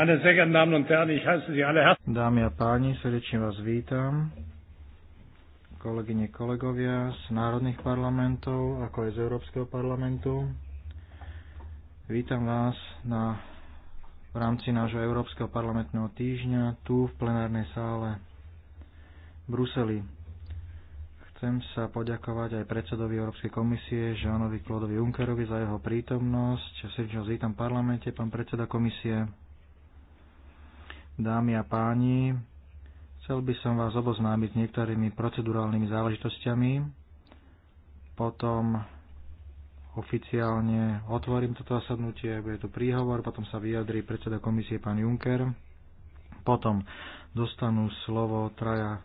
Meine sehr geehrten Damen und Herren, ich heiße Sie alle herzlich. Dámy a páni, srdečne vás vítam. Kolegyne, kolegovia z národných parlamentov, ako aj z Európskeho parlamentu. Vítam vás na, v rámci nášho Európskeho parlamentného týždňa tu v plenárnej sále v Bruseli. Chcem sa poďakovať aj predsedovi Európskej komisie Žánovi Klodovi Junckerovi za jeho prítomnosť. Srdečne vás vítam v parlamente, pán predseda komisie dámy a páni, chcel by som vás oboznámiť s niektorými procedurálnymi záležitosťami. Potom oficiálne otvorím toto zasadnutie, bude tu príhovor, potom sa vyjadrí predseda komisie pán Juncker. Potom dostanú slovo traja,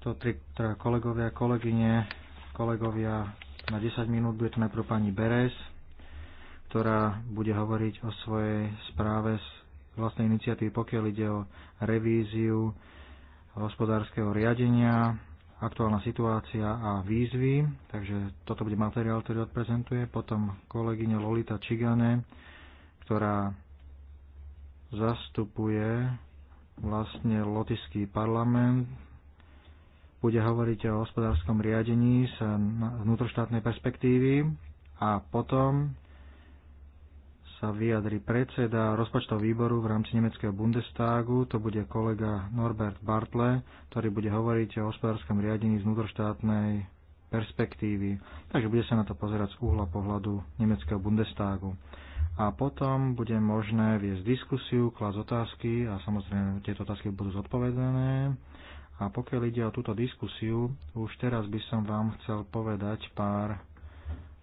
to tri, traja kolegovia, kolegyne, kolegovia na 10 minút. Bude tu najprv pani Beres, ktorá bude hovoriť o svojej správe z vlastnej iniciatívy, pokiaľ ide o revíziu hospodárskeho riadenia, aktuálna situácia a výzvy, takže toto bude materiál, ktorý odprezentuje. Potom kolegyňa Lolita Čigane, ktorá zastupuje vlastne lotiský parlament, bude hovoriť o hospodárskom riadení z vnútroštátnej perspektívy a potom sa vyjadri predseda rozpočtov výboru v rámci nemeckého Bundestagu. To bude kolega Norbert Bartle, ktorý bude hovoriť o hospodárskom riadení z vnútroštátnej perspektívy. Takže bude sa na to pozerať z uhla pohľadu nemeckého Bundestagu. A potom bude možné viesť diskusiu, klásť otázky a samozrejme tieto otázky budú zodpovedané. A pokiaľ ide o túto diskusiu, už teraz by som vám chcel povedať pár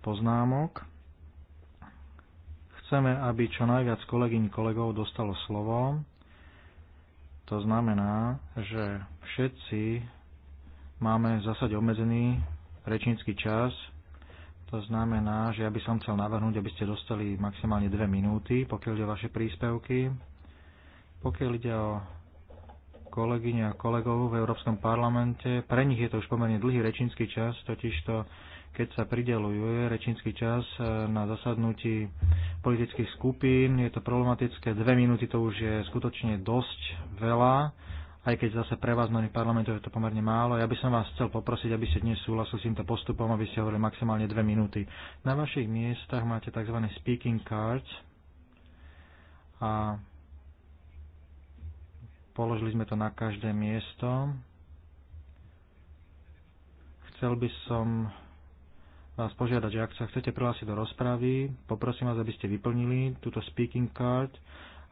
poznámok. Chceme, aby čo najviac kolegyň kolegov dostalo slovo. To znamená, že všetci máme v zásade obmedzený rečnícky čas. To znamená, že ja by som chcel navrhnúť, aby ste dostali maximálne dve minúty, pokiaľ ide o vaše príspevky. Pokiaľ ide o kolegyne a kolegov v Európskom parlamente. Pre nich je to už pomerne dlhý rečnícky čas, totižto keď sa prideluje rečnícky čas e, na zasadnutí politických skupín. Je to problematické, dve minúty to už je skutočne dosť veľa, aj keď zase pre vás, mnohých parlamentov, je to pomerne málo. Ja by som vás chcel poprosiť, aby ste dnes súhlasili s týmto postupom, aby ste hovorili maximálne dve minúty. Na vašich miestach máte tzv. speaking cards a položili sme to na každé miesto. Chcel by som vás požiadať, že ak sa chcete prihlásiť do rozpravy, poprosím vás, aby ste vyplnili túto speaking card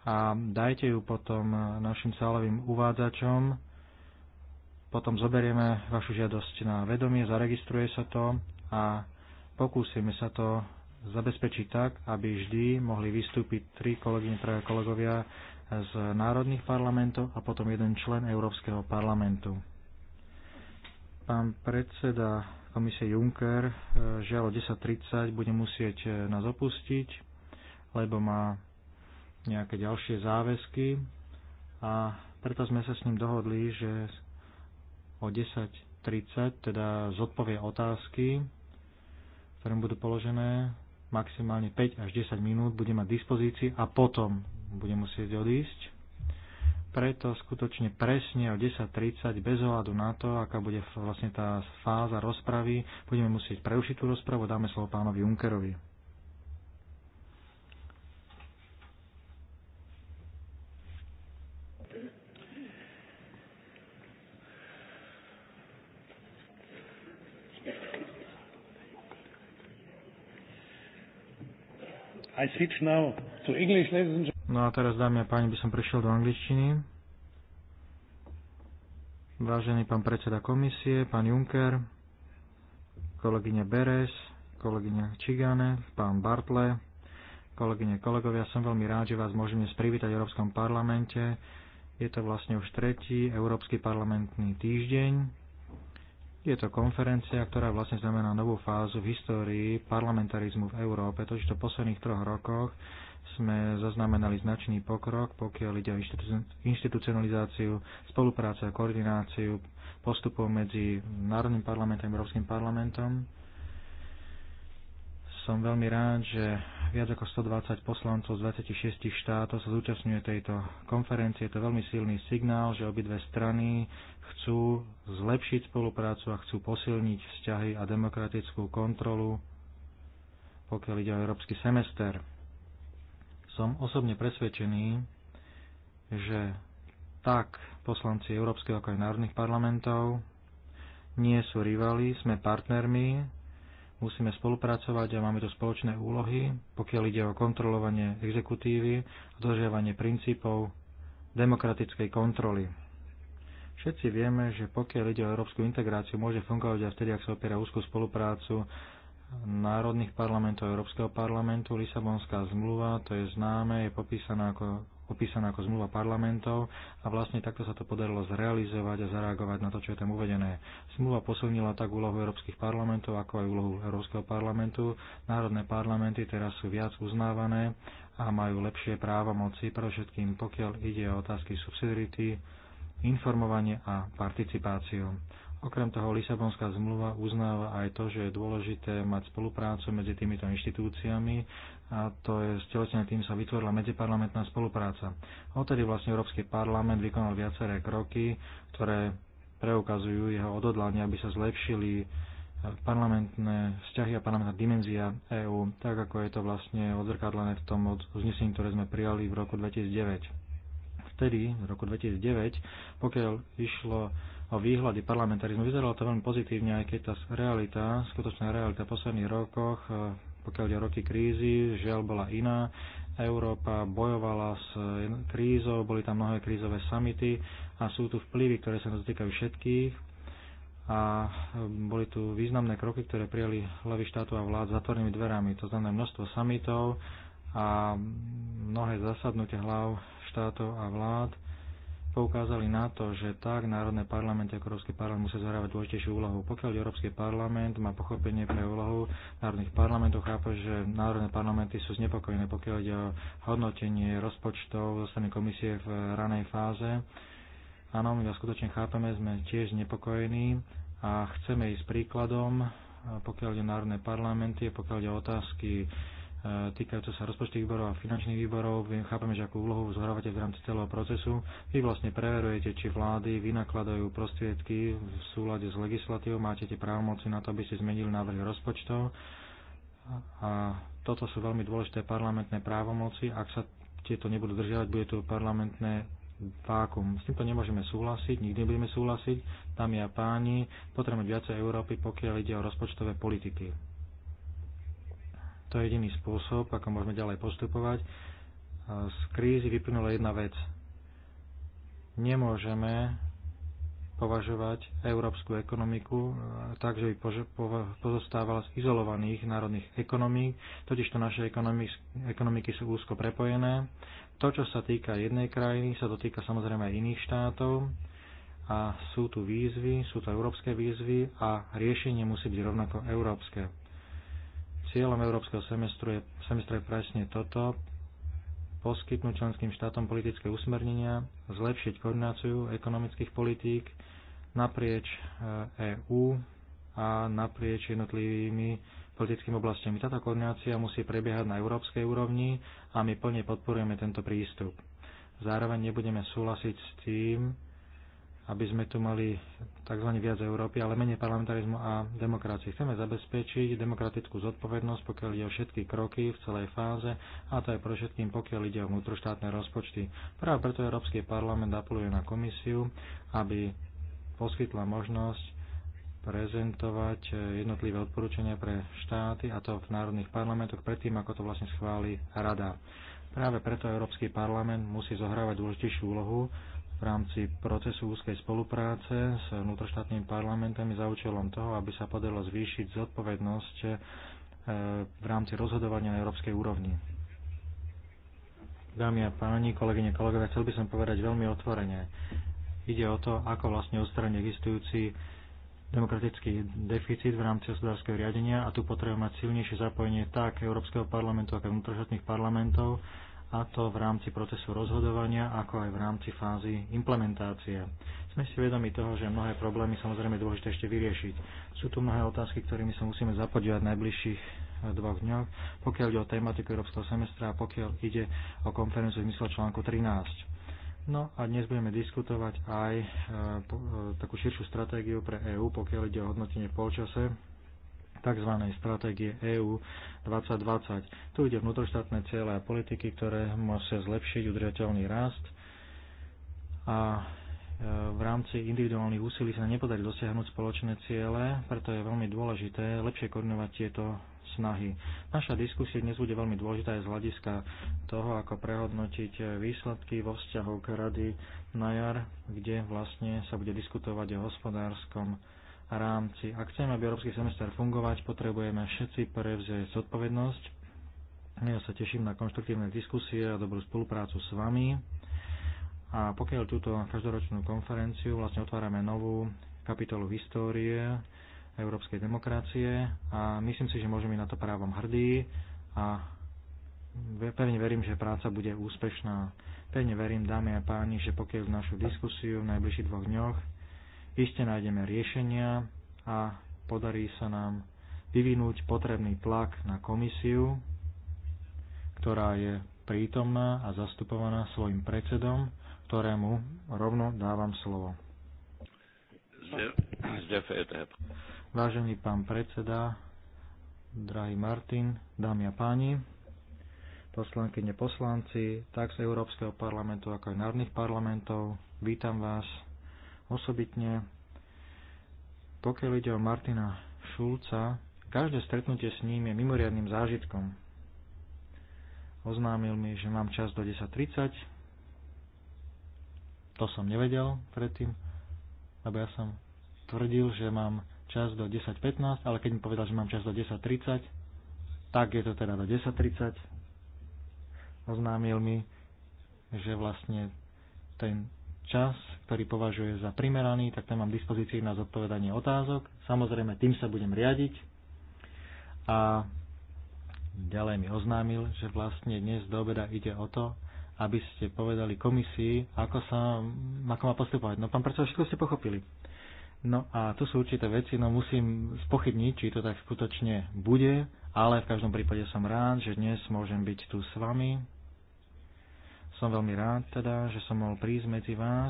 a dajte ju potom našim sálovým uvádzačom. Potom zoberieme vašu žiadosť na vedomie, zaregistruje sa to a pokúsime sa to zabezpečiť tak, aby vždy mohli vystúpiť tri kolegyne, traja kolegovia z národných parlamentov a potom jeden člen Európskeho parlamentu. Pán predseda komisie Juncker e, žiaľ o 10.30 bude musieť e, nás opustiť, lebo má nejaké ďalšie záväzky a preto sme sa s ním dohodli, že o 10.30 teda zodpovie otázky, ktoré budú položené maximálne 5 až 10 minút bude mať dispozícii a potom bude musieť odísť preto skutočne presne o 10.30, bez ohľadu na to, aká bude vlastne tá fáza rozpravy, budeme musieť preušiť tú rozpravu, dáme slovo pánovi Junkerovi. I switch now to English, ladies and No a teraz, dámy a páni, by som prešiel do angličtiny. Vážený pán predseda komisie, pán Juncker, kolegyňa Beres, kolegyňa Čigane, pán Bartle, kolegyne, kolegovia, som veľmi rád, že vás môžeme sprivítať v Európskom parlamente. Je to vlastne už tretí Európsky parlamentný týždeň. Je to konferencia, ktorá vlastne znamená novú fázu v histórii parlamentarizmu v Európe, totiž to v posledných troch rokoch sme zaznamenali značný pokrok, pokiaľ ide o inštitucionalizáciu, spoluprácu a koordináciu postupov medzi Národným parlamentom a Európskym parlamentom. Som veľmi rád, že viac ako 120 poslancov z 26 štátov sa zúčastňuje tejto konferencie. Je to veľmi silný signál, že obidve strany chcú zlepšiť spoluprácu a chcú posilniť vzťahy a demokratickú kontrolu, pokiaľ ide o európsky semester som osobne presvedčený, že tak poslanci Európskeho ako aj národných parlamentov nie sú rivali, sme partnermi, musíme spolupracovať a máme to spoločné úlohy, pokiaľ ide o kontrolovanie exekutívy a dodržiavanie princípov demokratickej kontroly. Všetci vieme, že pokiaľ ide o európsku integráciu, môže fungovať aj vtedy, ak sa opiera úzkú spoluprácu národných parlamentov Európskeho parlamentu. Lisabonská zmluva, to je známe, je popísaná ako, popísaná ako zmluva parlamentov a vlastne takto sa to podarilo zrealizovať a zareagovať na to, čo je tam uvedené. Zmluva posilnila tak úlohu Európskych parlamentov, ako aj úlohu Európskeho parlamentu. Národné parlamenty teraz sú viac uznávané a majú lepšie práva moci, všetkým, pokiaľ ide o otázky subsidiarity, informovanie a participáciu. Okrem toho Lisabonská zmluva uznáva aj to, že je dôležité mať spoluprácu medzi týmito inštitúciami a to je stelesne tým sa vytvorila medziparlamentná spolupráca. Odtedy vlastne Európsky parlament vykonal viaceré kroky, ktoré preukazujú jeho odhodlanie, aby sa zlepšili parlamentné vzťahy a parlamentná dimenzia EÚ, tak ako je to vlastne odzrkadlené v tom uznesení, ktoré sme prijali v roku 2009. Vtedy, v roku 2009, pokiaľ išlo o výhľady parlamentarizmu. Vyzeralo to veľmi pozitívne, aj keď tá realita, skutočná realita v posledných rokoch, e, pokiaľ ide roky krízy, žiaľ bola iná. Európa bojovala s e, krízou, boli tam mnohé krízové samity a sú tu vplyvy, ktoré sa dotýkajú týkajú všetkých. A e, boli tu významné kroky, ktoré prijali hlavy štátu a vlád zatvorenými dverami. To znamená množstvo samitov a mnohé zasadnutie hlav štátov a vlád poukázali na to, že tak Národné parlamenty ako Európsky parlament musia zohrávať dôležitejšiu úlohu. Pokiaľ Európsky parlament má pochopenie pre úlohu národných parlamentov, chápe, že národné parlamenty sú znepokojené, pokiaľ ide o hodnotenie rozpočtov zo strany komisie v ranej fáze. Áno, my vás skutočne chápeme, sme tiež znepokojení a chceme ísť príkladom, pokiaľ ide o národné parlamenty, pokiaľ ide o otázky E, týkajúce sa rozpočtových výborov a finančných výborov. Viem, chápeme, že akú úlohu zohrávate v rámci celého procesu. Vy vlastne preverujete, či vlády vynakladajú prostriedky v súlade s legislatívou, máte tie právomoci na to, aby ste zmenili návrh rozpočtov. A toto sú veľmi dôležité parlamentné právomoci. Ak sa tieto nebudú držiavať, bude tu parlamentné vákum. S týmto nemôžeme súhlasiť, nikdy nebudeme súhlasiť. Tam a páni, potrebujeme viacej Európy, pokiaľ ide o rozpočtové politiky. To je jediný spôsob, ako môžeme ďalej postupovať. Z krízy vyplynula jedna vec. Nemôžeme považovať európsku ekonomiku e, tak, že by pozostávala z izolovaných národných ekonomík, to naše ekonomiky sú úzko prepojené. To, čo sa týka jednej krajiny, sa dotýka samozrejme aj iných štátov a sú tu výzvy, sú tu európske výzvy a riešenie musí byť rovnako európske. Cieľom Európskeho semestru je, semestru je presne toto, poskytnúť členským štátom politické usmernenia, zlepšiť koordináciu ekonomických politík naprieč EÚ e a naprieč jednotlivými politickými oblastiami. Táto koordinácia musí prebiehať na európskej úrovni a my plne podporujeme tento prístup. Zároveň nebudeme súhlasiť s tým, aby sme tu mali tzv. viac Európy, ale menej parlamentarizmu a demokracie. Chceme zabezpečiť demokratickú zodpovednosť, pokiaľ ide o všetky kroky v celej fáze, a to aj pre všetkým, pokiaľ ide o vnútroštátne rozpočty. Práve preto Európsky parlament apeluje na komisiu, aby poskytla možnosť prezentovať jednotlivé odporúčania pre štáty, a to v národných parlamentoch, predtým, ako to vlastne schváli Rada. Práve preto Európsky parlament musí zohrávať dôležitejšiu úlohu v rámci procesu úzkej spolupráce s vnútroštátnymi parlamentami za účelom toho, aby sa podarilo zvýšiť zodpovednosť e, v rámci rozhodovania na európskej úrovni. Dámy a páni, kolegyne, kolegovia, chcel by som povedať veľmi otvorene. Ide o to, ako vlastne odstrániť existujúci demokratický deficit v rámci hospodárskeho riadenia a tu potrebujeme mať silnejšie zapojenie tak Európskeho parlamentu, ako aj vnútroštátnych parlamentov, a to v rámci procesu rozhodovania, ako aj v rámci fázy implementácie. Sme si vedomi toho, že mnohé problémy samozrejme je dôležité ešte vyriešiť. Sú tu mnohé otázky, ktorými sa musíme zapodívať v najbližších eh, dvoch dňoch, pokiaľ ide o tematiku Európskeho semestra a pokiaľ ide o konferenciu v zmysle článku 13. No a dnes budeme diskutovať aj e, po, e, takú širšiu stratégiu pre EÚ, pokiaľ ide o hodnotenie v polčase tzv. stratégie EÚ 2020. Tu ide vnútroštátne ciele a politiky, ktoré musia zlepšiť udržateľný rast a e, v rámci individuálnych úsilí sa nepodarí dosiahnuť spoločné ciele, preto je veľmi dôležité lepšie koordinovať tieto snahy. Naša diskusia dnes bude veľmi dôležitá aj z hľadiska toho, ako prehodnotiť výsledky vo vzťahu k rady na jar, kde vlastne sa bude diskutovať o hospodárskom rámci. Ak chceme, aby Európsky semester fungovať, potrebujeme všetci prevziať zodpovednosť. Ja sa teším na konštruktívne diskusie a dobrú spoluprácu s vami. A pokiaľ túto každoročnú konferenciu vlastne otvárame novú kapitolu v histórie európskej demokracie a myslím si, že môžeme na to právom hrdí a pevne verím, že práca bude úspešná. Pevne verím, dámy a páni, že pokiaľ našu diskusiu v najbližších dvoch dňoch Iste nájdeme riešenia a podarí sa nám vyvinúť potrebný tlak na komisiu, ktorá je prítomná a zastupovaná svojim predsedom, ktorému rovno dávam slovo. Vážený pán predseda, drahý Martin, dámy a páni, poslankyne poslanci, tak z Európskeho parlamentu, ako aj národných parlamentov, vítam vás osobitne. Pokiaľ ide o Martina Šulca, každé stretnutie s ním je mimoriadným zážitkom. Oznámil mi, že mám čas do 10.30. To som nevedel predtým, lebo ja som tvrdil, že mám čas do 10.15, ale keď mi povedal, že mám čas do 10.30, tak je to teda do 10.30. Oznámil mi, že vlastne ten čas, ktorý považuje za primeraný, tak tam mám dispozícii na zodpovedanie otázok. Samozrejme, tým sa budem riadiť. A ďalej mi oznámil, že vlastne dnes do obeda ide o to, aby ste povedali komisii, ako, sa, ako má postupovať. No pán predseda, všetko ste pochopili. No a tu sú určité veci, no musím spochybniť, či to tak skutočne bude, ale v každom prípade som rád, že dnes môžem byť tu s vami som veľmi rád teda, že som mohol prísť medzi vás,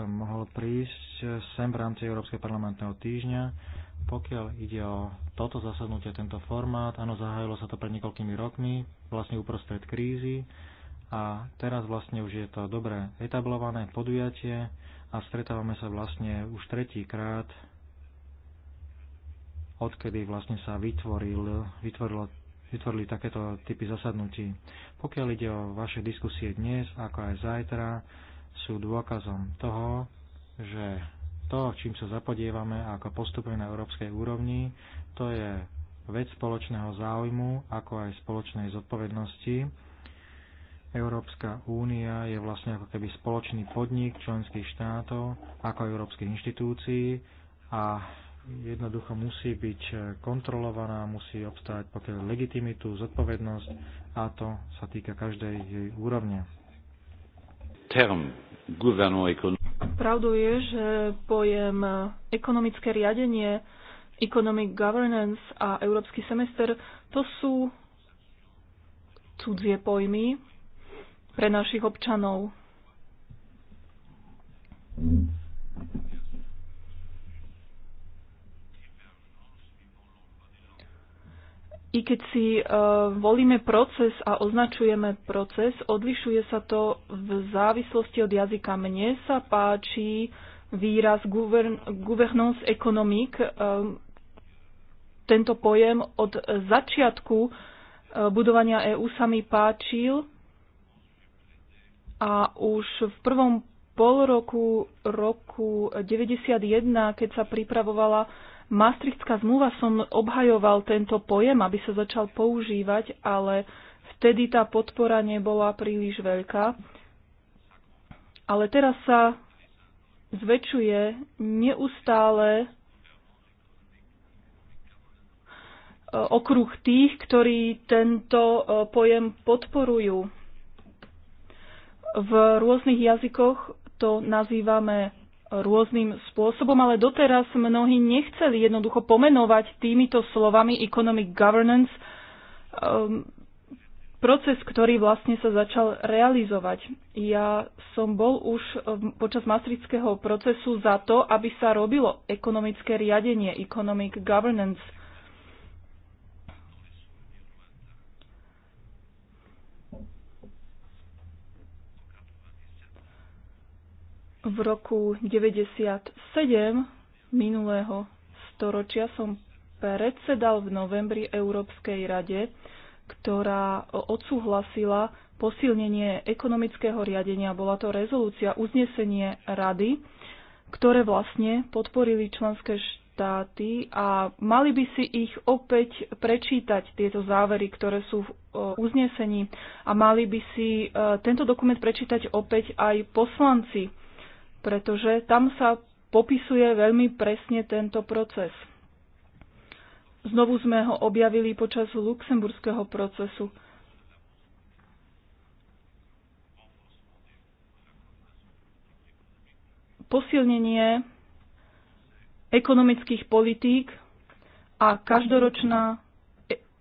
som mohol prísť sem v rámci Európskeho parlamentného týždňa. Pokiaľ ide o toto zasadnutie, tento formát, áno, zahájilo sa to pred niekoľkými rokmi, vlastne uprostred krízy a teraz vlastne už je to dobre etablované podujatie a stretávame sa vlastne už tretíkrát, odkedy vlastne sa vytvoril, vytvorilo vytvorili takéto typy zasadnutí. Pokiaľ ide o vaše diskusie dnes, ako aj zajtra, sú dôkazom toho, že to, čím sa zapodievame ako postupujeme na európskej úrovni, to je vec spoločného záujmu, ako aj spoločnej zodpovednosti. Európska únia je vlastne ako keby spoločný podnik členských štátov, ako európskych inštitúcií a jednoducho musí byť eh, kontrolovaná, musí obstáť pokiaľ legitimitu, zodpovednosť a to sa týka každej jej úrovne. Term Pravdou je, že pojem eh, ekonomické riadenie, economic governance a európsky semester to sú cudzie pojmy pre našich občanov. I keď si uh, volíme proces a označujeme proces, odlišuje sa to v závislosti od jazyka. Mne sa páči výraz governance economic, Uh, tento pojem od začiatku e, budovania EÚ sa mi páčil a už v prvom pol roku, roku 91, keď sa pripravovala Maastrichtská zmluva som obhajoval tento pojem, aby sa začal používať, ale vtedy tá podpora nebola príliš veľká. Ale teraz sa zväčšuje neustále e, okruh tých, ktorí tento e, pojem podporujú. V rôznych jazykoch to nazývame rôznym spôsobom, ale doteraz mnohí nechceli jednoducho pomenovať týmito slovami economic governance um, proces, ktorý vlastne sa začal realizovať. Ja som bol už um, počas maastrického procesu za to, aby sa robilo ekonomické riadenie, economic governance – V roku 97 minulého storočia som predsedal v novembri Európskej rade, ktorá odsúhlasila posilnenie ekonomického riadenia. Bola to rezolúcia, uznesenie rady, ktoré vlastne podporili členské štáty a mali by si ich opäť prečítať, tieto závery, ktoré sú v e, uznesení a mali by si e, tento dokument prečítať opäť aj poslanci pretože tam sa popisuje veľmi presne tento proces. Znovu sme ho objavili počas luxemburského procesu. Posilnenie ekonomických politík a každoročná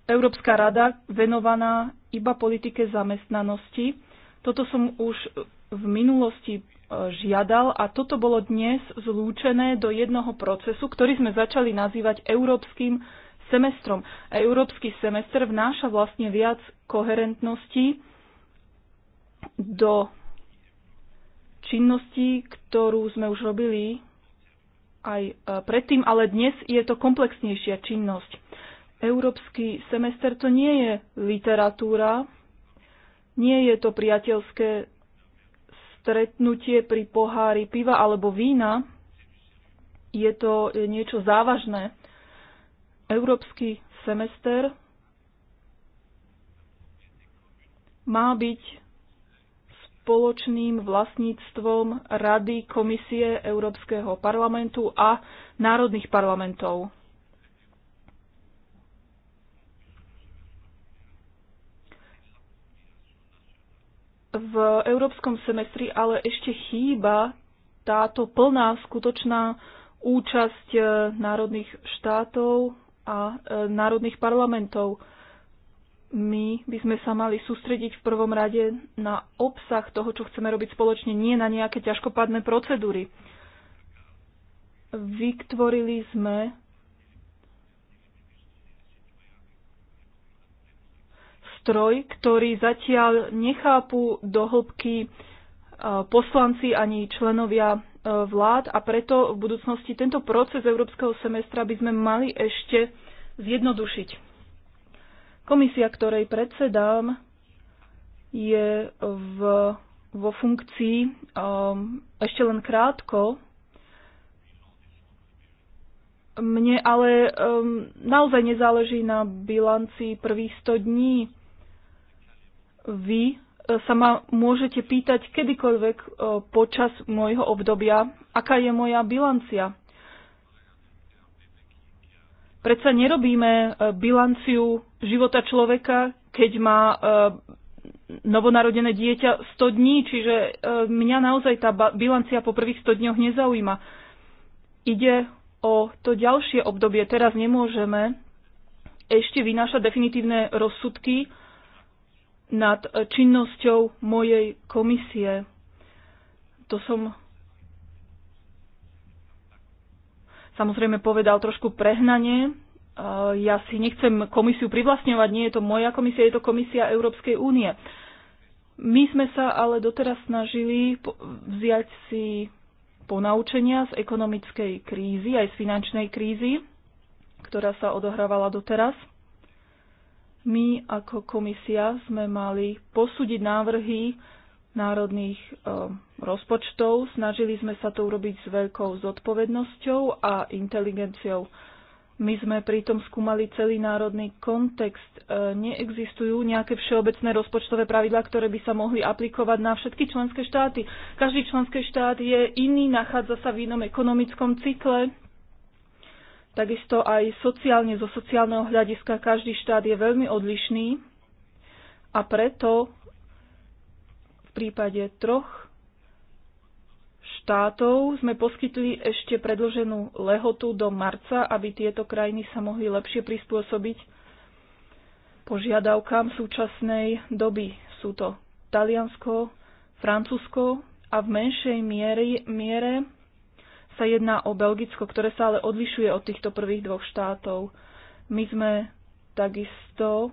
Európska rada venovaná iba politike zamestnanosti. Toto som už v minulosti e, žiadal a toto bolo dnes zlúčené do jednoho procesu, ktorý sme začali nazývať európskym semestrom. A európsky semestr vnáša vlastne viac koherentnosti do činnosti, ktorú sme už robili aj e, predtým, ale dnes je to komplexnejšia činnosť. Európsky semester to nie je literatúra, nie je to priateľské stretnutie pri pohári piva alebo vína, je to niečo závažné. Európsky semester má byť spoločným vlastníctvom Rady, Komisie Európskeho parlamentu a národných parlamentov. v európskom semestri ale ešte chýba táto plná skutočná účasť e, národných štátov a e, národných parlamentov. My by sme sa mali sústrediť v prvom rade na obsah toho, čo chceme robiť spoločne, nie na nejaké ťažkopádne procedúry. Vytvorili sme nástroj, ktorý zatiaľ nechápu do hĺbky e, poslanci ani členovia e, vlád a preto v budúcnosti tento proces európskeho semestra by sme mali ešte zjednodušiť. Komisia, ktorej predsedám, je v, vo funkcii um, ešte len krátko. Mne ale um, naozaj nezáleží na bilanci prvých 100 dní vy e, sa ma môžete pýtať kedykoľvek e, počas môjho obdobia, aká je moja bilancia. Predsa nerobíme e, bilanciu života človeka, keď má novonarodené dieťa 100 dní, čiže mňa naozaj tá bilancia po prvých 100 dňoch nezaujíma. Ide o to ďalšie obdobie. Teraz nemôžeme ešte vynášať definitívne rozsudky, nad e, činnosťou mojej komisie. To som samozrejme povedal trošku prehnanie. E, ja si nechcem komisiu privlastňovať, nie je to moja komisia, je to komisia Európskej únie. My sme sa ale doteraz snažili vziať si ponaučenia z ekonomickej krízy, aj z finančnej krízy, ktorá sa odohrávala doteraz – my ako komisia sme mali posúdiť návrhy národných e, rozpočtov. Snažili sme sa to urobiť s veľkou zodpovednosťou a inteligenciou. My sme pritom skúmali celý národný kontext. E, neexistujú nejaké všeobecné rozpočtové pravidlá, ktoré by sa mohli aplikovať na všetky členské štáty. Každý členský štát je iný, nachádza sa v inom ekonomickom cykle, Takisto aj sociálne, zo sociálneho hľadiska každý štát je veľmi odlišný a preto v prípade troch štátov sme poskytli ešte predloženú lehotu do marca, aby tieto krajiny sa mohli lepšie prispôsobiť požiadavkám súčasnej doby. Sú to Taliansko, Francúzsko a v menšej miere, miere sa jedná o Belgicko, ktoré sa ale odlišuje od týchto prvých dvoch štátov. My sme takisto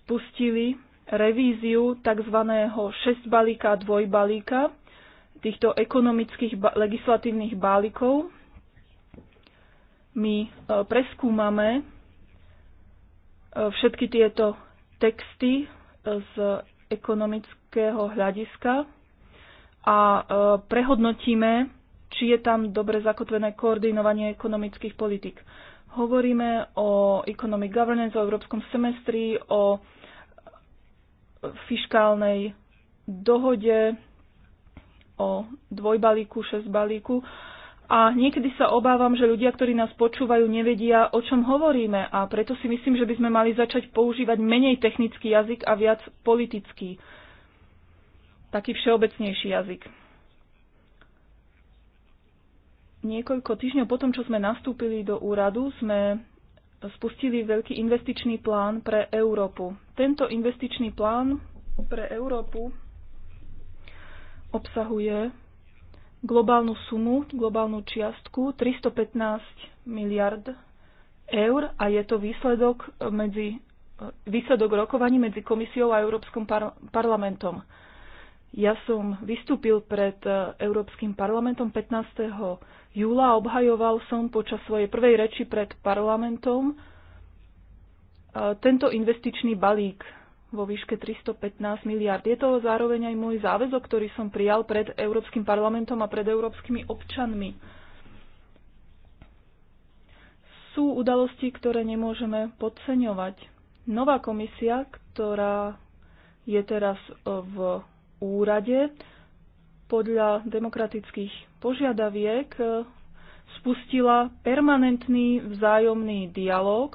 spustili revíziu tzv. 6 balíka a 2 balíka týchto ekonomických ba- legislatívnych balíkov. My e, preskúmame e, všetky tieto texty e, z ekonomického hľadiska a e, prehodnotíme, či je tam dobre zakotvené koordinovanie ekonomických politik. Hovoríme o economic governance, o európskom semestri, o fiškálnej dohode, o dvojbalíku, šesťbalíku. A niekedy sa obávam, že ľudia, ktorí nás počúvajú, nevedia, o čom hovoríme. A preto si myslím, že by sme mali začať používať menej technický jazyk a viac politický taký všeobecnejší jazyk. Niekoľko týždňov potom, čo sme nastúpili do úradu, sme spustili veľký investičný plán pre Európu. Tento investičný plán pre Európu obsahuje globálnu sumu, globálnu čiastku 315 miliard eur a je to výsledok, medzi, výsledok rokovaní medzi komisiou a Európskym parlamentom. Ja som vystúpil pred e, Európskym parlamentom 15. júla a obhajoval som počas svojej prvej reči pred parlamentom e, tento investičný balík vo výške 315 miliard. Je to zároveň aj môj záväzok, ktorý som prijal pred Európskym parlamentom a pred európskymi občanmi. Sú udalosti, ktoré nemôžeme podceňovať. Nová komisia, ktorá je teraz e, v úrade podľa demokratických požiadaviek e, spustila permanentný vzájomný dialog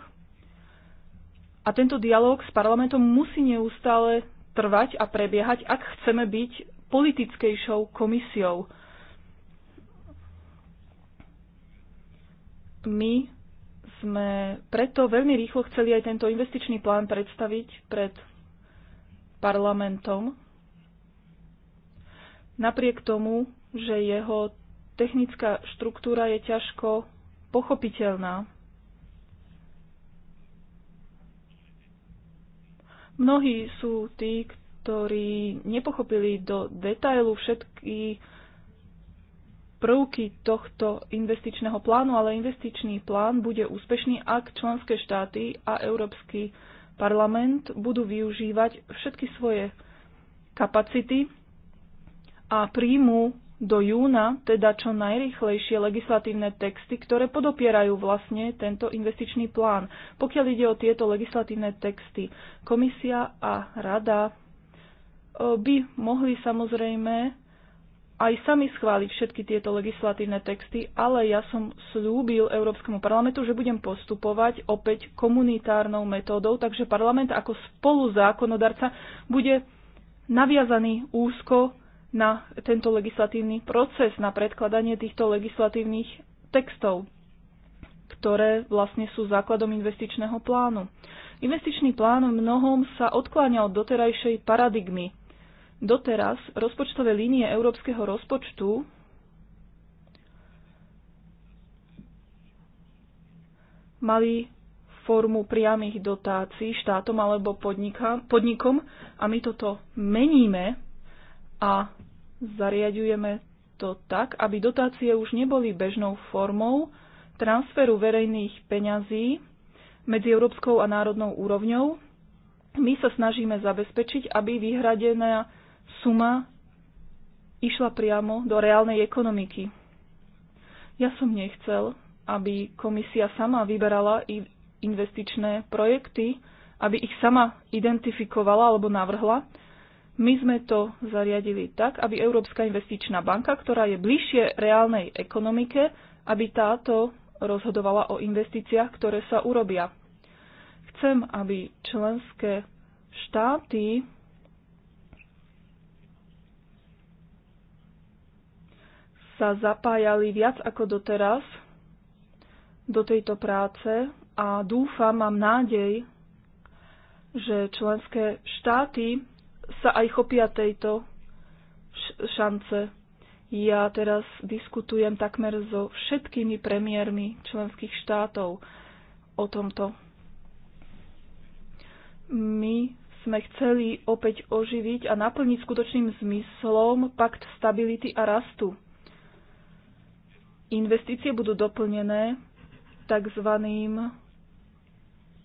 a tento dialog s parlamentom musí neustále trvať a prebiehať, ak chceme byť politickejšou komisiou. My sme preto veľmi rýchlo chceli aj tento investičný plán predstaviť pred parlamentom, napriek tomu, že jeho technická štruktúra je ťažko pochopiteľná. Mnohí sú tí, ktorí nepochopili do detailu všetky prvky tohto investičného plánu, ale investičný plán bude úspešný, ak členské štáty a Európsky parlament budú využívať všetky svoje kapacity a príjmu do júna, teda čo najrychlejšie legislatívne texty, ktoré podopierajú vlastne tento investičný plán. Pokiaľ ide o tieto legislatívne texty, komisia a rada e, by mohli samozrejme aj sami schváliť všetky tieto legislatívne texty, ale ja som slúbil Európskemu parlamentu, že budem postupovať opäť komunitárnou metódou, takže parlament ako spoluzákonodarca bude naviazaný úzko na tento legislatívny proces, na predkladanie týchto legislatívnych textov, ktoré vlastne sú základom investičného plánu. Investičný plán v mnohom sa odkláňa od doterajšej paradigmy. Doteraz rozpočtové línie európskeho rozpočtu mali formu priamých dotácií štátom alebo podnikom a my toto meníme a zariadujeme to tak, aby dotácie už neboli bežnou formou transferu verejných peňazí medzi európskou a národnou úrovňou. My sa snažíme zabezpečiť, aby vyhradená suma išla priamo do reálnej ekonomiky. Ja som nechcel, aby komisia sama vyberala investičné projekty, aby ich sama identifikovala alebo navrhla, my sme to zariadili tak, aby Európska investičná banka, ktorá je bližšie reálnej ekonomike, aby táto rozhodovala o investíciách, ktoré sa urobia. Chcem, aby členské štáty sa zapájali viac ako doteraz do tejto práce a dúfam, mám nádej, že členské štáty sa aj chopia tejto šance. Ja teraz diskutujem takmer so všetkými premiérmi členských štátov o tomto. My sme chceli opäť oživiť a naplniť skutočným zmyslom pakt stability a rastu. Investície budú doplnené tzv.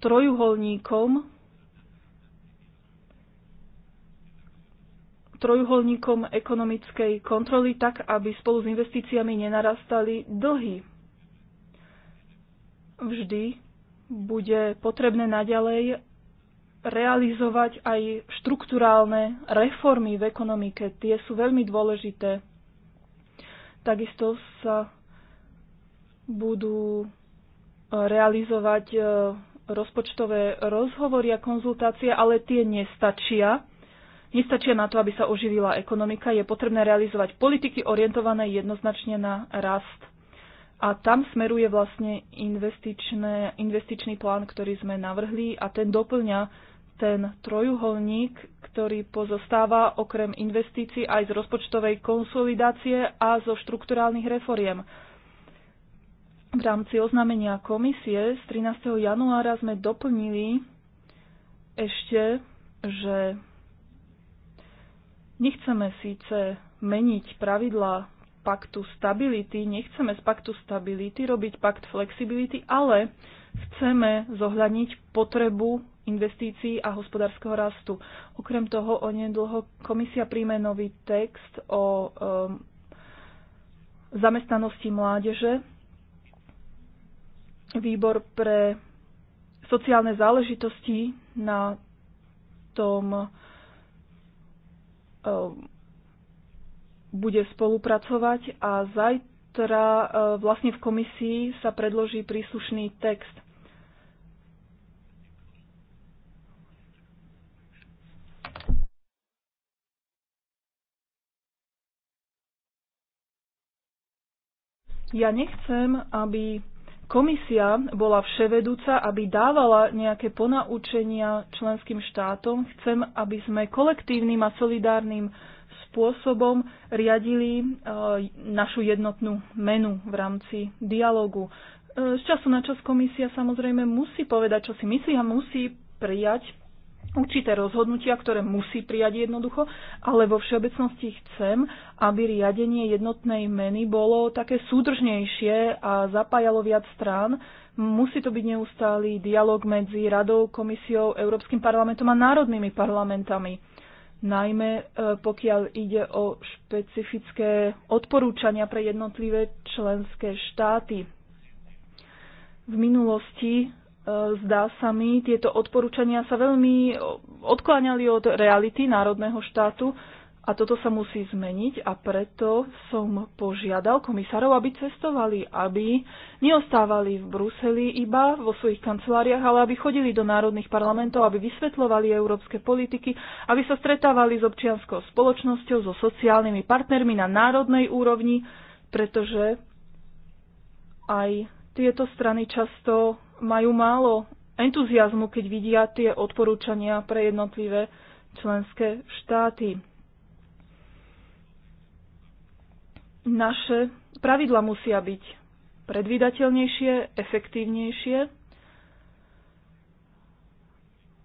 trojuholníkom trojuholníkom ekonomickej kontroly tak, aby spolu s investíciami nenarastali dlhy. Vždy bude potrebné naďalej realizovať aj štrukturálne reformy v ekonomike. Tie sú veľmi dôležité. Takisto sa budú realizovať e, rozpočtové rozhovory a konzultácie, ale tie nestačia nestačia na to, aby sa oživila ekonomika. Je potrebné realizovať politiky orientované jednoznačne na rast. A tam smeruje vlastne investičný plán, ktorý sme navrhli a ten doplňa ten trojuholník, ktorý pozostáva okrem investícií aj z rozpočtovej konsolidácie a zo štrukturálnych reforiem. V rámci oznámenia komisie z 13. januára sme doplnili ešte, že Nechceme síce meniť pravidla paktu stability, nechceme z paktu stability robiť pakt flexibility, ale chceme zohľadniť potrebu investícií a hospodárskeho rastu. Okrem toho, onedlho komisia príjme nový text o um, zamestnanosti mládeže. Výbor pre sociálne záležitosti na tom Um, bude spolupracovať a zajtra uh, vlastne v komisii sa predloží príslušný text. Ja nechcem, aby komisia bola vševedúca, aby dávala nejaké ponaučenia členským štátom. Chcem, aby sme kolektívnym a solidárnym spôsobom riadili e, našu jednotnú menu v rámci dialogu. E, z času na čas komisia samozrejme musí povedať, čo si myslí a musí prijať určité rozhodnutia, ktoré musí prijať jednoducho, ale vo všeobecnosti chcem, aby riadenie jednotnej meny bolo také súdržnejšie a zapájalo viac strán. Musí to byť neustály dialog medzi Radou, Komisiou, Európskym parlamentom a národnými parlamentami. Najmä e, pokiaľ ide o špecifické odporúčania pre jednotlivé členské štáty. V minulosti E, zdá sa mi, tieto odporúčania sa veľmi e, odkláňali od reality národného štátu a toto sa musí zmeniť a preto som požiadal komisárov, aby cestovali, aby neostávali v Bruseli iba vo svojich kanceláriách, ale aby chodili do národných parlamentov, aby vysvetľovali európske politiky, aby sa stretávali s občianskou spoločnosťou, so sociálnymi partnermi na národnej úrovni, pretože aj tieto strany často majú málo entuziasmu, keď vidia tie odporúčania pre jednotlivé členské štáty. Naše pravidla musia byť predvídateľnejšie, efektívnejšie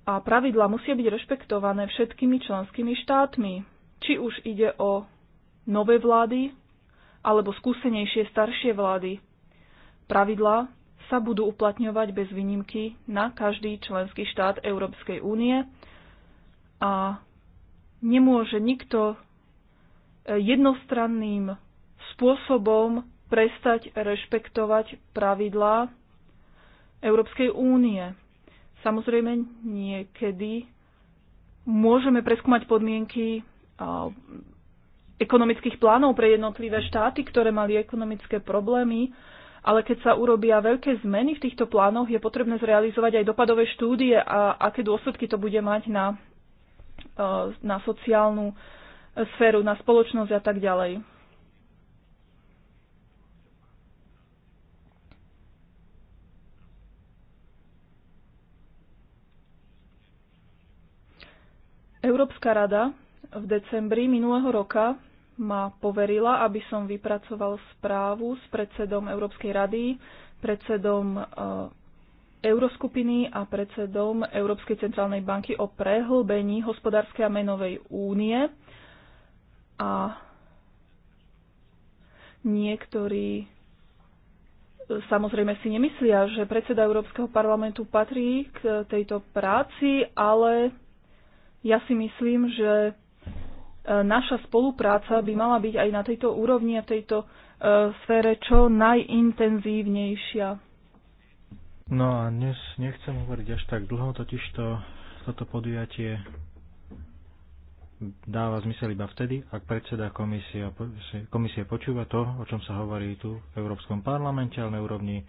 a pravidla musia byť rešpektované všetkými členskými štátmi, či už ide o nové vlády alebo skúsenejšie staršie vlády. Pravidlá sa budú uplatňovať bez výnimky na každý členský štát Európskej únie a nemôže nikto e, jednostranným spôsobom prestať rešpektovať pravidlá Európskej únie. Samozrejme, niekedy môžeme preskúmať podmienky ekonomických plánov pre jednotlivé štáty, ktoré mali ekonomické problémy ale keď sa urobia veľké zmeny v týchto plánoch, je potrebné zrealizovať aj dopadové štúdie a aké dôsledky to bude mať na, e, na sociálnu e, sféru, na spoločnosť a tak ďalej. Európska rada v decembri minulého roka ma poverila, aby som vypracoval správu s predsedom Európskej rady, predsedom e, Euroskupiny a predsedom Európskej centrálnej banky o prehlbení hospodárskej a menovej únie. A niektorí e, samozrejme si nemyslia, že predseda Európskeho parlamentu patrí k tejto práci, ale ja si myslím, že E, naša spolupráca by mala byť aj na tejto úrovni a tejto e, sfére čo najintenzívnejšia. No a dnes nechcem hovoriť až tak dlho, totiž to, toto podujatie dáva zmysel iba vtedy, ak predseda Komisie. komisie počúva to, o čom sa hovorí tu v Európskom parlamente, ale na úrovni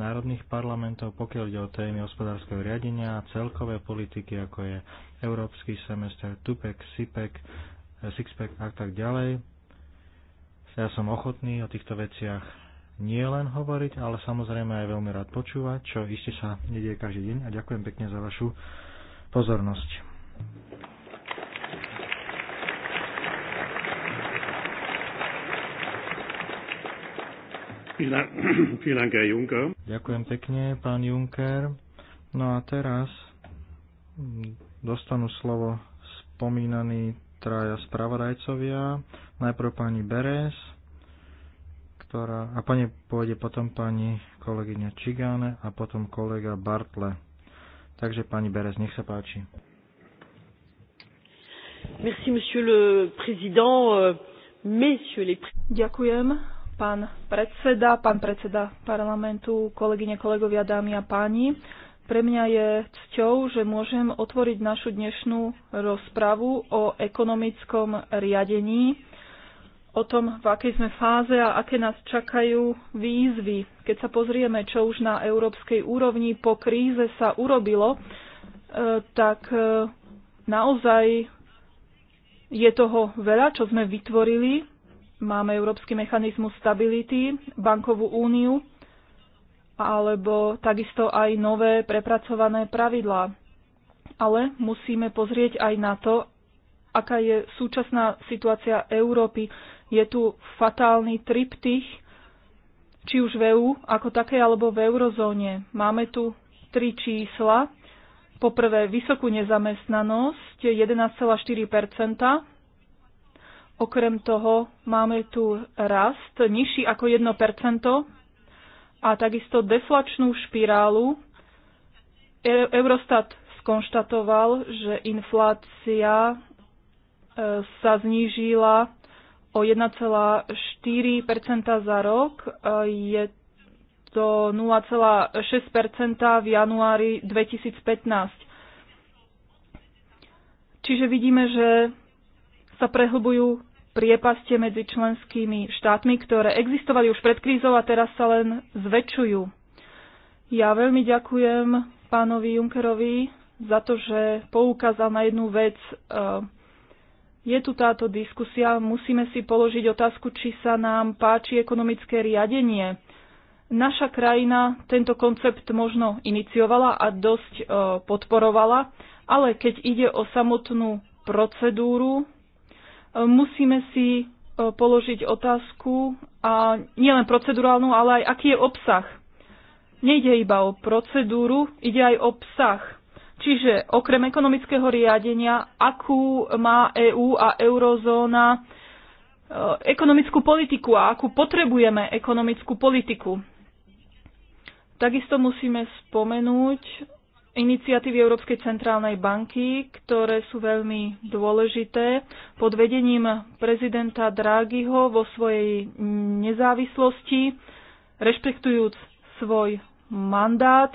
národných parlamentov, pokiaľ ide o témy hospodárskeho riadenia, celkové politiky, ako je Európsky semester, TUPEC, SIPEC, Sixpack a tak ďalej. Ja som ochotný o týchto veciach nie len hovoriť, ale samozrejme aj veľmi rád počúvať, čo iste sa nedieje každý deň a ďakujem pekne za vašu pozornosť. Ďakujem pekne, pán Juncker. No a teraz dostanú slovo spomínaný traja spravodajcovia. Najprv pani Beres, ktorá, a pani pôjde potom pani kolegyňa Čigáne a potom kolega Bartle. Takže pani Beres, nech sa páči. Merci, monsieur le président, euh, messieurs les... Ďakujem, pán predseda, pán predseda parlamentu, kolegyne, kolegovia, dámy a páni. Pre mňa je cťou, že môžem otvoriť našu dnešnú rozpravu o ekonomickom riadení, o tom, v akej sme fáze a aké nás čakajú výzvy. Keď sa pozrieme, čo už na európskej úrovni po kríze sa urobilo, e, tak e, naozaj je toho veľa, čo sme vytvorili. Máme Európsky mechanizmus stability, bankovú úniu, alebo takisto aj nové prepracované pravidlá. Ale musíme pozrieť aj na to, aká je súčasná situácia Európy. Je tu fatálny triptych, či už v EU ako také, alebo v eurozóne. Máme tu tri čísla. Poprvé, vysokú nezamestnanosť, 11,4 Okrem toho máme tu rast nižší ako 1 a takisto deflačnú špirálu. E, Eurostat skonštatoval, že inflácia e, sa znížila o 1,4 za rok. E, je to 0,6 v januári 2015. Čiže vidíme, že sa prehlbujú priepaste medzi členskými štátmi, ktoré existovali už pred krízou a teraz sa len zväčšujú. Ja veľmi ďakujem pánovi Junkerovi za to, že poukázal na jednu vec. E, je tu táto diskusia, musíme si položiť otázku, či sa nám páči ekonomické riadenie. Naša krajina tento koncept možno iniciovala a dosť e, podporovala, ale keď ide o samotnú procedúru, musíme si e, položiť otázku, a nielen procedurálnu, ale aj aký je obsah. Nejde iba o procedúru, ide aj o obsah. Čiže okrem ekonomického riadenia, akú má EÚ a eurozóna e, ekonomickú politiku a akú potrebujeme ekonomickú politiku. Takisto musíme spomenúť iniciatívy Európskej centrálnej banky, ktoré sú veľmi dôležité. Pod vedením prezidenta Draghiho vo svojej nezávislosti, rešpektujúc svoj mandát,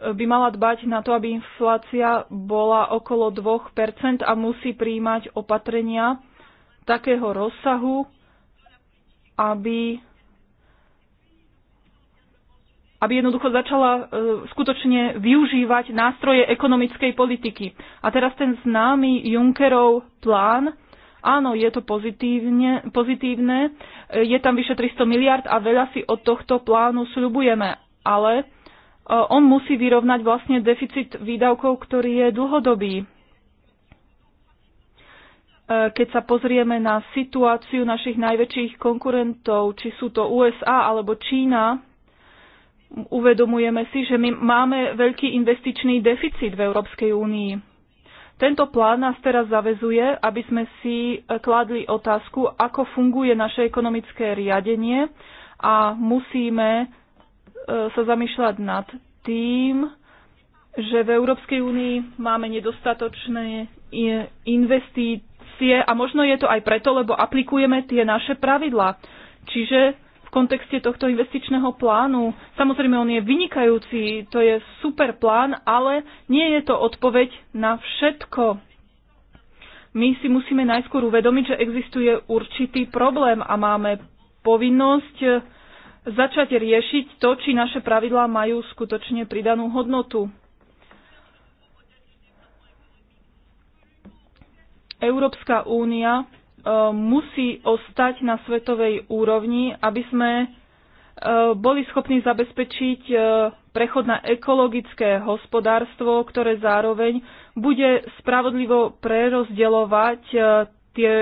by mala dbať na to, aby inflácia bola okolo 2% a musí príjmať opatrenia takého rozsahu, aby aby jednoducho začala e, skutočne využívať nástroje ekonomickej politiky. A teraz ten známy Junckerov plán, áno, je to pozitívne, pozitívne, e, je tam vyše 300 miliard a veľa si od tohto plánu sľubujeme, ale e, on musí vyrovnať vlastne deficit výdavkov, ktorý je dlhodobý. Keď sa pozrieme na situáciu našich najväčších konkurentov, či sú to USA alebo Čína, Uvedomujeme si, že my máme veľký investičný deficit v Európskej únii. Tento plán nás teraz zavezuje, aby sme si kladli otázku, ako funguje naše ekonomické riadenie a musíme e, sa zamýšľať nad tým, že v Európskej únii máme nedostatočné investície a možno je to aj preto, lebo aplikujeme tie naše pravidlá. Čiže v kontexte tohto investičného plánu. Samozrejme, on je vynikajúci, to je super plán, ale nie je to odpoveď na všetko. My si musíme najskôr uvedomiť, že existuje určitý problém a máme povinnosť eh, začať riešiť to, či naše pravidlá majú skutočne pridanú hodnotu. Európska únia E, musí ostať na svetovej úrovni, aby sme e, boli schopní zabezpečiť e, prechod na ekologické hospodárstvo, ktoré zároveň bude spravodlivo prerozdeľovať tie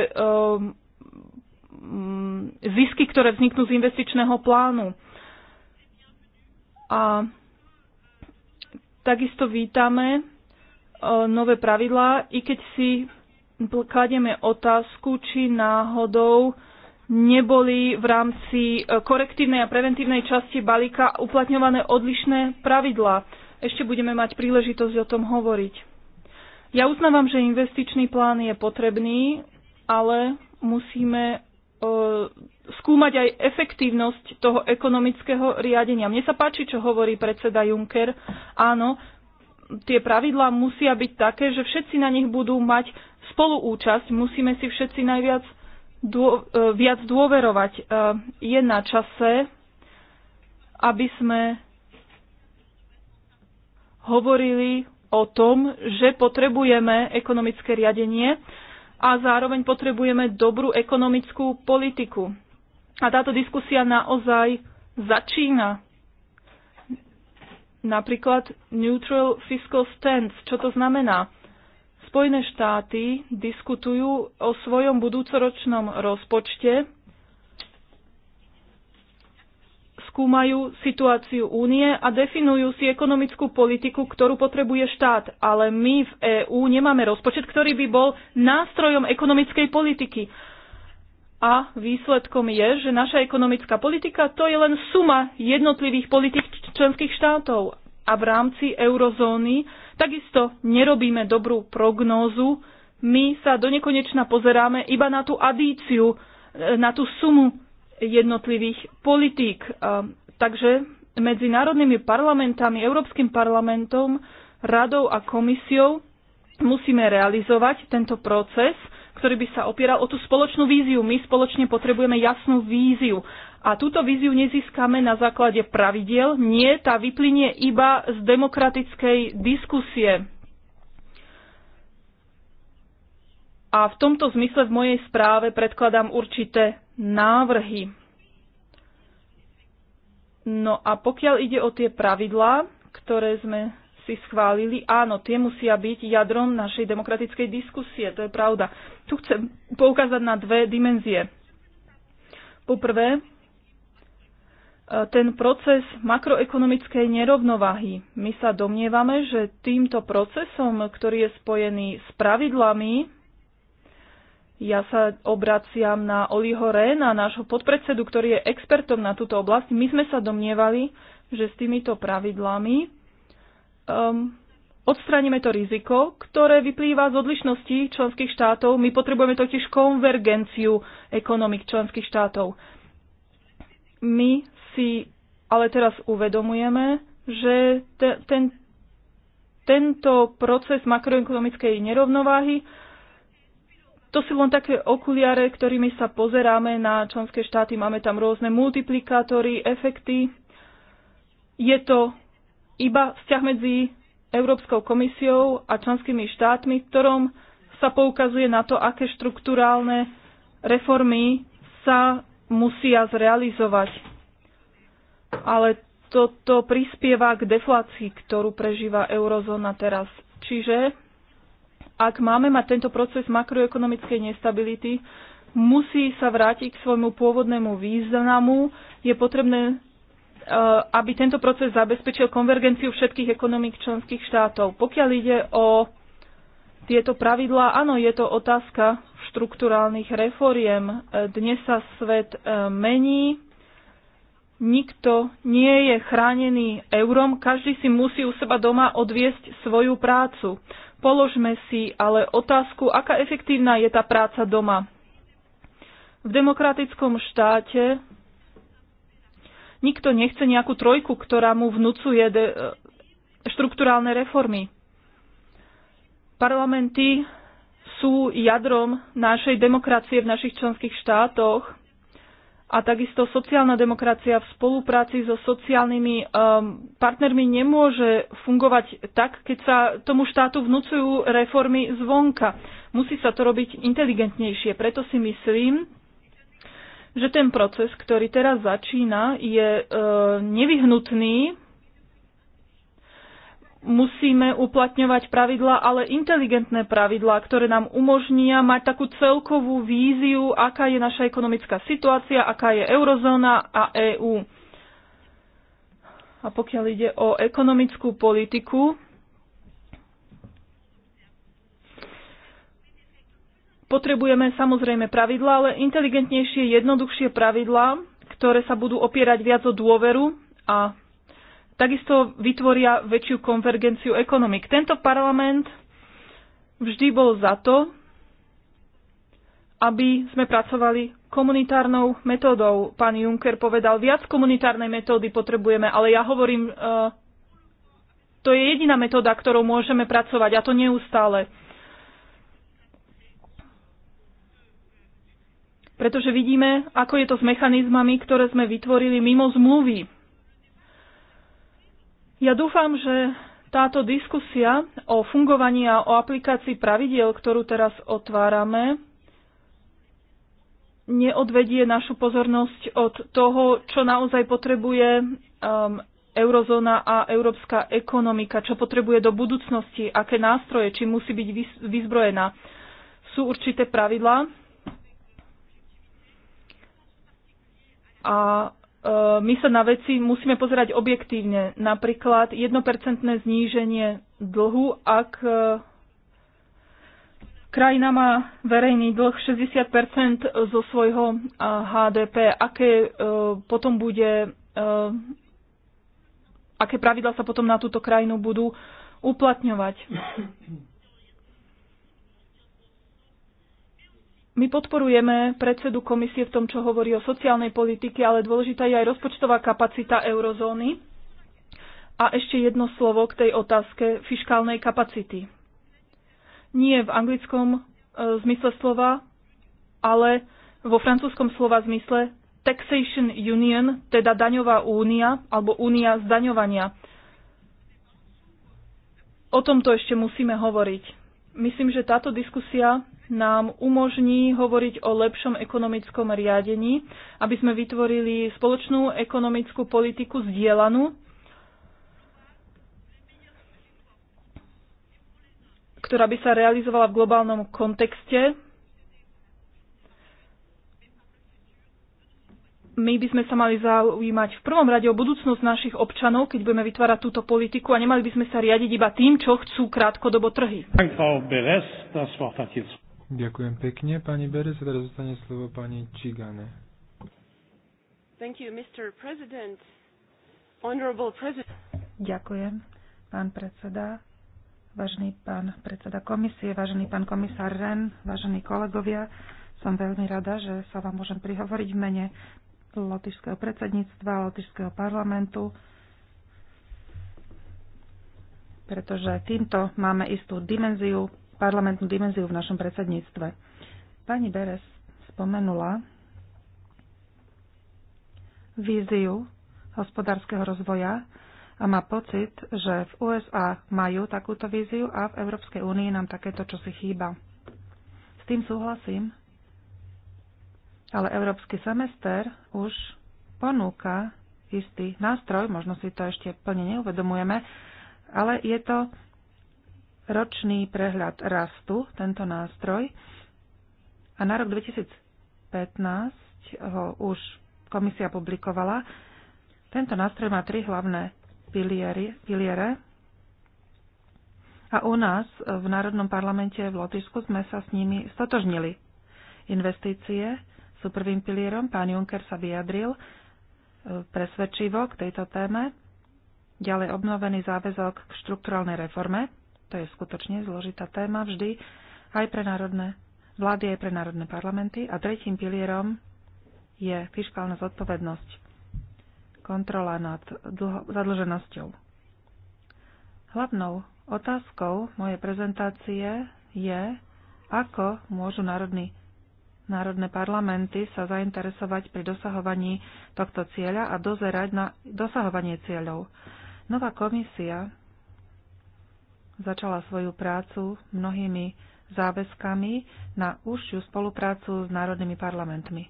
zisky, ktoré vzniknú z investičného plánu. A takisto vítame nové pravidlá, i keď si kladieme otázku, či náhodou neboli v rámci e, korektívnej a preventívnej časti balíka uplatňované odlišné pravidlá. Ešte budeme mať príležitosť o tom hovoriť. Ja uznávam, že investičný plán je potrebný, ale musíme e, skúmať aj efektívnosť toho ekonomického riadenia. Mne sa páči, čo hovorí predseda Juncker. Áno, tie pravidlá musia byť také, že všetci na nich budú mať spoluúčasť, musíme si všetci najviac dô, e, viac dôverovať. E, je na čase, aby sme hovorili o tom, že potrebujeme ekonomické riadenie a zároveň potrebujeme dobrú ekonomickú politiku. A táto diskusia naozaj začína Napríklad neutral fiscal stance. Čo to znamená? Spojené štáty diskutujú o svojom budúcoročnom rozpočte, skúmajú situáciu únie a definujú si ekonomickú politiku, ktorú potrebuje štát. Ale my v EÚ nemáme rozpočet, ktorý by bol nástrojom ekonomickej politiky. A výsledkom je, že naša ekonomická politika to je len suma jednotlivých politik členských štátov. A v rámci eurozóny takisto nerobíme dobrú prognózu. My sa do nekonečna pozeráme iba na tú adíciu, e, na tú sumu jednotlivých politík. E, takže medzi národnými parlamentami, Európskym parlamentom, radou a komisiou musíme realizovať tento proces – ktorý by sa opieral o tú spoločnú víziu. My spoločne potrebujeme jasnú víziu. A túto víziu nezískame na základe pravidiel. Nie, tá vyplynie iba z demokratickej diskusie. A v tomto zmysle v mojej správe predkladám určité návrhy. No a pokiaľ ide o tie pravidlá, ktoré sme si schválili, áno, tie musia byť jadrom našej demokratickej diskusie, to je pravda. Tu chcem poukázať na dve dimenzie. Poprvé, e, ten proces makroekonomickej nerovnováhy. My sa domnievame, že týmto procesom, ktorý je spojený s pravidlami, ja sa obraciam na Oliho Réna, nášho podpredsedu, ktorý je expertom na túto oblasť. My sme sa domnievali, že s týmito pravidlami um, ehm, odstraníme to riziko, ktoré vyplýva z odlišností členských štátov. My potrebujeme totiž konvergenciu ekonomik členských štátov. My si ale teraz uvedomujeme, že te, ten, tento proces makroekonomickej nerovnováhy to sú len také okuliare, ktorými sa pozeráme na členské štáty. Máme tam rôzne multiplikátory, efekty. Je to iba vzťah medzi Európskou komisiou a členskými štátmi, v ktorom sa poukazuje na to, aké štruktúrálne reformy sa musia zrealizovať. Ale toto prispieva k deflácii, ktorú prežíva eurozóna teraz. Čiže ak máme mať tento proces makroekonomickej nestability, musí sa vrátiť k svojmu pôvodnému významu, je potrebné Eh, aby tento proces zabezpečil konvergenciu všetkých ekonomik členských štátov. Pokiaľ ide o tieto pravidlá, áno, je to otázka štruktúrálnych reforiem. Eh, dnes sa svet eh, mení, nikto nie je chránený eurom, každý si musí u seba doma odviesť svoju prácu. Položme si ale otázku, aká efektívna je tá práca doma. V demokratickom štáte Nikto nechce nejakú trojku, ktorá mu vnúcuje e, štruktúrálne reformy. Parlamenty sú jadrom našej demokracie v našich členských štátoch a takisto sociálna demokracia v spolupráci so sociálnymi um, partnermi nemôže fungovať tak, keď sa tomu štátu vnúcujú reformy zvonka. Musí sa to robiť inteligentnejšie. Preto si myslím, že ten proces, ktorý teraz začína, je e, nevyhnutný. Musíme uplatňovať pravidla, ale inteligentné pravidlá, ktoré nám umožnia mať takú celkovú víziu, aká je naša ekonomická situácia, aká je eurozóna a EÚ. A pokiaľ ide o ekonomickú politiku, Potrebujeme samozrejme pravidla, ale inteligentnejšie, jednoduchšie pravidlá, ktoré sa budú opierať viac o dôveru a takisto vytvoria väčšiu konvergenciu ekonomik. Tento parlament vždy bol za to, aby sme pracovali komunitárnou metódou. Pán Juncker povedal, viac komunitárnej metódy potrebujeme, ale ja hovorím, e, to je jediná metóda, ktorou môžeme pracovať a to neustále. Pretože vidíme, ako je to s mechanizmami, ktoré sme vytvorili mimo zmluvy. Ja dúfam, že táto diskusia o fungovaní a o aplikácii pravidiel, ktorú teraz otvárame, neodvedie našu pozornosť od toho, čo naozaj potrebuje um, eurozóna a európska ekonomika, čo potrebuje do budúcnosti, aké nástroje, či musí byť vyzbrojená. Sú určité pravidlá, a e, my sa na veci musíme pozerať objektívne. Napríklad 1% zníženie dlhu, ak e, krajina má verejný dlh 60% zo svojho e, HDP, aké potom bude, aké pravidla sa potom na túto krajinu budú uplatňovať. My podporujeme predsedu komisie v tom, čo hovorí o sociálnej politike, ale dôležitá je aj rozpočtová kapacita eurozóny. A ešte jedno slovo k tej otázke fiškálnej kapacity. Nie v anglickom e, zmysle slova, ale vo francúzskom slova zmysle Taxation Union, teda daňová únia alebo únia zdaňovania. O tomto ešte musíme hovoriť. Myslím, že táto diskusia nám umožní hovoriť o lepšom ekonomickom riadení, aby sme vytvorili spoločnú ekonomickú politiku zdieľanú, ktorá by sa realizovala v globálnom kontexte. My by sme sa mali zaujímať v prvom rade o budúcnosť našich občanov, keď budeme vytvárať túto politiku a nemali by sme sa riadiť iba tým, čo chcú krátkodobo trhy. Ďakujem pekne, pani Berez. Teraz zostane slovo pani Čigane. Thank you, Mr. President. Honorable President. Ďakujem, pán predseda, vážený pán predseda komisie, vážený pán komisár Ren, vážení kolegovia. Som veľmi rada, že sa vám môžem prihovoriť v mene lotyšského predsedníctva, Lotyšského parlamentu, pretože týmto máme istú dimenziu parlamentnú dimenziu v našom predsedníctve. Pani Beres spomenula víziu hospodárskeho rozvoja a má pocit, že v USA majú takúto víziu a v Európskej únii nám takéto čosi chýba. S tým súhlasím, ale Európsky semester už ponúka istý nástroj, možno si to ešte plne neuvedomujeme, ale je to ročný prehľad rastu, tento nástroj. A na rok 2015 ho už komisia publikovala. Tento nástroj má tri hlavné piliery, piliere. A u nás v Národnom parlamente v Lotyšsku sme sa s nimi stotožnili. Investície sú prvým pilierom. Pán Juncker sa vyjadril e, presvedčivo k tejto téme. Ďalej obnovený záväzok k štrukturálnej reforme to je skutočne zložitá téma vždy aj pre národné vlády, aj pre národné parlamenty. A tretím pilierom je fiskálna zodpovednosť, kontrola nad dlho, zadlženosťou. Hlavnou otázkou mojej prezentácie je, ako môžu národní národné parlamenty sa zainteresovať pri dosahovaní tohto cieľa a dozerať na dosahovanie cieľov. Nová komisia začala svoju prácu mnohými záväzkami na užšiu spoluprácu s národnými parlamentmi.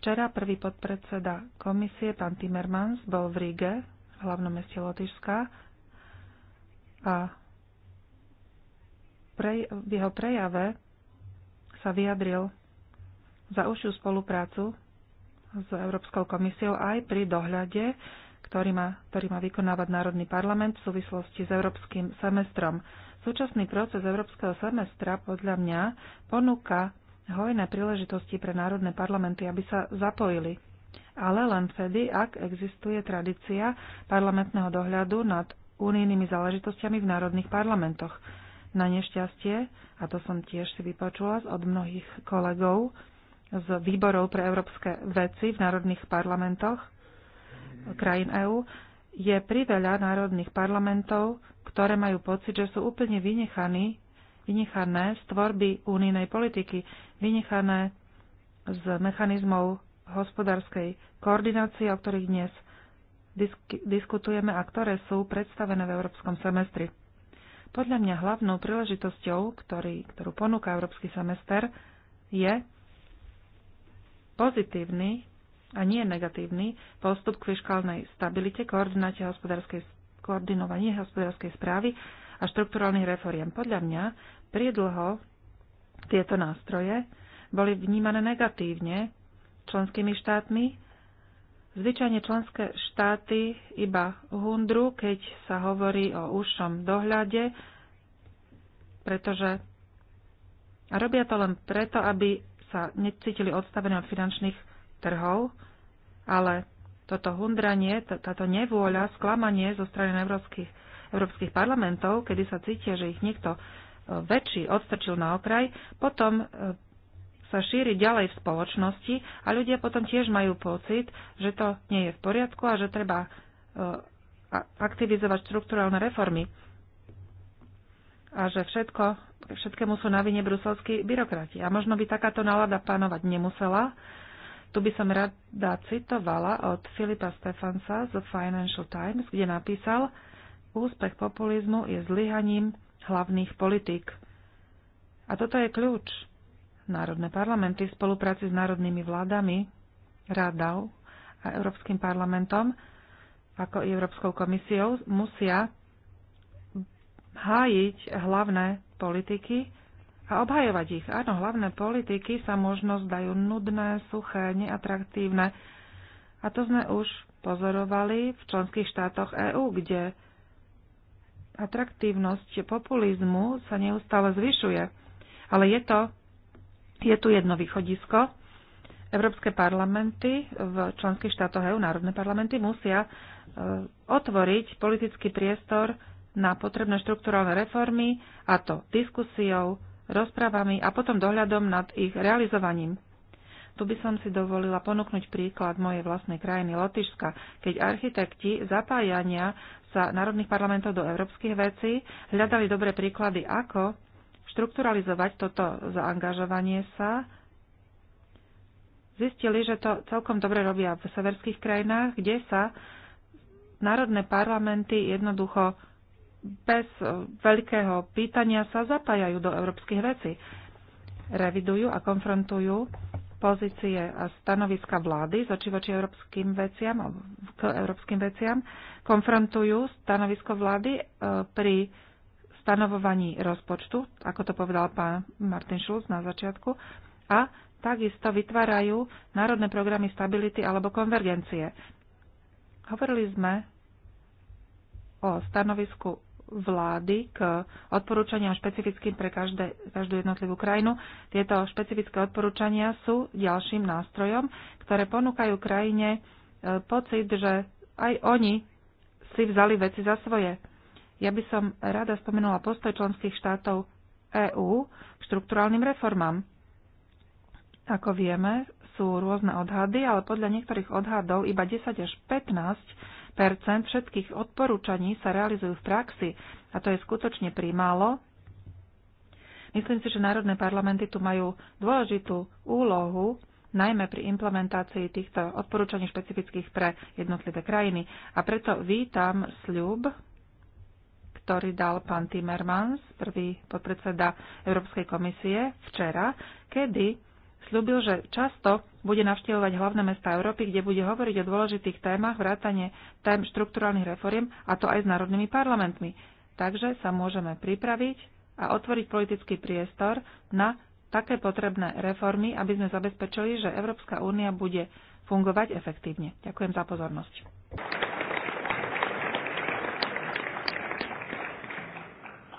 Včera prvý podpredseda komisie, pán Timmermans, bol v Ríge, v hlavnom meste Lotyšska, a prej, v jeho prejave sa vyjadril za užšiu spoluprácu s Európskou komisiou aj pri dohľade ktorý má, ktorý má vykonávať Národný parlament v súvislosti s európskym semestrom. Súčasný proces európskeho semestra podľa mňa ponúka hojné príležitosti pre národné parlamenty, aby sa zapojili. Ale len vtedy, ak existuje tradícia parlamentného dohľadu nad unijnými záležitosťami v národných parlamentoch. Na nešťastie, a to som tiež si vypočula od mnohých kolegov z výborov pre európske veci v národných parlamentoch, krajín EÚ, je priveľa národných parlamentov, ktoré majú pocit, že sú úplne vynechaní, vynechané z tvorby únijnej politiky, vynechané z mechanizmov hospodárskej koordinácie, o ktorých dnes diskutujeme a ktoré sú predstavené v európskom semestri. Podľa mňa hlavnou príležitosťou, ktorý, ktorú ponúka európsky semester, je pozitívny a nie negatívny postup k fiskálnej stabilite, koordinácie hospodárskej, koordinovanie hospodárskej správy a štrukturálnych reforiem. Podľa mňa priedlho tieto nástroje boli vnímané negatívne členskými štátmi. Zvyčajne členské štáty iba hundru, keď sa hovorí o úšom dohľade, pretože a robia to len preto, aby sa necítili odstavené od finančných trhov, ale toto hundranie, táto nevôľa, sklamanie zo strany európskych, európskych parlamentov, kedy sa cítia, že ich niekto e, väčší odstrčil na okraj, potom e, sa šíri ďalej v spoločnosti a ľudia potom tiež majú pocit, že to nie je v poriadku a že treba e, aktivizovať štruktúralne reformy a že všetko, všetkému sú na vine bruselskí byrokrati. A možno by takáto nálada panovať nemusela, tu by som rada citovala od Filipa Stefansa z Financial Times, kde napísal, úspech populizmu je zlyhaním hlavných politik. A toto je kľúč. Národné parlamenty v spolupráci s národnými vládami, rádou a Európskym parlamentom, ako i Európskou komisiou, musia hájiť hlavné politiky, a obhajovať ich. Áno, hlavné politiky sa možno zdajú nudné, suché, neatraktívne. A to sme už pozorovali v členských štátoch EÚ, kde atraktívnosť populizmu sa neustále zvyšuje. Ale je, to, je tu jedno východisko. Európske parlamenty v členských štátoch EÚ, národné parlamenty, musia e, otvoriť politický priestor na potrebné štruktúralne reformy, a to diskusiou, rozprávami a potom dohľadom nad ich realizovaním. Tu by som si dovolila ponúknuť príklad mojej vlastnej krajiny Lotyšska, keď architekti zapájania sa národných parlamentov do európskych vecí hľadali dobré príklady, ako štrukturalizovať toto zaangažovanie sa. Zistili, že to celkom dobre robia v severských krajinách, kde sa národné parlamenty jednoducho bez eh, veľkého pýtania sa zapájajú do európskych vecí. Revidujú a konfrontujú pozície a stanoviska vlády oči voči európskym veciam, k európskym veciam, konfrontujú stanovisko vlády eh, pri stanovovaní rozpočtu, ako to povedal pán Martin Schulz na začiatku, a takisto vytvárajú národné programy stability alebo konvergencie. Hovorili sme o stanovisku vlády k odporúčaniam špecifickým pre každé, každú jednotlivú krajinu. Tieto špecifické odporúčania sú ďalším nástrojom, ktoré ponúkajú krajine e, pocit, že aj oni si vzali veci za svoje. Ja by som rada spomenula postoj členských štátov EÚ k štruktúrálnym reformám. Ako vieme, sú rôzne odhady, ale podľa niektorých odhadov iba 10 až 15 všetkých odporúčaní sa realizujú v praxi a to je skutočne primálo. Myslím si, že národné parlamenty tu majú dôležitú úlohu, najmä pri implementácii týchto odporúčaní špecifických pre jednotlivé krajiny. A preto vítam sľub, ktorý dal pán Timmermans, prvý podpredseda Európskej komisie, včera, kedy slúbil, že často bude navštevovať hlavné mesta Európy, kde bude hovoriť o dôležitých témach vrátane tém štruktúrálnych reforiem, a to aj s národnými parlamentmi. Takže sa môžeme pripraviť a otvoriť politický priestor na také potrebné reformy, aby sme zabezpečili, že Európska únia bude fungovať efektívne. Ďakujem za pozornosť.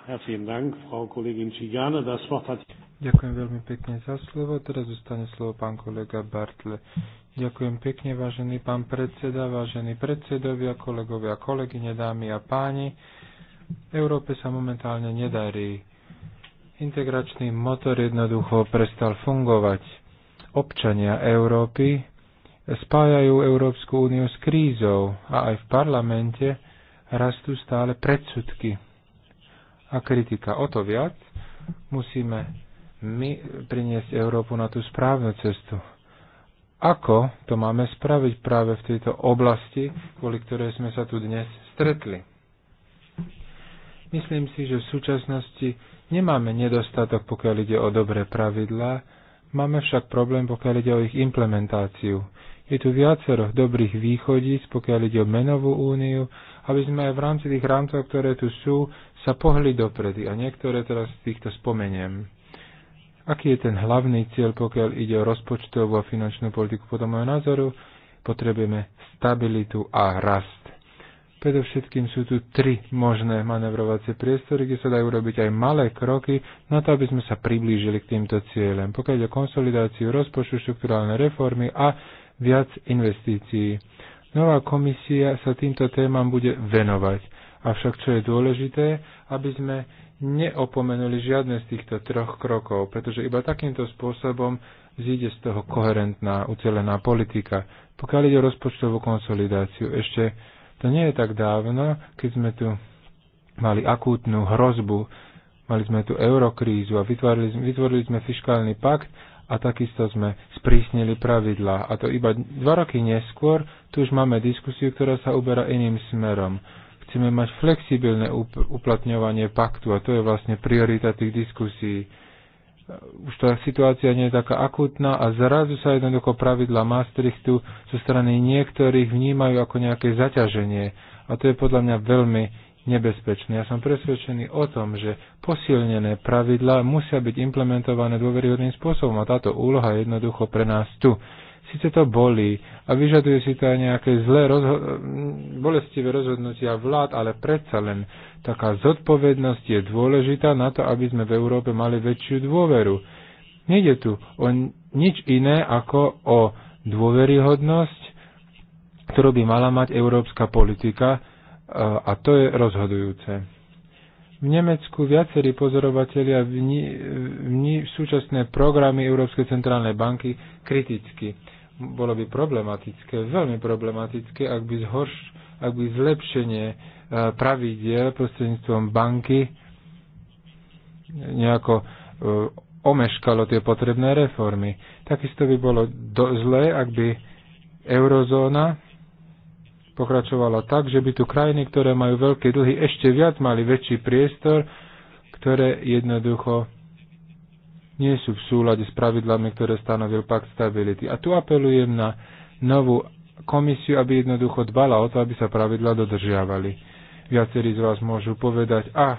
Herzlichen Dank, Frau Kollegin Cigane. Das Wort hat Ďakujem veľmi pekne za slovo. Teraz zostane slovo pán kolega Bartle. Ďakujem pekne, vážený pán predseda, vážení predsedovia, kolegovia, kolegyne, dámy a páni. Európe sa momentálne nedarí. Integračný motor jednoducho prestal fungovať. Občania Európy spájajú Európsku úniu s krízou a aj v parlamente rastú stále predsudky a kritika. O to viac musíme my priniesť Európu na tú správnu cestu. Ako to máme spraviť práve v tejto oblasti, kvôli ktorej sme sa tu dnes stretli? Myslím si, že v súčasnosti nemáme nedostatok, pokiaľ ide o dobré pravidlá, máme však problém, pokiaľ ide o ich implementáciu. Je tu viacero dobrých východíc, pokiaľ ide o menovú úniu, aby sme aj v rámci tých rámcov, ktoré tu sú, sa pohli dopredy. A niektoré teraz z týchto spomeniem aký je ten hlavný cieľ, pokiaľ ide o rozpočtovú a finančnú politiku. Podľa môjho názoru potrebujeme stabilitu a rast. Predovšetkým sú tu tri možné manevrovacie priestory, kde sa dajú robiť aj malé kroky na to, aby sme sa priblížili k týmto cieľom. Pokiaľ ide o konsolidáciu rozpočtu, štruktúrálne reformy a viac investícií. Nová komisia sa týmto témam bude venovať. Avšak čo je dôležité, aby sme neopomenuli žiadne z týchto troch krokov, pretože iba takýmto spôsobom zíde z toho koherentná, ucelená politika. Pokiaľ ide o rozpočtovú konsolidáciu, ešte to nie je tak dávno, keď sme tu mali akútnu hrozbu, mali sme tu eurokrízu a vytvorili, vytvorili sme fiskálny pakt a takisto sme sprísnili pravidlá. A to iba dva roky neskôr, tu už máme diskusiu, ktorá sa uberá iným smerom. Chceme mať flexibilné uplatňovanie paktu a to je vlastne priorita tých diskusí. Už tá situácia nie je taká akutná a zrazu sa jednoducho pravidla Maastrichtu zo strany niektorých vnímajú ako nejaké zaťaženie. A to je podľa mňa veľmi nebezpečné. Ja som presvedčený o tom, že posilnené pravidlá musia byť implementované dôveryhodným spôsobom a táto úloha je jednoducho pre nás tu. Sice to bolí a vyžaduje si to aj nejaké zlé, rozho- bolestivé rozhodnutia vlád, ale predsa len taká zodpovednosť je dôležitá na to, aby sme v Európe mali väčšiu dôveru. Nede tu o nič iné ako o dôveryhodnosť, ktorú by mala mať európska politika e, a to je rozhodujúce. V Nemecku viacerí pozorovatelia vní, vní súčasné programy Európskej centrálnej banky kriticky bolo by problematické, veľmi problematické, ak by, zhorš, ak by zlepšenie e, pravidiel prostredníctvom banky nejako e, omeškalo tie potrebné reformy. Takisto by bolo do, zlé, ak by eurozóna pokračovala tak, že by tu krajiny, ktoré majú veľké dlhy, ešte viac mali väčší priestor, ktoré jednoducho nie sú v súlade s pravidlami, ktoré stanovil Pakt Stability. A tu apelujem na novú komisiu, aby jednoducho dbala o to, aby sa pravidla dodržiavali. Viacerí z vás môžu povedať, a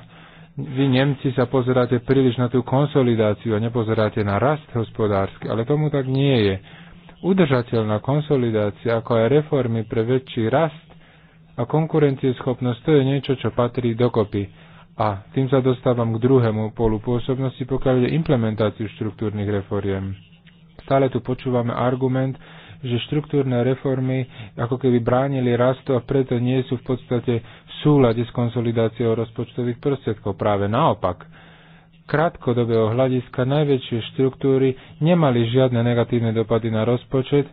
vy Nemci sa pozeráte príliš na tú konsolidáciu a nepozeráte na rast hospodársky, ale tomu tak nie je. Udržateľná konsolidácia, ako aj reformy pre väčší rast a konkurencieschopnosť, to je niečo, čo patrí dokopy a tým sa dostávam k druhému polu pôsobnosti, pokiaľ ide implementáciu štruktúrnych reforiem. Stále tu počúvame argument, že štruktúrne reformy ako keby bránili rastu a preto nie sú v podstate v súlade s konsolidáciou rozpočtových prostriedkov. Práve naopak, krátkodobého hľadiska najväčšie štruktúry nemali žiadne negatívne dopady na rozpočet,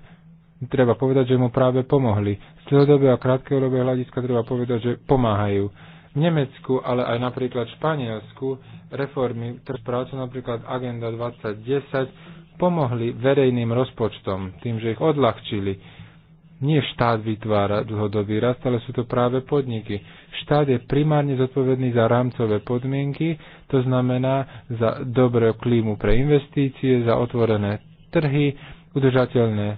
treba povedať, že mu práve pomohli. Z dlhodobého a krátkodobého hľadiska treba povedať, že pomáhajú v Nemecku, ale aj napríklad v Španielsku reformy trh práce, napríklad Agenda 2010, pomohli verejným rozpočtom tým, že ich odľahčili. Nie štát vytvára dlhodobý rast, ale sú to práve podniky. Štát je primárne zodpovedný za rámcové podmienky, to znamená za dobré klímu pre investície, za otvorené trhy, udržateľné e,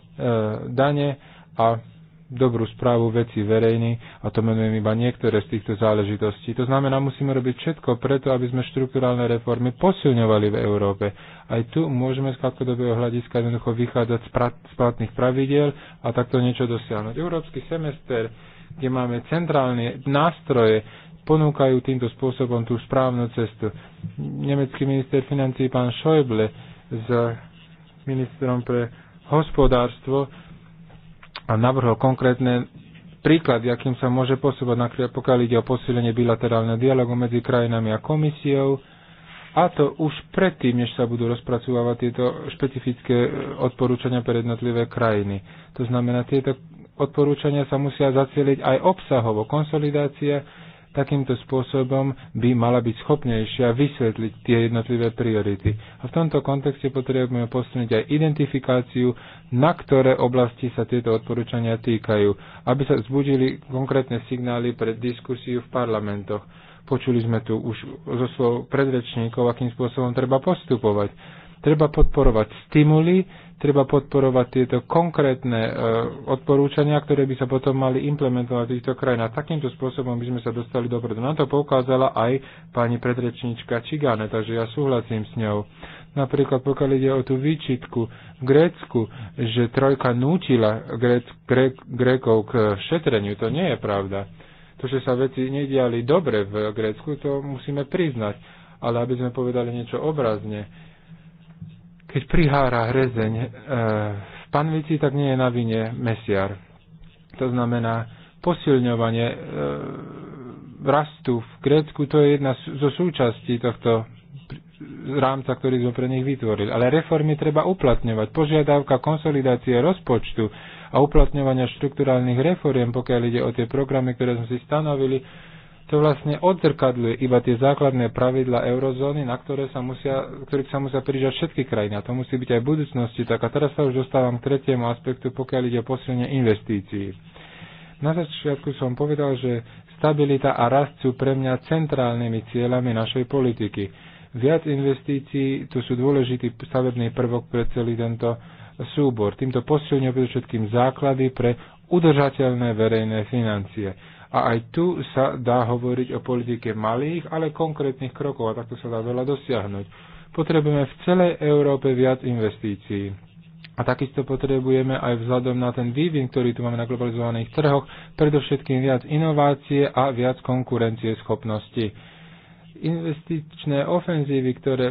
dane a dobrú správu veci verejný a to menujem iba niektoré z týchto záležitostí. To znamená, musíme robiť všetko preto, aby sme štruktúralne reformy posilňovali v Európe. Aj tu môžeme z krátkodobého hľadiska jednoducho vychádzať z platných pravidiel a takto niečo dosiahnuť. Európsky semester, kde máme centrálne nástroje, ponúkajú týmto spôsobom tú správnu cestu. Nemecký minister financí pán Schäuble s ministrom pre hospodárstvo a navrhol konkrétne príklad, akým sa môže posúvať, napríklad pokiaľ ide o posilenie bilaterálneho dialogu medzi krajinami a komisiou, a to už predtým, než sa budú rozpracovávať tieto špecifické e, odporúčania pre jednotlivé krajiny. To znamená, tieto odporúčania sa musia zacieliť aj obsahovo. Konsolidácia takýmto spôsobom by mala byť schopnejšia vysvetliť tie jednotlivé priority. A v tomto kontexte potrebujeme posunúť aj identifikáciu, na ktoré oblasti sa tieto odporúčania týkajú, aby sa zbudili konkrétne signály pre diskusiu v parlamentoch. Počuli sme tu už zo slov predrečníkov, akým spôsobom treba postupovať Treba podporovať stimuly, treba podporovať tieto konkrétne e, odporúčania, ktoré by sa potom mali implementovať v týchto krajinách. Takýmto spôsobom by sme sa dostali dopredu. Na to poukázala aj pani predrečníčka Čigane, takže ja súhlasím s ňou. Napríklad pokiaľ ide o tú výčitku v Grécku, že trojka nútila Grékov k šetreniu, to nie je pravda. To, že sa veci nediali dobre v Grécku, to musíme priznať. Ale aby sme povedali niečo obrazne, keď prihára hrezeň e, v panvici, tak nie je na vine mesiar. To znamená, posilňovanie e, rastu v Grécku, to je jedna zo súčastí tohto rámca, ktorý sme pre nich vytvorili. Ale reformy treba uplatňovať. Požiadavka konsolidácie rozpočtu a uplatňovania štruktúrálnych reforiem, pokiaľ ide o tie programy, ktoré sme si stanovili, to vlastne odzrkadľuje iba tie základné pravidla eurozóny, na ktoré sa musia, ktorých sa musia prižať všetky krajiny. A to musí byť aj v budúcnosti. Tak a teraz sa už dostávam k tretiemu aspektu, pokiaľ ide o posilnenie investícií. Na začiatku som povedal, že stabilita a rast sú pre mňa centrálnymi cieľami našej politiky. Viac investícií, to sú dôležitý stavebný prvok pre celý tento súbor. Týmto posilňujem predovšetkým základy pre udržateľné verejné financie. A aj tu sa dá hovoriť o politike malých, ale konkrétnych krokov a takto sa dá veľa dosiahnuť. Potrebujeme v celej Európe viac investícií. A takisto potrebujeme aj vzhľadom na ten vývin, ktorý tu máme na globalizovaných trhoch, predovšetkým viac inovácie a viac konkurencie schopnosti investičné ofenzívy, ktoré,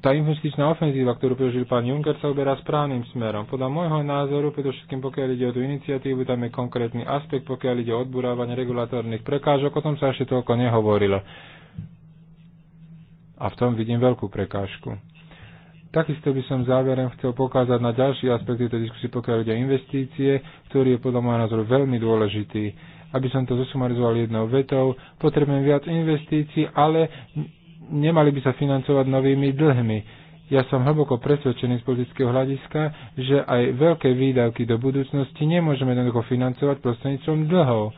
tá investičná ofenzíva, ktorú prežil pán Juncker, sa uberá správnym smerom. Podľa môjho názoru, predovšetkým pokiaľ ide o tú iniciatívu, tam je konkrétny aspekt, pokiaľ ide o odburávanie regulatórnych prekážok, o tom sa ešte toľko nehovorilo. A v tom vidím veľkú prekážku. Takisto by som záverem chcel pokázať na ďalší aspekt tejto diskusie, pokiaľ ide o investície, ktorý je podľa môjho názoru veľmi dôležitý aby som to zosumarizoval jednou vetou, potrebujem viac investícií, ale nemali by sa financovať novými dlhmi. Ja som hlboko presvedčený z politického hľadiska, že aj veľké výdavky do budúcnosti nemôžeme jednoducho financovať prostredníctvom dlhov. E,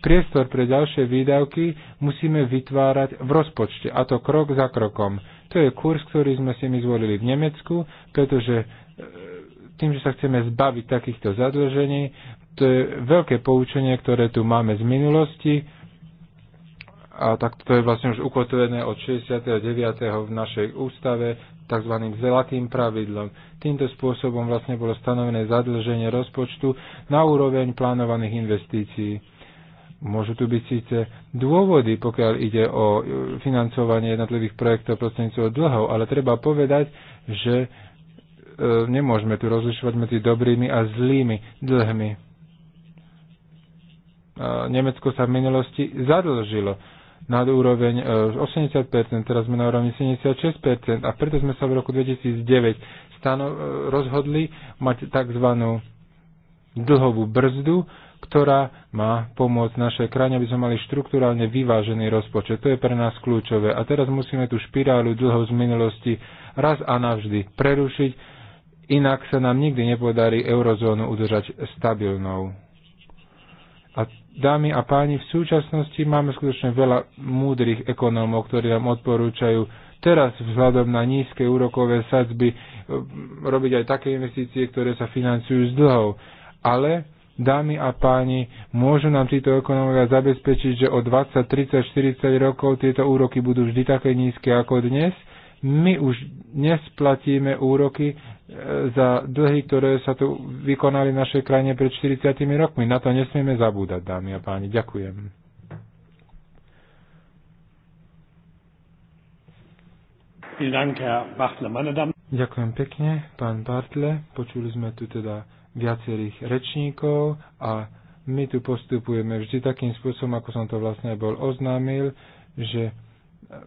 priestor pre ďalšie výdavky musíme vytvárať v rozpočte, a to krok za krokom. To je kurz, ktorý sme si my zvolili v Nemecku, pretože e, tým, že sa chceme zbaviť takýchto zadlžení, to je veľké poučenie, ktoré tu máme z minulosti a tak to je vlastne už ukotvené od 69. v našej ústave tzv. zlatým pravidlom. Týmto spôsobom vlastne bolo stanovené zadlženie rozpočtu na úroveň plánovaných investícií. Môžu tu byť síce dôvody, pokiaľ ide o financovanie jednotlivých projektov prostredníctvom dlhov, ale treba povedať, že e, nemôžeme tu rozlišovať medzi dobrými a zlými dlhmi Nemecko sa v minulosti zadlžilo nad úroveň 80%, e, teraz sme na úrovni 76% a preto sme sa v roku 2009 stano- e, rozhodli mať tzv. dlhovú brzdu, ktorá má pomôcť našej krajine, aby sme mali štruktúralne vyvážený rozpočet. To je pre nás kľúčové. A teraz musíme tú špirálu dlhov z minulosti raz a navždy prerušiť, inak sa nám nikdy nepodarí eurozónu udržať stabilnou. Dámy a páni, v súčasnosti máme skutočne veľa múdrych ekonómov, ktorí nám odporúčajú teraz vzhľadom na nízke úrokové sadzby eh, robiť aj také investície, ktoré sa financujú z dlhov. Ale dámy a páni, môžu nám títo ekonómovia zabezpečiť, že o 20, 30, 40 rokov tieto úroky budú vždy také nízke ako dnes – my už nesplatíme úroky e, za dlhy, ktoré sa tu vykonali v našej krajine pred 40 rokmi. Na to nesmieme zabúdať, dámy a páni. Ďakujem. Ďakujem pekne, pán Bartle. Počuli sme tu teda viacerých rečníkov a my tu postupujeme vždy takým spôsobom, ako som to vlastne bol oznámil, že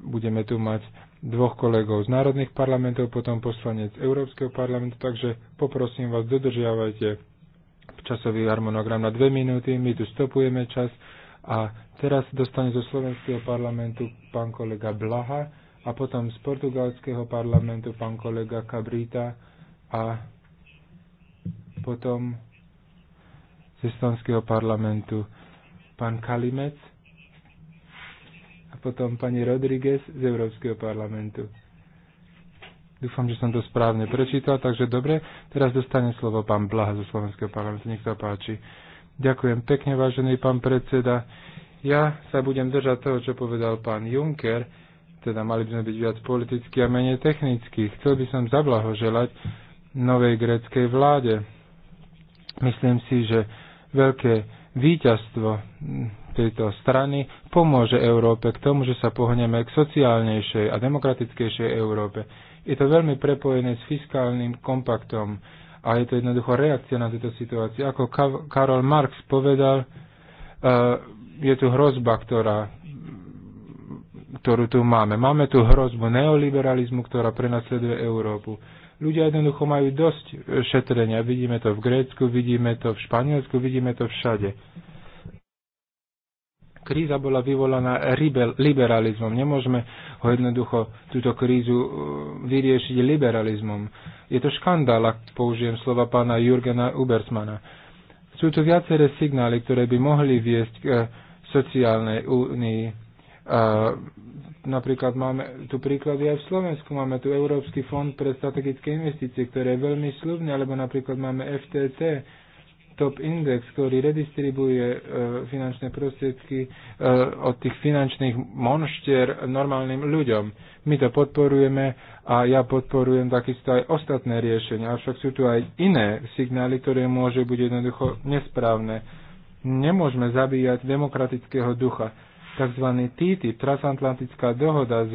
budeme tu mať dvoch kolegov z národných parlamentov, potom poslanec Európskeho parlamentu, takže poprosím vás, dodržiavajte časový harmonogram na dve minúty, my tu stopujeme čas a teraz dostane zo Slovenského parlamentu pán kolega Blaha a potom z portugalského parlamentu pán kolega Cabrita a potom z estonského parlamentu pán Kalimec a potom pani Rodriguez z Európskeho parlamentu. Dúfam, že som to správne prečítal, takže dobre. Teraz dostane slovo pán Blaha zo Slovenského parlamentu. Nech sa páči. Ďakujem pekne, vážený pán predseda. Ja sa budem držať toho, čo povedal pán Juncker, teda mali by sme byť viac politicky a menej technicky. Chcel by som zablahoželať novej gréckej vláde. Myslím si, že veľké víťazstvo tejto strany pomôže Európe k tomu, že sa pohneme k sociálnejšej a demokratickejšej Európe. Je to veľmi prepojené s fiskálnym kompaktom a je to jednoducho reakcia na túto situáciu. Ako Karol Marx povedal, eh, je tu hrozba, ktorá, ktorú tu máme. Máme tu hrozbu neoliberalizmu, ktorá prenasleduje Európu. Ľudia jednoducho majú dosť šetrenia. Vidíme to v Grécku, vidíme to v Španielsku, vidíme to všade kríza bola vyvolaná liberalizmom. Nemôžeme ho jednoducho túto krízu e, vyriešiť liberalizmom. Je to škandál, ak použijem slova pána Jurgena Ubersmana. Sú tu viaceré signály, ktoré by mohli viesť k e, sociálnej únii. E, napríklad máme tu príklady aj v Slovensku. Máme tu Európsky fond pre strategické investície, ktoré je veľmi slubné, alebo napríklad máme FTT, Top Index, ktorý redistribuje e, finančné prostriedky e, od tých finančných monštier normálnym ľuďom. My to podporujeme a ja podporujem takisto aj ostatné riešenia, avšak sú tu aj iné signály, ktoré môže byť jednoducho nesprávne. Nemôžeme zabíjať demokratického ducha. Takzvaný TTIP, transatlantická dohoda s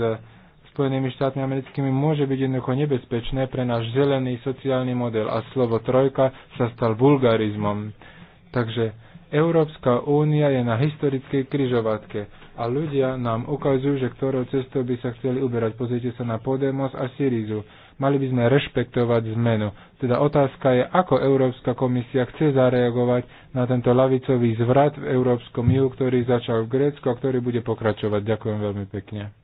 Spojenými štátmi americkými môže byť jednoducho nebezpečné pre náš zelený sociálny model a slovo trojka sa stal vulgarizmom. Takže Európska únia je na historickej kryžovatke a ľudia nám ukazujú, že ktorou cestou by sa chceli uberať. Pozrite sa na Podemos a Syrizu. Mali by sme rešpektovať zmenu. Teda otázka je, ako Európska komisia chce zareagovať na tento lavicový zvrat v Európskom juhu, ktorý začal v Grécku a ktorý bude pokračovať. Ďakujem veľmi pekne.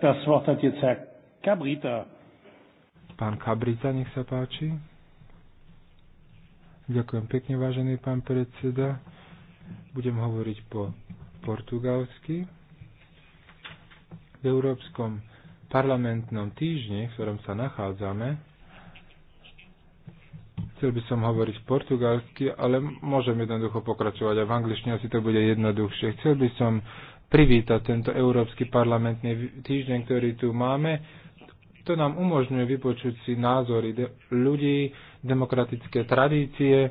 das Wort hat jetzt Herr Cabrita. Pán Cabrita, nech sa páči. Ďakujem pekne, vážený pán predseda. Budem hovoriť po portugalsky. V Európskom parlamentnom týždni, v ktorom sa nachádzame, chcel by som hovoriť portugalsky, ale môžem jednoducho pokračovať aj v angličtine asi to bude jednoduchšie. Chcel by som privítať tento Európsky parlamentný týždeň, ktorý tu máme. To nám umožňuje vypočuť si názory de- ľudí, demokratické tradície,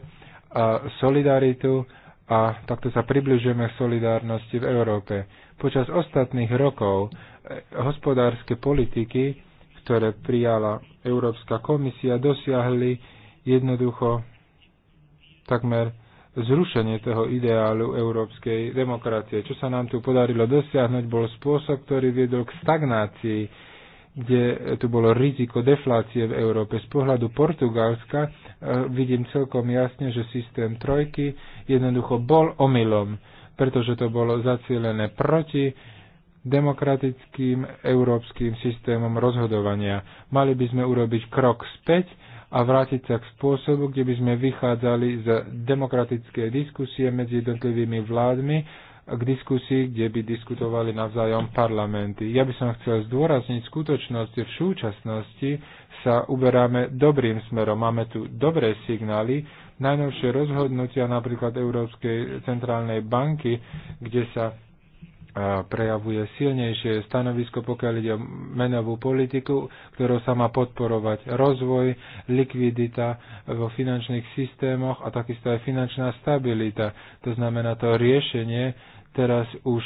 a solidaritu a takto sa približujeme k solidárnosti v Európe. Počas ostatných rokov e, hospodárske politiky, ktoré prijala Európska komisia, dosiahli jednoducho takmer zrušenie toho ideálu európskej demokracie. Čo sa nám tu podarilo dosiahnuť, bol spôsob, ktorý viedol k stagnácii, kde tu bolo riziko deflácie v Európe. Z pohľadu Portugalska e, vidím celkom jasne, že systém trojky jednoducho bol omylom, pretože to bolo zacielené proti demokratickým európskym systémom rozhodovania. Mali by sme urobiť krok späť, a vrátiť sa k spôsobu, kde by sme vychádzali z demokratické diskusie medzi jednotlivými vládmi k diskusii, kde by diskutovali navzájom parlamenty. Ja by som chcel zdôrazniť skutočnosť, že v súčasnosti sa uberáme dobrým smerom. Máme tu dobré signály, najnovšie rozhodnutia napríklad Európskej centrálnej banky, kde sa prejavuje silnejšie stanovisko, pokiaľ ide o menovú politiku, ktorou sa má podporovať rozvoj, likvidita vo finančných systémoch a takisto aj finančná stabilita. To znamená, to riešenie teraz už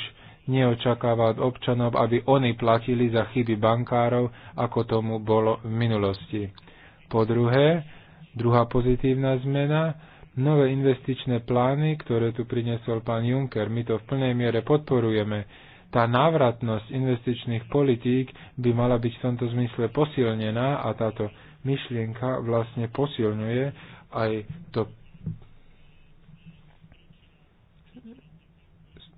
neočakáva od občanov, aby oni platili za chyby bankárov, ako tomu bolo v minulosti. Po druhé, druhá pozitívna zmena, nové investičné plány, ktoré tu priniesol pán Juncker. My to v plnej miere podporujeme. Tá návratnosť investičných politík by mala byť v tomto zmysle posilnená a táto myšlienka vlastne posilňuje aj to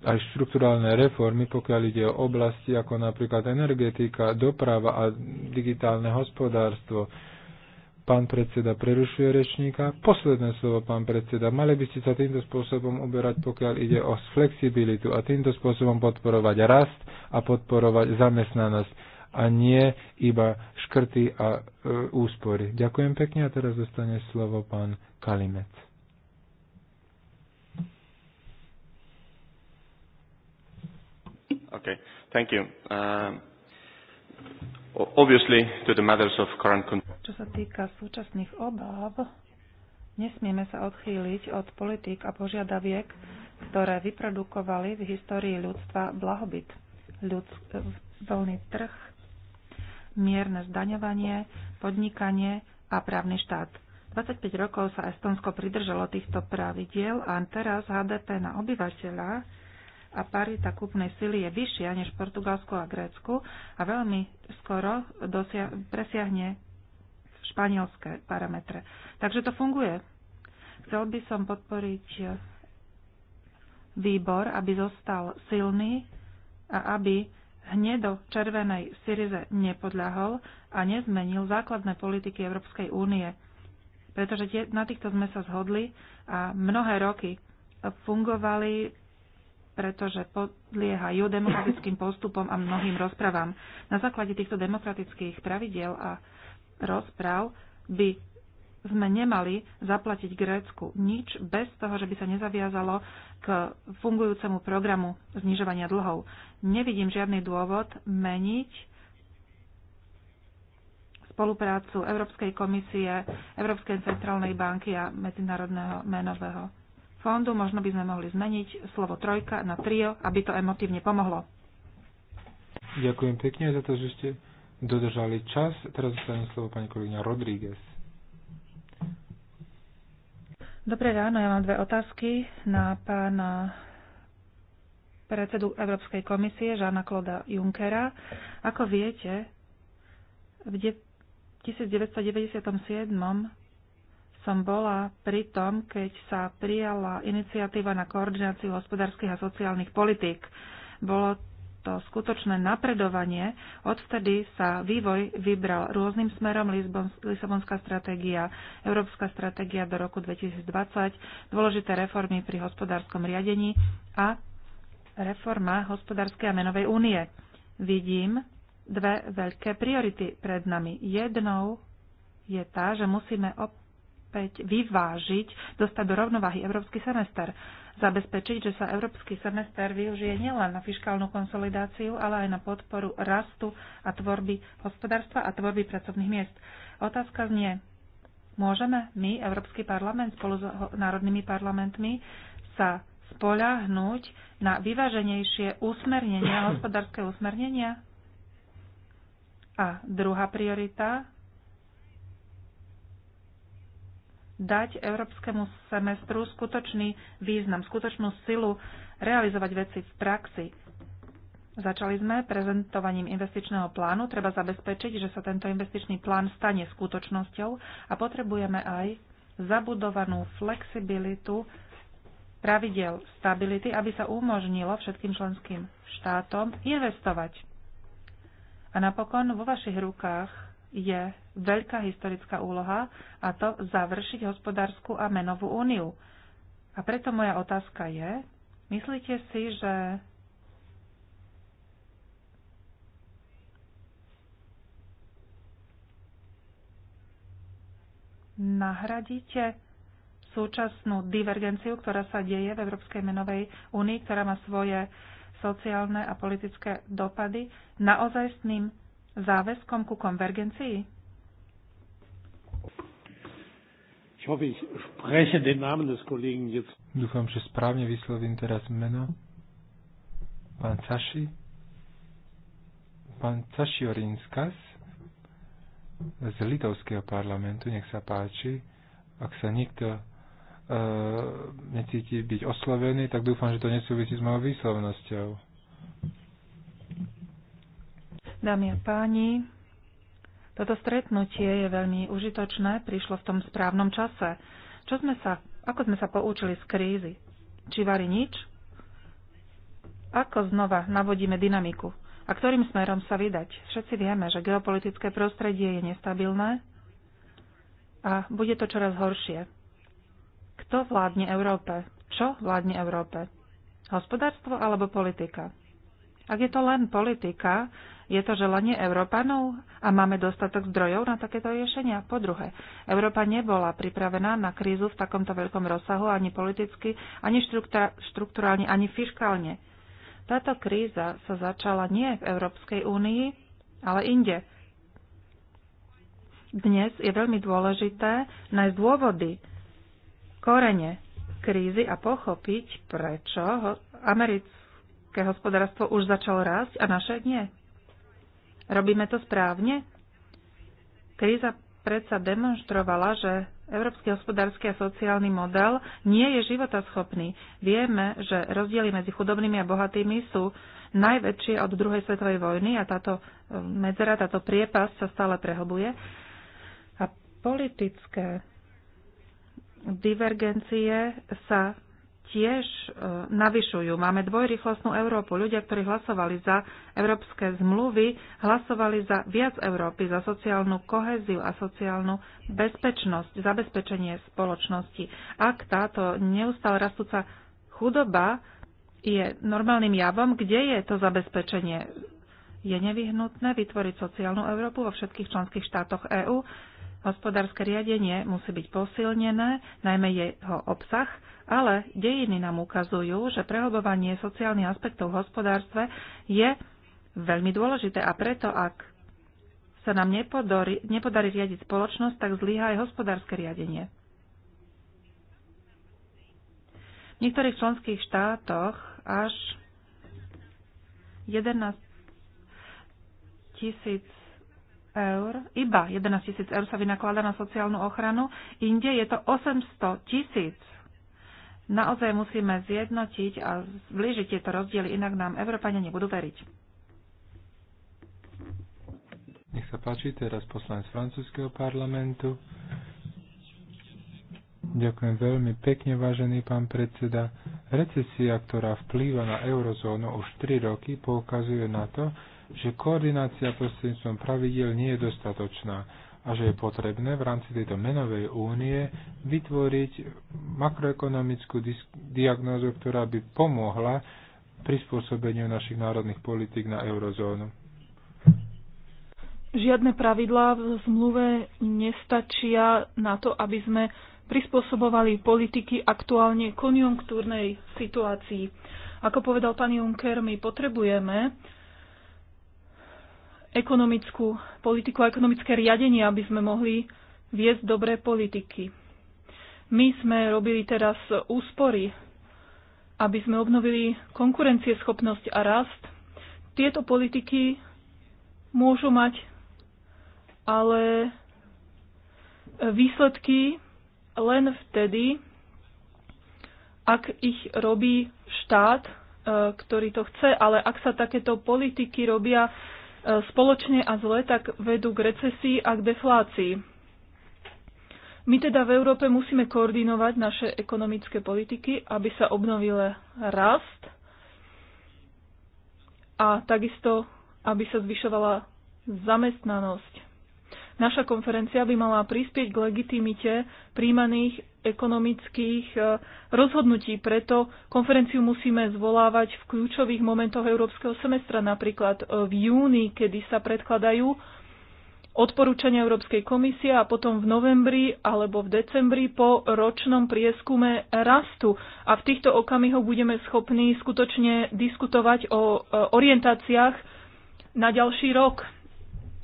aj štruktúrálne reformy, pokiaľ ide o oblasti ako napríklad energetika, doprava a digitálne hospodárstvo. Pán predseda prerušuje rečníka. Posledné slovo, pán predseda. Mali by ste sa týmto spôsobom uberať, pokiaľ ide o flexibilitu a týmto spôsobom podporovať rast a podporovať zamestnanosť a nie iba škrty a e, úspory. Ďakujem pekne a teraz dostane slovo pán Kalimec. Okay, thank you. Um obviously to the matters of current Čo sa týka súčasných obáv, nesmieme sa odchýliť od politík a požiadaviek, ktoré vyprodukovali v histórii ľudstva blahobyt, ľud, voľný trh, mierne zdaňovanie, podnikanie a právny štát. 25 rokov sa Estonsko pridržalo týchto pravidiel a teraz HDP na obyvateľa a parita kúpnej sily je vyššia než v Portugalsku a Grécku a veľmi skoro dosia- presiahne španielské parametre. Takže to funguje. Chcel by som podporiť výbor, aby zostal silný a aby hnedo-červenej Syrize nepodľahol a nezmenil základné politiky Európskej únie. Pretože tie, na týchto sme sa zhodli a mnohé roky fungovali pretože podliehajú demokratickým postupom a mnohým rozprávam. Na základe týchto demokratických pravidiel a rozpráv by sme nemali zaplatiť Grécku nič bez toho, že by sa nezaviazalo k fungujúcemu programu znižovania dlhov. Nevidím žiadny dôvod meniť spoluprácu Európskej komisie, Európskej centrálnej banky a Medzinárodného menového fondu. Možno by sme mohli zmeniť slovo trojka na trio, aby to emotívne pomohlo. Ďakujem pekne za to, že ste dodržali čas. Teraz zostane slovo pani kolegyňa Rodríguez. Dobré ráno, ja mám dve otázky na pána predsedu Európskej komisie Žána Kloda Junckera. Ako viete, v 1997 som bola pri tom, keď sa prijala iniciatíva na koordináciu hospodárskych a sociálnych politík. Bolo to skutočné napredovanie. Odvtedy sa vývoj vybral rôznym smerom Lisabonská stratégia, Európska stratégia do roku 2020, dôležité reformy pri hospodárskom riadení a reforma hospodárskej a menovej únie. Vidím dve veľké priority pred nami. Jednou je tá, že musíme op- opäť vyvážiť, dostať do rovnováhy európsky semester. Zabezpečiť, že sa európsky semester využije nielen na fiskálnu konsolidáciu, ale aj na podporu rastu a tvorby hospodárstva a tvorby pracovných miest. Otázka znie, môžeme my, Európsky parlament, spolu s národnými parlamentmi sa spoľahnúť na vyváženejšie usmernenia, hospodárske usmernenia? A druhá priorita dať európskemu semestru skutočný význam, skutočnú silu realizovať veci v praxi. Začali sme prezentovaním investičného plánu. Treba zabezpečiť, že sa tento investičný plán stane skutočnosťou a potrebujeme aj zabudovanú flexibilitu pravidel stability, aby sa umožnilo všetkým členským štátom investovať. A napokon vo vašich rukách je veľká historická úloha a to završiť hospodárskú a menovú úniu. A preto moja otázka je, myslíte si, že nahradíte súčasnú divergenciu, ktorá sa deje v Európskej menovej únii, ktorá má svoje sociálne a politické dopady, naozaj s ním záväzkom ku konvergencii? Dúfam, že správne vyslovím teraz meno. Pán Caši. Pán Caši Orinskas z Litovského parlamentu, nech sa páči. Ak sa nikto uh, necíti byť oslovený, tak dúfam, že to nesúvisí s mojou výslovnosťou. Dámy a páni, toto stretnutie je veľmi užitočné, prišlo v tom správnom čase. Čo sme sa, ako sme sa poučili z krízy? Či varí nič? Ako znova navodíme dynamiku? A ktorým smerom sa vydať? Všetci vieme, že geopolitické prostredie je nestabilné a bude to čoraz horšie. Kto vládne Európe? Čo vládne Európe? Hospodárstvo alebo politika? Ak je to len politika, je to želanie Európanov a máme dostatok zdrojov na takéto riešenia? Po druhé, Európa nebola pripravená na krízu v takomto veľkom rozsahu ani politicky, ani štruktúrálne, ani fiskálne. Táto kríza sa začala nie v Európskej únii, ale inde. Dnes je veľmi dôležité nájsť dôvody, korene krízy a pochopiť, prečo americké hospodárstvo už začalo rásť a naše nie. Robíme to správne? Kríza predsa demonštrovala, že európsky hospodársky a sociálny model nie je životaschopný. Vieme, že rozdiely medzi chudobnými a bohatými sú najväčšie od druhej svetovej vojny a táto eh, medzera, táto priepas sa stále prehlbuje. A politické divergencie sa tiež e, navyšujú. Máme dvojrychlostnú Európu. Ľudia, ktorí hlasovali za európske zmluvy, hlasovali za viac Európy, za sociálnu koheziu a sociálnu bezpečnosť, zabezpečenie spoločnosti. Ak táto neustále rastúca chudoba je normálnym javom, kde je to zabezpečenie? Je nevyhnutné vytvoriť sociálnu Európu vo všetkých členských štátoch EÚ. Hospodárske riadenie musí byť posilnené, najmä jeho obsah, ale dejiny nám ukazujú, že prehobovanie sociálnych aspektov v hospodárstve je veľmi dôležité a preto, ak sa nám nepodarí, nepodarí riadiť spoločnosť, tak zlíha aj hospodárske riadenie. V niektorých členských štátoch až 11 tisíc eur, iba 11 tisíc eur sa vynakladá na sociálnu ochranu, inde je to 800 tisíc. Naozaj musíme zjednotiť a zbližiť tieto rozdiely, inak nám Európania nebudú veriť. Nech sa páči, teraz poslanec francúzského parlamentu. Ďakujem veľmi pekne, vážený pán predseda. Recesia, ktorá vplýva na eurozónu už 3 roky, poukazuje na to, že koordinácia prostredníctvom pravidel nie je dostatočná a že je potrebné v rámci tejto menovej únie vytvoriť makroekonomickú diagnózu, ktorá by pomohla prispôsobeniu našich národných politik na eurozónu. Žiadne pravidlá v zmluve nestačia na to, aby sme prispôsobovali politiky aktuálne konjunktúrnej situácii. Ako povedal pán Juncker, my potrebujeme ekonomickú politiku a ekonomické riadenie, aby sme mohli viesť dobré politiky. My sme robili teraz úspory, aby sme obnovili konkurencieschopnosť a rast. Tieto politiky môžu mať ale výsledky len vtedy, ak ich robí štát, e, ktorý to chce, ale ak sa takéto politiky robia spoločne a zle, tak vedú k recesii a k deflácii. My teda v Európe musíme koordinovať naše ekonomické politiky, aby sa obnovil rast a takisto, aby sa zvyšovala zamestnanosť. Naša konferencia by mala prispieť k legitimite príjmaných ekonomických e, rozhodnutí. Preto konferenciu musíme zvolávať v kľúčových momentoch európskeho semestra, napríklad e, v júni, kedy sa predkladajú odporúčania Európskej komisie a potom v novembri alebo v decembri po ročnom prieskume rastu. A v týchto okamihoch budeme schopní skutočne diskutovať o e, orientáciách na ďalší rok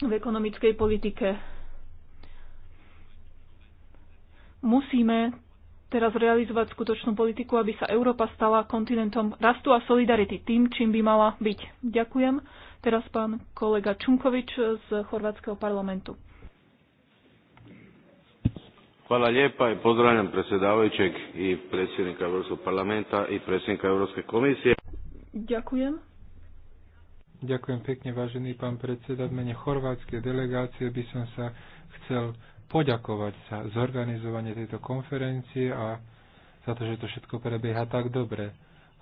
v ekonomickej politike. Musíme teraz realizovať skutočnú politiku, aby sa Európa stala kontinentom rastu a solidarity, tým, čím by mala byť. Ďakujem. Teraz pán kolega Čunkovič z Chorvátskeho parlamentu. Hvala lijepa i pozdravljam predsjedavajućeg i predsjednika Europskog parlamenta i predsjednika Europske komisije. Ďakujem. Ďakujem pekne, vážený pán predseda. V mene chorvátskej delegácie by som sa chcel poďakovať za zorganizovanie tejto konferencie a za to, že to všetko prebieha tak dobre.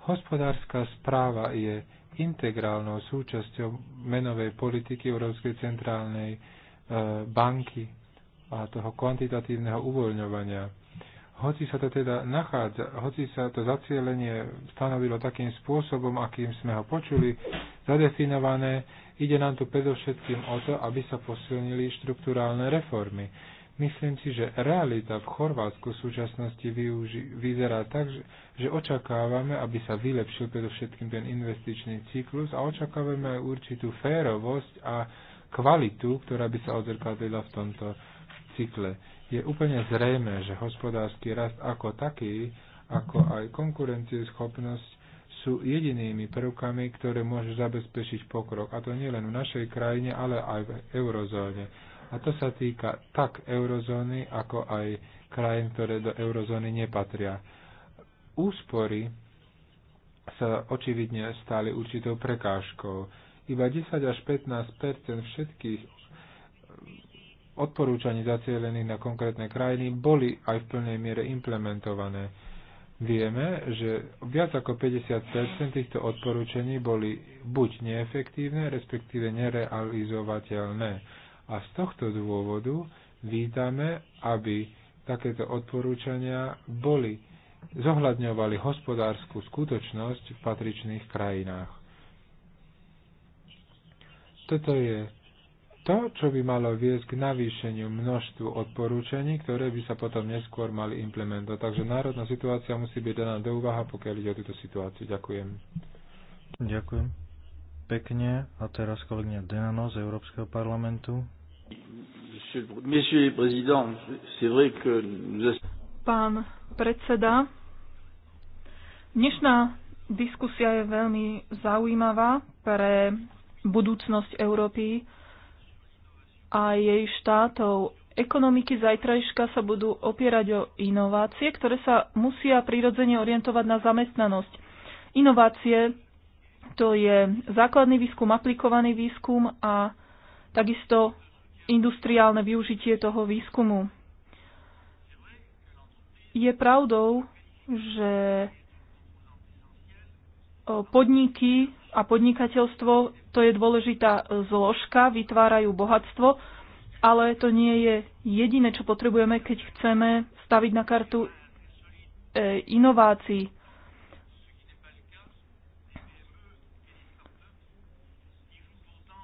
Hospodárska správa je integrálnou súčasťou menovej politiky Európskej centrálnej eh, banky a toho kvantitatívneho uvoľňovania hoci sa to teda nachádza, hoci sa to zacielenie stanovilo takým spôsobom, akým sme ho počuli, zadefinované, ide nám tu predovšetkým o to, aby sa posilnili štruktúrálne reformy. Myslím si, že realita v Chorvátsku v súčasnosti využi- vyzerá tak, že, že očakávame, aby sa vylepšil predovšetkým ten investičný cyklus a očakávame aj určitú férovosť a kvalitu, ktorá by sa odzrkadlila v tomto cykle je úplne zrejme, že hospodársky rast ako taký, ako aj konkurencieschopnosť sú jedinými prvkami, ktoré môžu zabezpečiť pokrok. A to nielen v našej krajine, ale aj v eurozóne. A to sa týka tak eurozóny, ako aj krajín, ktoré do eurozóny nepatria. Úspory sa očividne stali určitou prekážkou. Iba 10 až 15 všetkých odporúčaní zacielených na konkrétne krajiny boli aj v plnej miere implementované. Vieme, že viac ako 50 týchto odporúčení boli buď neefektívne, respektíve nerealizovateľné. A z tohto dôvodu vítame, aby takéto odporúčania boli zohľadňovali hospodárskú skutočnosť v patričných krajinách. Toto je to, čo by malo viesť k navýšeniu množstvu odporúčaní, ktoré by sa potom neskôr mali implementovať. Takže národná situácia musí byť daná do úvaha, pokiaľ ide o túto situáciu. Ďakujem. Ďakujem pekne. A teraz kolegyňa Denano z Európskeho parlamentu. Pán predseda, dnešná diskusia je veľmi zaujímavá pre budúcnosť Európy a jej štátov. Ekonomiky zajtrajška sa budú opierať o inovácie, ktoré sa musia prirodzene orientovať na zamestnanosť. Inovácie to je základný výskum, aplikovaný výskum a takisto industriálne využitie toho výskumu. Je pravdou, že podniky a podnikateľstvo to je dôležitá zložka, vytvárajú bohatstvo, ale to nie je jediné, čo potrebujeme, keď chceme staviť na kartu e, inovácií.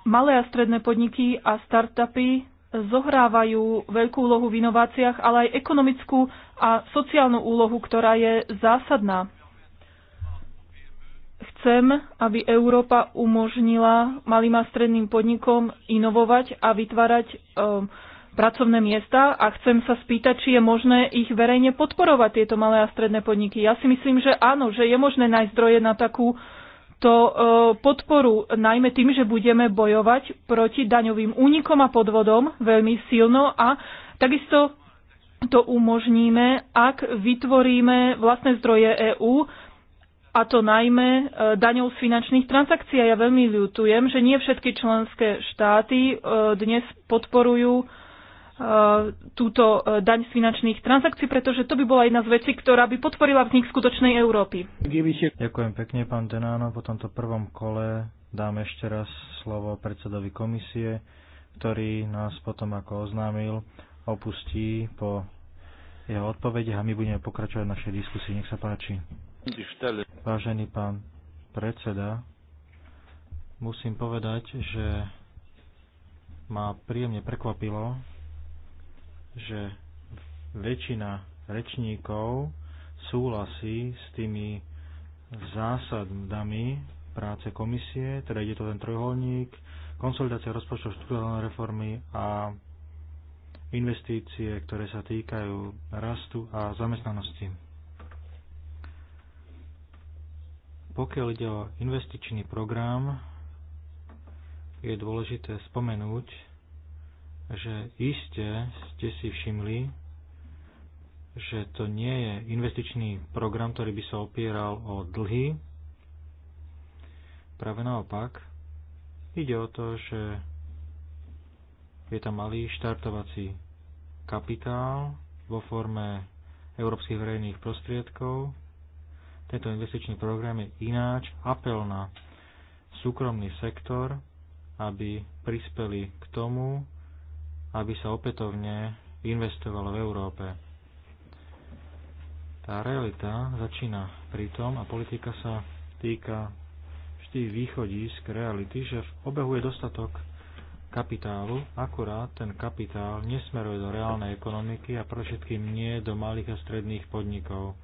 Malé a stredné podniky a startupy zohrávajú veľkú úlohu v inováciách, ale aj ekonomickú a sociálnu úlohu, ktorá je zásadná. Chcem, aby Európa umožnila malým a stredným podnikom inovovať a vytvárať um, pracovné miesta a chcem sa spýtať, či je možné ich verejne podporovať, tieto malé a stredné podniky. Ja si myslím, že áno, že je možné nájsť zdroje na takú to ehm, podporu najmä tým, že budeme bojovať proti daňovým únikom a podvodom veľmi silno a takisto to umožníme, ak vytvoríme vlastné zdroje EÚ, a to najmä e, daňou z finančných transakcií. Ja veľmi ľutujem, že nie všetky členské štáty e, dnes podporujú e, túto daň z finančných transakcií, pretože to by bola jedna z vecí, ktorá by podporila vznik skutočnej Európy. Ďakujem pekne, pán Denáno. Po tomto prvom kole dám ešte raz slovo predsedovi komisie, ktorý nás potom, ako oznámil, opustí po jeho odpovede a my budeme pokračovať v našej diskusii. Nech sa páči. Vážený pán predseda, musím povedať, že ma príjemne prekvapilo, že väčšina rečníkov súhlasí s tými zásadami práce komisie, teda ide to ten trojholník, konsolidácia rozpočtov štruktúrnej reformy a investície, ktoré sa týkajú rastu a zamestnanosti. Pokiaľ ide o investičný program, je dôležité spomenúť, že iste ste si všimli, že to nie je investičný program, ktorý by sa opieral o dlhy. Práve naopak, ide o to, že je tam malý štartovací kapitál vo forme európskych verejných prostriedkov, tento investičný program je ináč apel na súkromný sektor, aby prispeli k tomu, aby sa opätovne investovalo v Európe. Tá realita začína pritom a politika sa týka vždy východisk reality, že v obehu je dostatok kapitálu, akurát ten kapitál nesmeruje do reálnej ekonomiky a pre všetkým nie do malých a stredných podnikov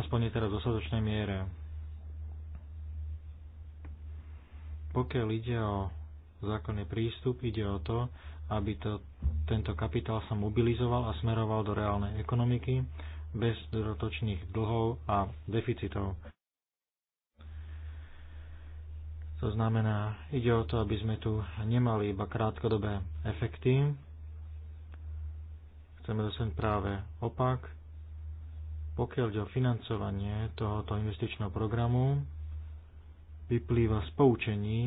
aspoň nie teraz v dostatočnej miere. Pokiaľ ide o zákonný prístup, ide o to, aby to, tento kapitál sa mobilizoval a smeroval do reálnej ekonomiky bez dodatočných dlhov a deficitov. To znamená, ide o to, aby sme tu nemali iba krátkodobé efekty. Chceme dosať práve opak. Pokiaľ ide o financovanie tohoto investičného programu, vyplýva z poučení,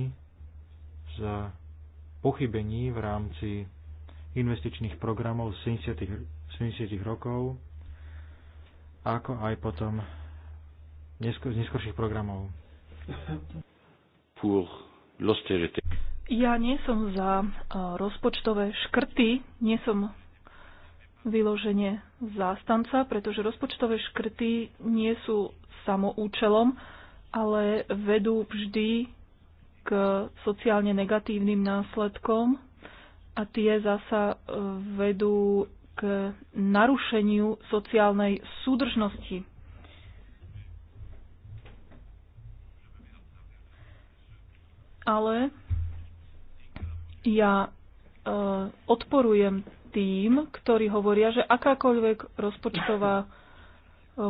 z pochybení v rámci investičných programov z 70. 70 rokov, ako aj potom z neskorších programov. Ja nie som za eh, rozpočtové škrty, nie som vyloženie zástanca, pretože rozpočtové škrty nie sú samoučelom, ale vedú vždy k sociálne negatívnym následkom a tie zasa e, vedú k narušeniu sociálnej súdržnosti. Ale ja e, odporujem tým, ktorí hovoria, že akákoľvek rozpočtová e,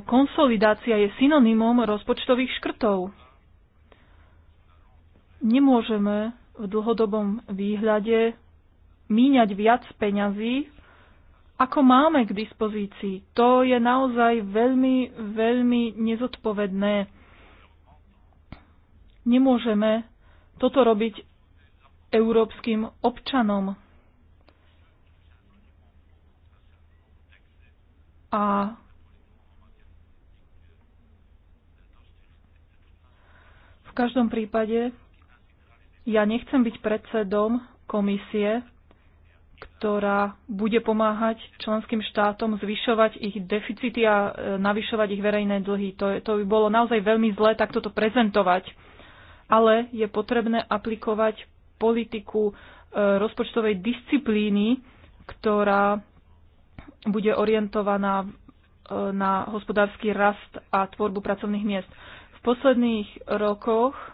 konsolidácia je synonymom rozpočtových škrtov. Nemôžeme v dlhodobom výhľade míňať viac peňazí, ako máme k dispozícii. To je naozaj veľmi, veľmi nezodpovedné. Nemôžeme toto robiť európskym občanom. a v každom prípade ja nechcem byť predsedom komisie, ktorá bude pomáhať členským štátom zvyšovať ich deficity a e, navyšovať ich verejné dlhy. To, je, to by bolo naozaj veľmi zlé takto to prezentovať. Ale je potrebné aplikovať politiku e, rozpočtovej disciplíny, ktorá bude orientovaná e, na hospodársky rast a tvorbu pracovných miest. V posledných rokoch e,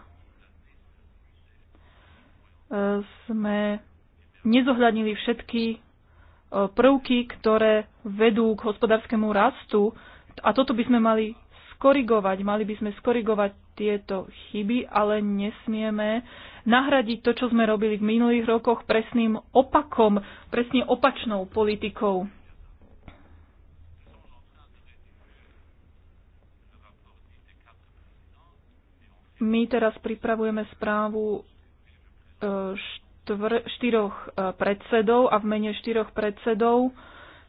sme nezohľadnili všetky e, prvky, ktoré vedú k hospodárskému rastu a toto by sme mali skorigovať. Mali by sme skorigovať tieto chyby, ale nesmieme nahradiť to, čo sme robili v minulých rokoch presným opakom, presne opačnou politikou. My teraz pripravujeme správu e, štvr, štyroch e, predsedov a v mene štyroch predsedov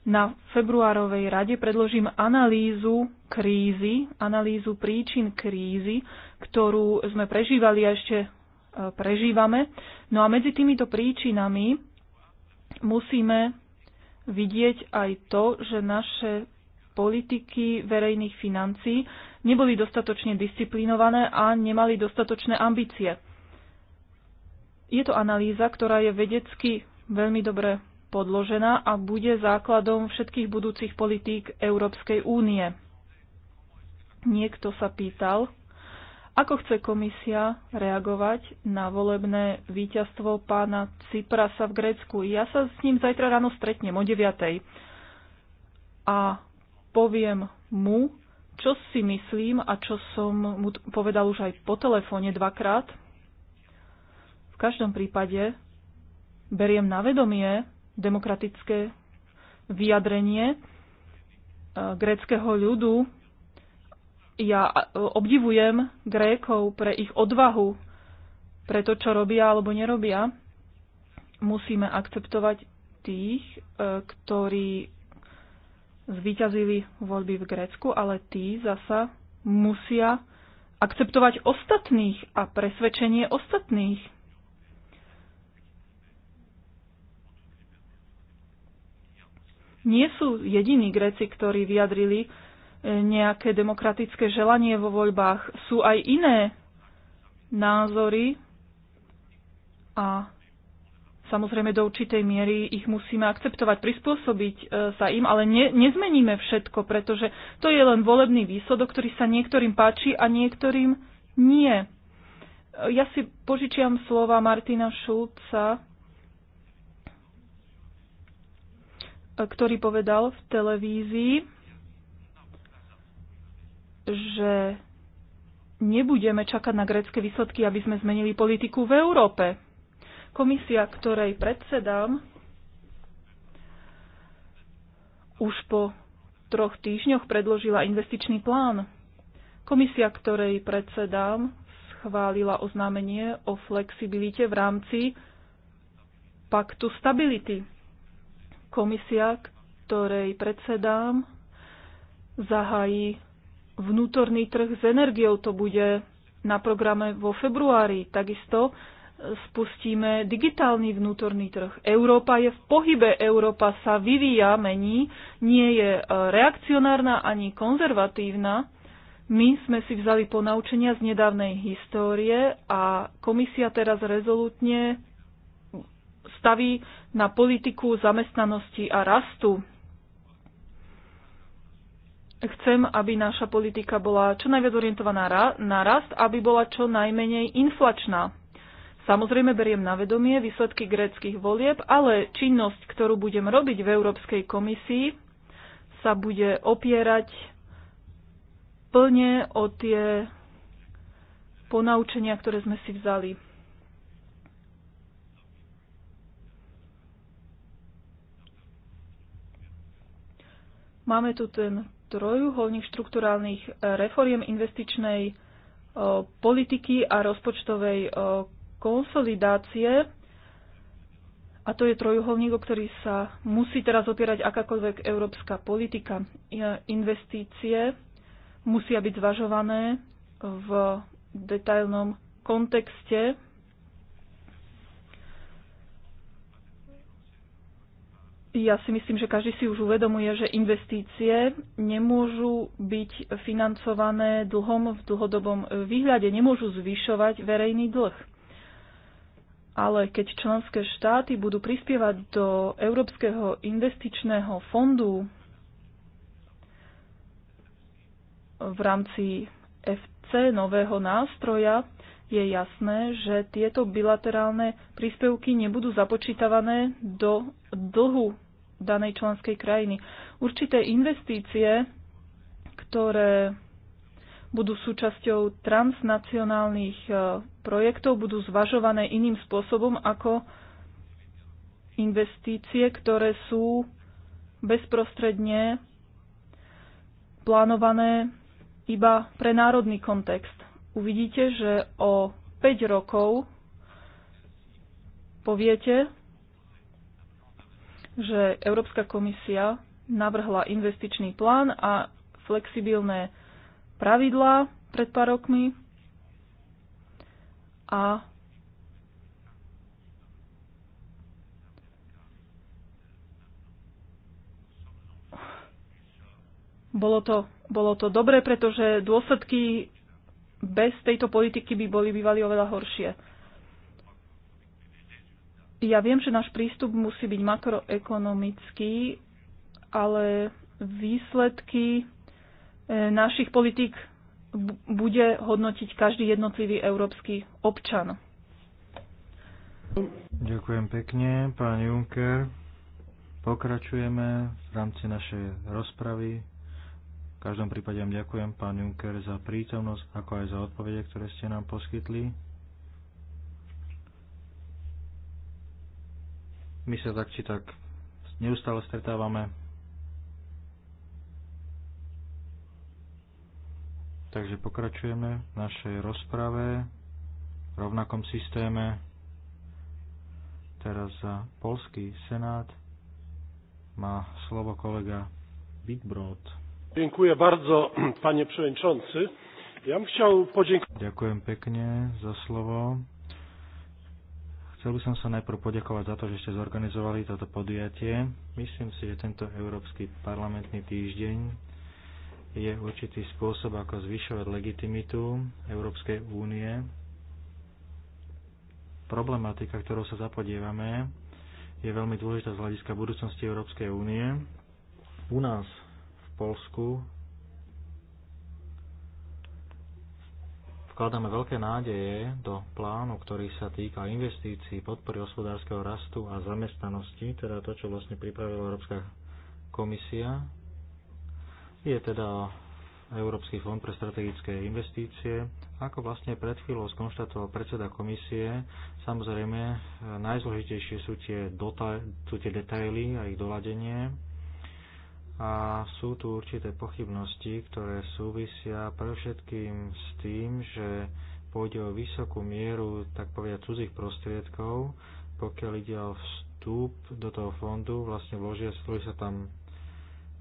na februárovej rade predložím analýzu krízy, analýzu príčin krízy, ktorú sme prežívali a ešte e, prežívame. No a medzi týmito príčinami musíme vidieť aj to, že naše politiky verejných financií neboli dostatočne disciplinované a nemali dostatočné ambície. Je to analýza, ktorá je vedecky veľmi dobre podložená a bude základom všetkých budúcich politík Európskej únie. Niekto sa pýtal, ako chce komisia reagovať na volebné víťazstvo pána Ciprasa v Grécku? Ja sa s ním zajtra ráno stretnem o 9. A poviem mu, čo si myslím a čo som mu povedal už aj po telefóne dvakrát, v každom prípade beriem na vedomie demokratické vyjadrenie e, gréckého ľudu. Ja e, obdivujem Grékov pre ich odvahu, pre to, čo robia alebo nerobia. Musíme akceptovať tých, e, ktorí zvíťazili voľby v Grécku, ale tí zasa musia akceptovať ostatných a presvedčenie ostatných. Nie sú jediní Gréci, ktorí vyjadrili e, nejaké demokratické želanie vo voľbách. Sú aj iné názory a Samozrejme, do určitej miery ich musíme akceptovať, prispôsobiť e, sa im, ale ne, nezmeníme všetko, pretože to je len volebný výsledok, ktorý sa niektorým páči a niektorým nie. E, ja si požičiam slova Martina Šulca, e, ktorý povedal v televízii, že nebudeme čakať na grecké výsledky, aby sme zmenili politiku v Európe Komisia, ktorej predsedám, už po troch týždňoch predložila investičný plán. Komisia, ktorej predsedám, schválila oznámenie o flexibilite v rámci paktu stability. Komisia, ktorej predsedám, zahají vnútorný trh s energiou. To bude na programe vo februári. Takisto spustíme digitálny vnútorný trh. Európa je v pohybe, Európa sa vyvíja, mení, nie je e, reakcionárna ani konzervatívna. My sme si vzali ponaučenia z nedávnej histórie a komisia teraz rezolutne staví na politiku zamestnanosti a rastu. Chcem, aby naša politika bola čo najviac orientovaná na rast, aby bola čo najmenej inflačná. Samozrejme beriem na vedomie výsledky gréckých volieb, ale činnosť, ktorú budem robiť v Európskej komisii, sa bude opierať plne o tie ponaučenia, ktoré sme si vzali. Máme tu ten trojuholník štruktúrálnych eh, reforiem investičnej eh, politiky a rozpočtovej eh, konsolidácie, a to je trojuholník, o ktorý sa musí teraz opierať akákoľvek európska politika. Investície musia byť zvažované v detailnom kontexte Ja si myslím, že každý si už uvedomuje, že investície nemôžu byť financované dlhom v dlhodobom výhľade, nemôžu zvyšovať verejný dlh ale keď členské štáty budú prispievať do Európskeho investičného fondu v rámci FC nového nástroja, je jasné, že tieto bilaterálne príspevky nebudú započítavané do dlhu danej členskej krajiny. Určité investície, ktoré budú súčasťou transnacionálnych e, projektov, budú zvažované iným spôsobom ako investície, ktoré sú bezprostredne plánované iba pre národný kontext. Uvidíte, že o 5 rokov poviete, že Európska komisia navrhla investičný plán a flexibilné pravidlá pred pár rokmi a bolo to, bolo to dobre, pretože dôsledky bez tejto politiky by boli bývali oveľa horšie. Ja viem, že náš prístup musí byť makroekonomický, ale výsledky E, našich politík bude hodnotiť každý jednotlivý európsky občan. Ďakujem pekne, pán Juncker. Pokračujeme v rámci našej rozpravy. V každom prípade vám ďakujem, pán Juncker, za prítomnosť, ako aj za odpovede, ktoré ste nám poskytli. My sa tak či tak neustále stretávame takže pokračujeme v našej rozprave v rovnakom systéme. Teraz za Polský senát má slovo kolega Bitbrod. Dziękuję bardzo, panie przewodniczący. Ja bym chciał podziękować. Ďakujem pekne za slovo. Chcel by som sa najprv poďakovať za to, že ste zorganizovali toto podujatie. Myslím si, že tento Európsky parlamentný týždeň je určitý spôsob, ako zvyšovať legitimitu Európskej únie. Problematika, ktorou sa zapodievame, je veľmi dôležitá z hľadiska budúcnosti Európskej únie. U nás v Polsku vkladáme veľké nádeje do plánu, ktorý sa týka investícií, podpory hospodárskeho rastu a zamestnanosti, teda to, čo vlastne pripravila Európska komisia je teda Európsky fond pre strategické investície. Ako vlastne pred chvíľou skonštatoval predseda komisie, samozrejme najzložitejšie sú tie, dota- sú tie detaily a ich doladenie. A sú tu určité pochybnosti, ktoré súvisia predovšetkým s tým, že pôjde o vysokú mieru, tak povedať, cudzích prostriedkov, pokiaľ ide o vstup do toho fondu, vlastne vložia, vložia sa tam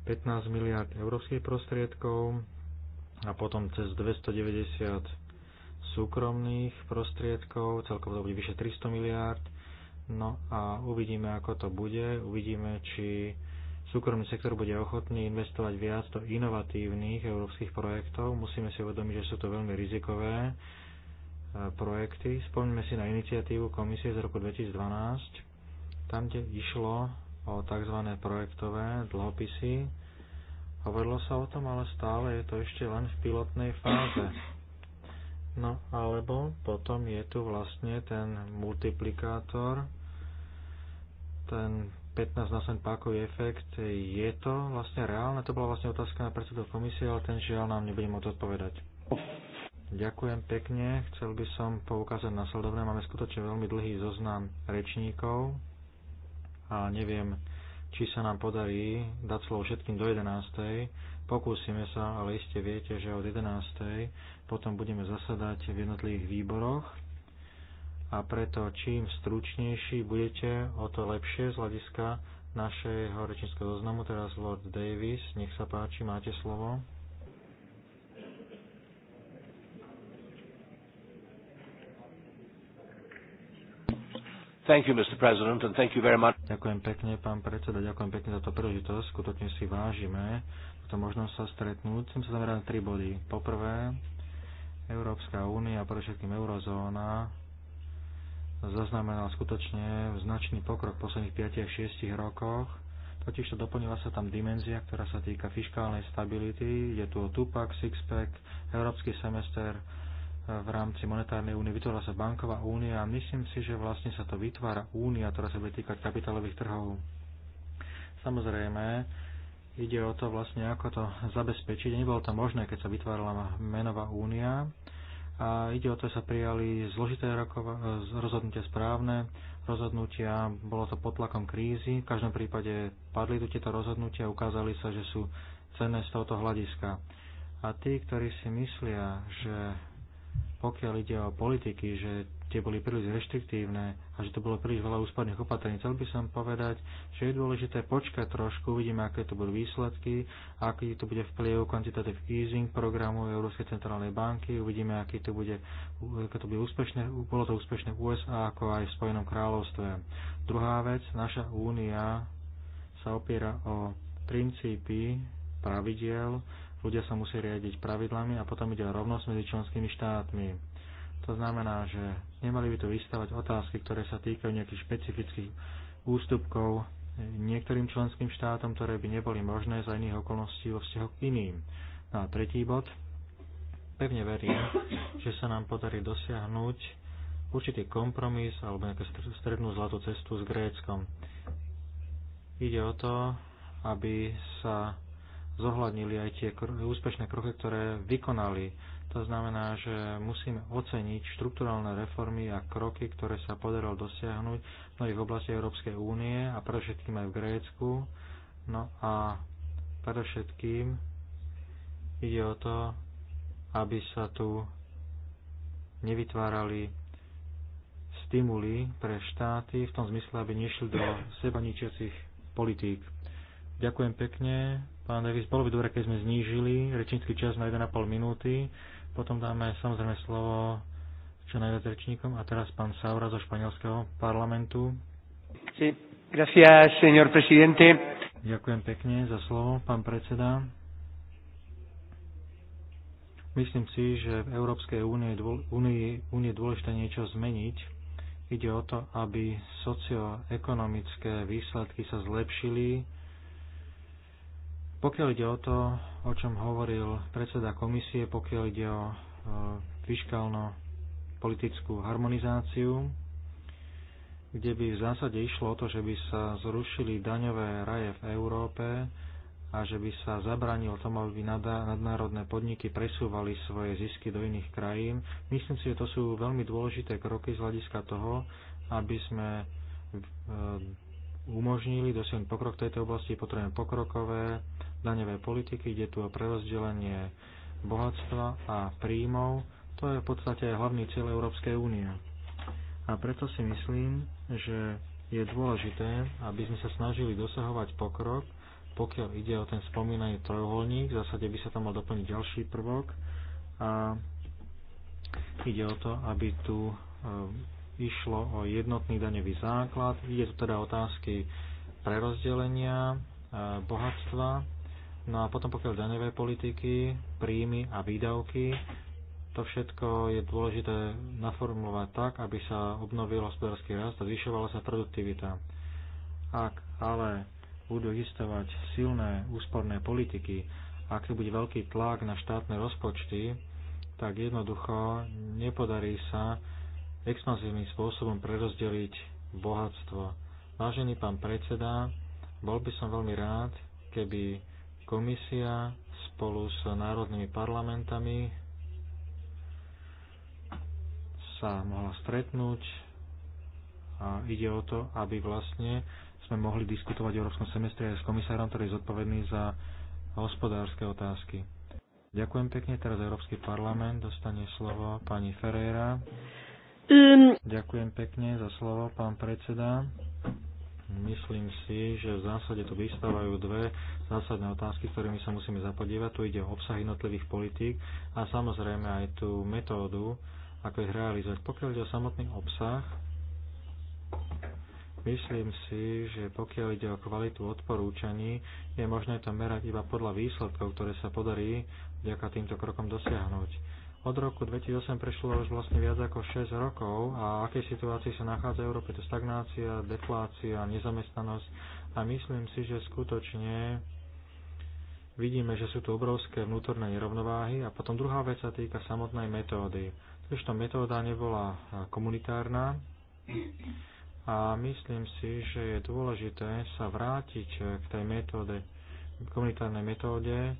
15 miliard európskych prostriedkov a potom cez 290 súkromných prostriedkov, celkovo to bude vyše 300 miliard. No a uvidíme, ako to bude. Uvidíme, či súkromný sektor bude ochotný investovať viac do inovatívnych európskych projektov. Musíme si uvedomiť, že sú to veľmi rizikové e, projekty. Spomníme si na iniciatívu komisie z roku 2012, tam, kde išlo o tzv. projektové dlhopisy. Hovorilo sa o tom, ale stále je to ešte len v pilotnej fáze. No alebo potom je tu vlastne ten multiplikátor, ten 15 na pákový efekt, je to vlastne reálne? To bola vlastne otázka na predsedu komisie, ale ten žiaľ nám nebudem môcť odpovedať. Ďakujem pekne. Chcel by som poukázať na sledovné. Máme skutočne veľmi dlhý zoznam rečníkov a neviem, či sa nám podarí dať slovo všetkým do 11. Pokúsime sa, ale iste viete, že od 11. potom budeme zasadať v jednotlivých výboroch a preto čím stručnejší budete, o to lepšie z hľadiska našeho rečníckého zoznamu. Teraz Lord Davis, nech sa páči, máte slovo. Ďakujem pekne, pán predseda, ďakujem pekne za to príležitosť. Skutočne si vážime túto možnosť sa stretnúť. Chcem sa zamerať na tri body. Poprvé, Európska únia, pre všetkým eurozóna, zaznamenala skutočne značný pokrok v posledných 5-6 rokoch. Totižto doplnila sa tam dimenzia, ktorá sa týka fiskálnej stability. Je tu o Tupac, Sixpack, Európsky semester, v rámci monetárnej únie, vytvorila sa banková únia a myslím si, že vlastne sa to vytvára únia, ktorá sa bude týkať kapitálových trhov. Samozrejme, ide o to vlastne, ako to zabezpečiť. Nebolo to možné, keď sa vytvárala menová únia a ide o to, že sa prijali zložité rokova, rozhodnutia správne, rozhodnutia, bolo to pod tlakom krízy, v každom prípade padli tu tieto rozhodnutia a ukázali sa, že sú cenné z tohoto hľadiska. A tí, ktorí si myslia, že pokiaľ ide o politiky, že tie boli príliš reštriktívne a že to bolo príliš veľa úsporných opatrení. Chcel by som povedať, že je dôležité počkať trošku, uvidíme, aké to budú výsledky, aký to bude vplyv quantitative easing programu Európskej centrálnej banky, uvidíme, aký to bude, aké to bude úspešné, bolo to úspešné v USA ako aj v Spojenom kráľovstve. Druhá vec, naša únia sa opiera o princípy pravidiel, ľudia sa musí riadiť pravidlami a potom ide o rovnosť medzi členskými štátmi. To znamená, že nemali by tu vystavať otázky, ktoré sa týkajú nejakých špecifických ústupkov niektorým členským štátom, ktoré by neboli možné za iných okolností vo vzťahu k iným. No a tretí bod. Pevne verím, že sa nám podarí dosiahnuť určitý kompromis alebo nejakú strednú zlatú cestu s Gréckom. Ide o to, aby sa zohľadnili aj tie úspešné kroky, ktoré vykonali. To znamená, že musíme oceniť štruktúralne reformy a kroky, ktoré sa podarilo dosiahnuť v mnohých oblastiach Európskej únie a predovšetkým aj v Grécku. No a predovšetkým ide o to, aby sa tu nevytvárali stimuly pre štáty v tom zmysle, aby nešli do seba ničiacich politík. Ďakujem pekne. Pán Davis, bolo by dobre, keď sme znížili rečnícky čas na 1,5 minúty. Potom dáme samozrejme slovo čo najviac rečníkom. A teraz pán Saura zo španielského parlamentu. Sí. Gracias, señor presidente. Ďakujem pekne za slovo, pán predseda. Myslím si, že v Európskej únie, únie je dôležité niečo zmeniť. Ide o to, aby socioekonomické výsledky sa zlepšili, pokiaľ ide o to, o čom hovoril predseda komisie, pokiaľ ide o e, fiskálno-politickú harmonizáciu, kde by v zásade išlo o to, že by sa zrušili daňové raje v Európe a že by sa zabránilo tomu, aby nadnárodné podniky presúvali svoje zisky do iných krajín. Myslím si, že to sú veľmi dôležité kroky z hľadiska toho, aby sme e, umožnili dosiahnuť pokrok v tejto oblasti, potrebujeme pokrokové daňovej politiky, ide tu o prerozdelenie bohatstva a príjmov. To je v podstate aj hlavný cieľ Európskej únie. A preto si myslím, že je dôležité, aby sme sa snažili dosahovať pokrok, pokiaľ ide o ten spomínaný trojuholník, v zásade by sa tam mal doplniť ďalší prvok a ide o to, aby tu e, išlo o jednotný daňový základ, ide tu teda otázky prerozdelenia, e, bohatstva No a potom pokiaľ daňové politiky, príjmy a výdavky, to všetko je dôležité naformulovať tak, aby sa obnovil hospodársky rast a zvyšovala sa produktivita. Ak ale budú existovať silné úsporné politiky, ak tu bude veľký tlak na štátne rozpočty, tak jednoducho nepodarí sa expanzívnym spôsobom prerozdeliť bohatstvo. Vážený pán predseda, bol by som veľmi rád, keby komisia spolu s národnými parlamentami sa mohla stretnúť a ide o to, aby vlastne sme mohli diskutovať o európskom semestri aj s komisárom, ktorý je zodpovedný za hospodárske otázky. Ďakujem pekne. Teraz Európsky parlament dostane slovo pani Ferreira. Um. Ďakujem pekne za slovo, pán predseda. Myslím si, že v zásade tu vystávajú dve zásadné otázky, s ktorými sa musíme zapodívať. Tu ide o obsah jednotlivých politík a samozrejme aj tú metódu, ako ich realizovať. Pokiaľ ide o samotný obsah, myslím si, že pokiaľ ide o kvalitu odporúčaní, je možné to merať iba podľa výsledkov, ktoré sa podarí vďaka týmto krokom dosiahnuť. Od roku 2008 prešlo už vlastne viac ako 6 rokov a v akej situácii sa nachádza Európa, to stagnácia, deflácia, nezamestnanosť a myslím si, že skutočne vidíme, že sú tu obrovské vnútorné nerovnováhy a potom druhá vec sa týka samotnej metódy. Totiž tá metóda nebola komunitárna a myslím si, že je dôležité sa vrátiť k tej metóde, komunitárnej metóde,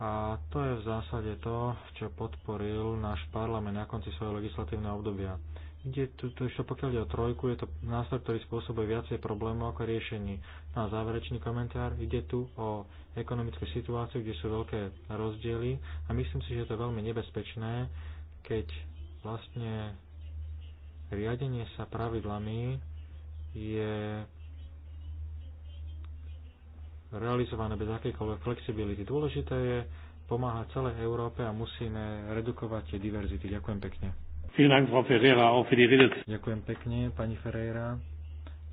a to je v zásade to, čo podporil náš parlament na konci svojho legislatívneho obdobia. Ide tu, tu ešte pokiaľ ide o trojku, je to nástroj, ktorý spôsobuje viacej problémov ako riešení. Na no záverečný komentár, ide tu o ekonomickú situáciu, kde sú veľké rozdiely a myslím si, že to je veľmi nebezpečné, keď vlastne riadenie sa pravidlami je realizované bez akejkoľvek flexibility. Dôležité je pomáhať celej Európe a musíme redukovať tie diverzity. Ďakujem pekne. Ďakujem pekne, pani Ferreira.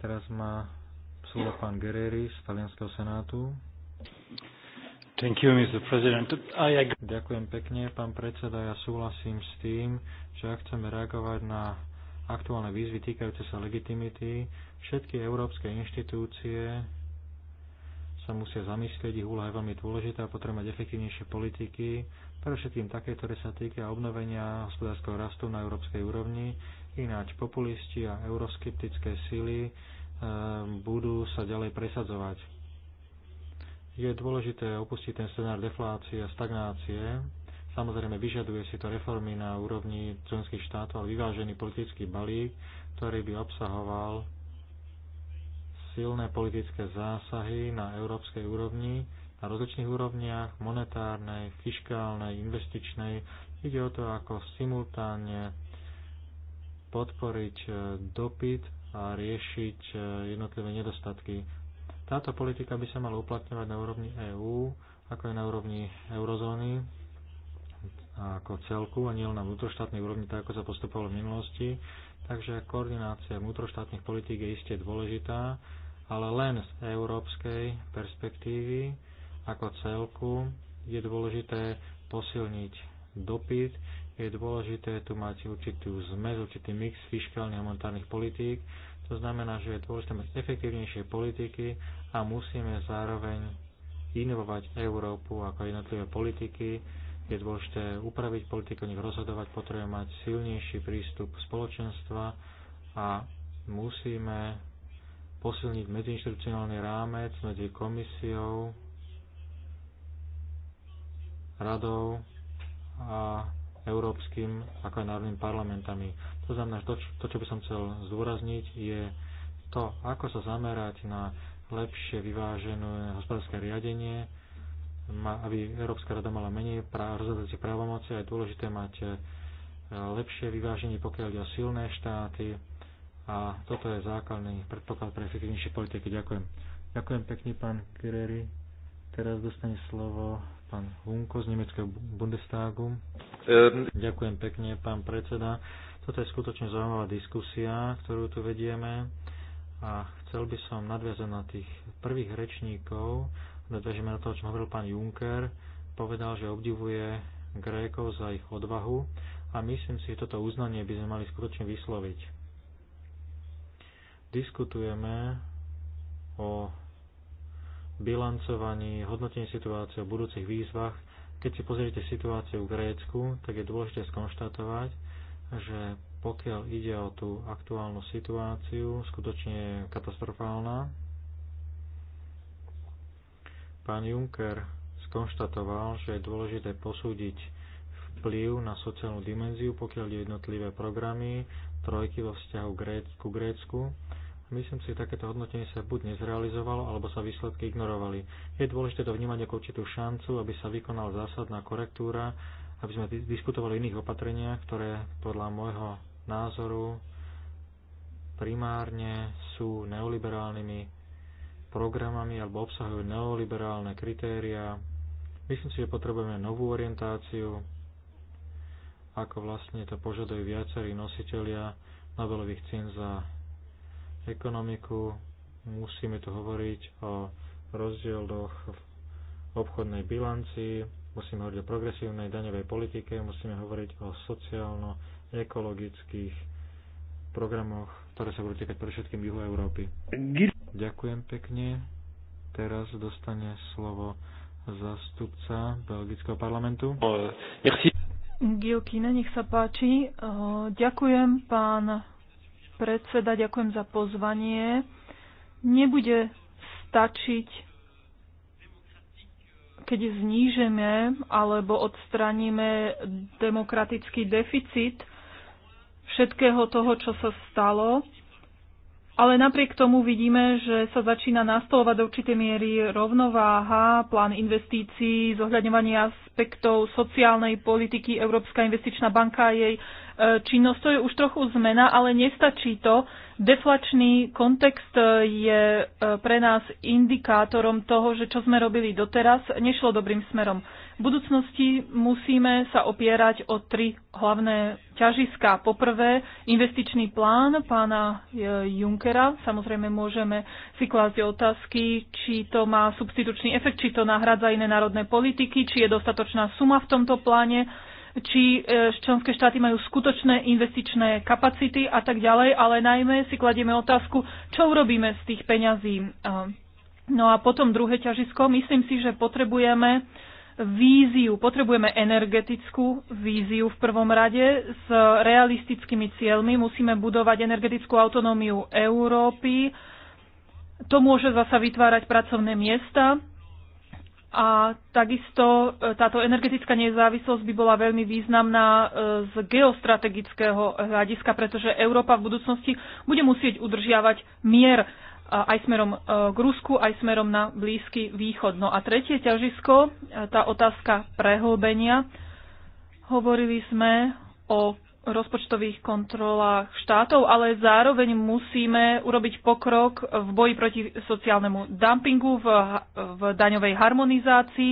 Teraz má slovo pán Guerrero z Talianského senátu. Thank you, Mr. President. I... Ďakujem pekne, pán predseda. Ja súhlasím s tým, že ak chceme reagovať na aktuálne výzvy týkajúce sa legitimity, všetky európske inštitúcie sa musia zamyslieť, ich úloha je veľmi dôležitá a potrebujeme mať efektívnejšie politiky, pre všetkým také, ktoré sa týka obnovenia hospodárskeho rastu na európskej úrovni, ináč populisti a euroskeptické síly e, budú sa ďalej presadzovať. Je dôležité opustiť ten scenár deflácie a stagnácie. Samozrejme, vyžaduje si to reformy na úrovni členských štátov, ale vyvážený politický balík, ktorý by obsahoval silné politické zásahy na európskej úrovni, na rozličných úrovniach, monetárnej, fiskálnej, investičnej. Ide o to, ako simultánne podporiť e, dopyt a riešiť e, jednotlivé nedostatky. Táto politika by sa mala uplatňovať na úrovni EÚ, ako aj na úrovni eurozóny ako celku a nielen na vnútroštátnej úrovni, tak ako sa postupovalo v minulosti. Takže koordinácia vnútroštátnych politík je iste dôležitá, ale len z európskej perspektívy ako celku je dôležité posilniť dopyt, je dôležité tu mať určitú zmes, určitý mix fiskálnych a monetárnych politík, to znamená, že je dôležité mať efektívnejšie politiky a musíme zároveň inovovať Európu ako jednotlivé politiky, je dôležité upraviť politiku, nech rozhodovať, potrebujeme mať silnejší prístup spoločenstva a musíme posilniť medziinstitucionálny rámec medzi komisiou, radou a európskym ako aj národným parlamentami. To znamená, že to, to, čo by som chcel zdôrazniť, je to, ako sa zamerať na lepšie vyvážené hospodárske riadenie, aby Európska rada mala menej rozhodovacie právomoci a je dôležité mať eh, lepšie vyváženie, pokiaľ ide o silné štáty, a toto je základný predpoklad pre efektívnejšie politiky. Ďakujem. Ďakujem pekne, pán Kireri. Teraz dostane slovo pán Hunko z nemeckého Bundestagu. Um. Ďakujem pekne, pán predseda. Toto je skutočne zaujímavá diskusia, ktorú tu vedieme a chcel by som nadviazať na tých prvých rečníkov, nadviažeme na to, čo hovoril pán Juncker, povedal, že obdivuje Grékov za ich odvahu a myslím si, že toto uznanie by sme mali skutočne vysloviť diskutujeme o bilancovaní, hodnotení situácie, o budúcich výzvach. Keď si pozriete situáciu v Grécku, tak je dôležité skonštatovať, že pokiaľ ide o tú aktuálnu situáciu, skutočne je katastrofálna. Pán Juncker skonštatoval, že je dôležité posúdiť vplyv na sociálnu dimenziu, pokiaľ je jednotlivé programy, trojky vo vzťahu ku Grécku. Myslím si, že takéto hodnotenie sa buď nezrealizovalo, alebo sa výsledky ignorovali. Je dôležité to vnímať ako určitú šancu, aby sa vykonala zásadná korektúra, aby sme diskutovali o iných opatreniach, ktoré podľa môjho názoru primárne sú neoliberálnymi programami alebo obsahujú neoliberálne kritéria. Myslím si, že potrebujeme novú orientáciu, ako vlastne to požadujú viacerí nositeľia Nobelových cien za ekonomiku. Musíme tu hovoriť o rozdieloch v obchodnej bilanci, musíme hovoriť o progresívnej daňovej politike, musíme hovoriť o sociálno-ekologických programoch, ktoré sa budú týkať pre všetkým juhu Európy. Ďakujem pekne. Teraz dostane slovo zastupca Belgického parlamentu. Merci. Giokine, nech sa páči. Ďakujem, pán predseda, ďakujem za pozvanie. Nebude stačiť, keď znížeme alebo odstraníme demokratický deficit všetkého toho, čo sa stalo. Ale napriek tomu vidíme, že sa začína nastolovať do určitej miery rovnováha, plán investícií, zohľadňovanie aspektov sociálnej politiky. Európska investičná banka a jej E, činnosť. To je už trochu zmena, ale nestačí to. Deflačný kontext e, je e, pre nás indikátorom toho, že čo sme robili doteraz, nešlo dobrým smerom. V budúcnosti musíme sa opierať o tri hlavné ťažiská. Poprvé, investičný plán pána Junkera. Samozrejme, môžeme si klásť otázky, či to má substitučný efekt, či to nahradza iné národné politiky, či je dostatočná suma v tomto pláne či e, členské štáty majú skutočné investičné kapacity a tak ďalej, ale najmä si kladieme otázku, čo urobíme z tých peňazí. E, no a potom druhé ťažisko, myslím si, že potrebujeme víziu, potrebujeme energetickú víziu v prvom rade s realistickými cieľmi. Musíme budovať energetickú autonómiu Európy. To môže zasa vytvárať pracovné miesta, a takisto e, táto energetická nezávislosť by bola veľmi významná e, z geostrategického hľadiska, pretože Európa v budúcnosti bude musieť udržiavať mier e, aj smerom k Rusku, aj smerom na Blízky východ. No a tretie ťažisko, tá otázka prehlbenia. Hovorili sme o rozpočtových kontrolách štátov, ale zároveň musíme urobiť pokrok v boji proti sociálnemu dumpingu, v, v daňovej harmonizácii.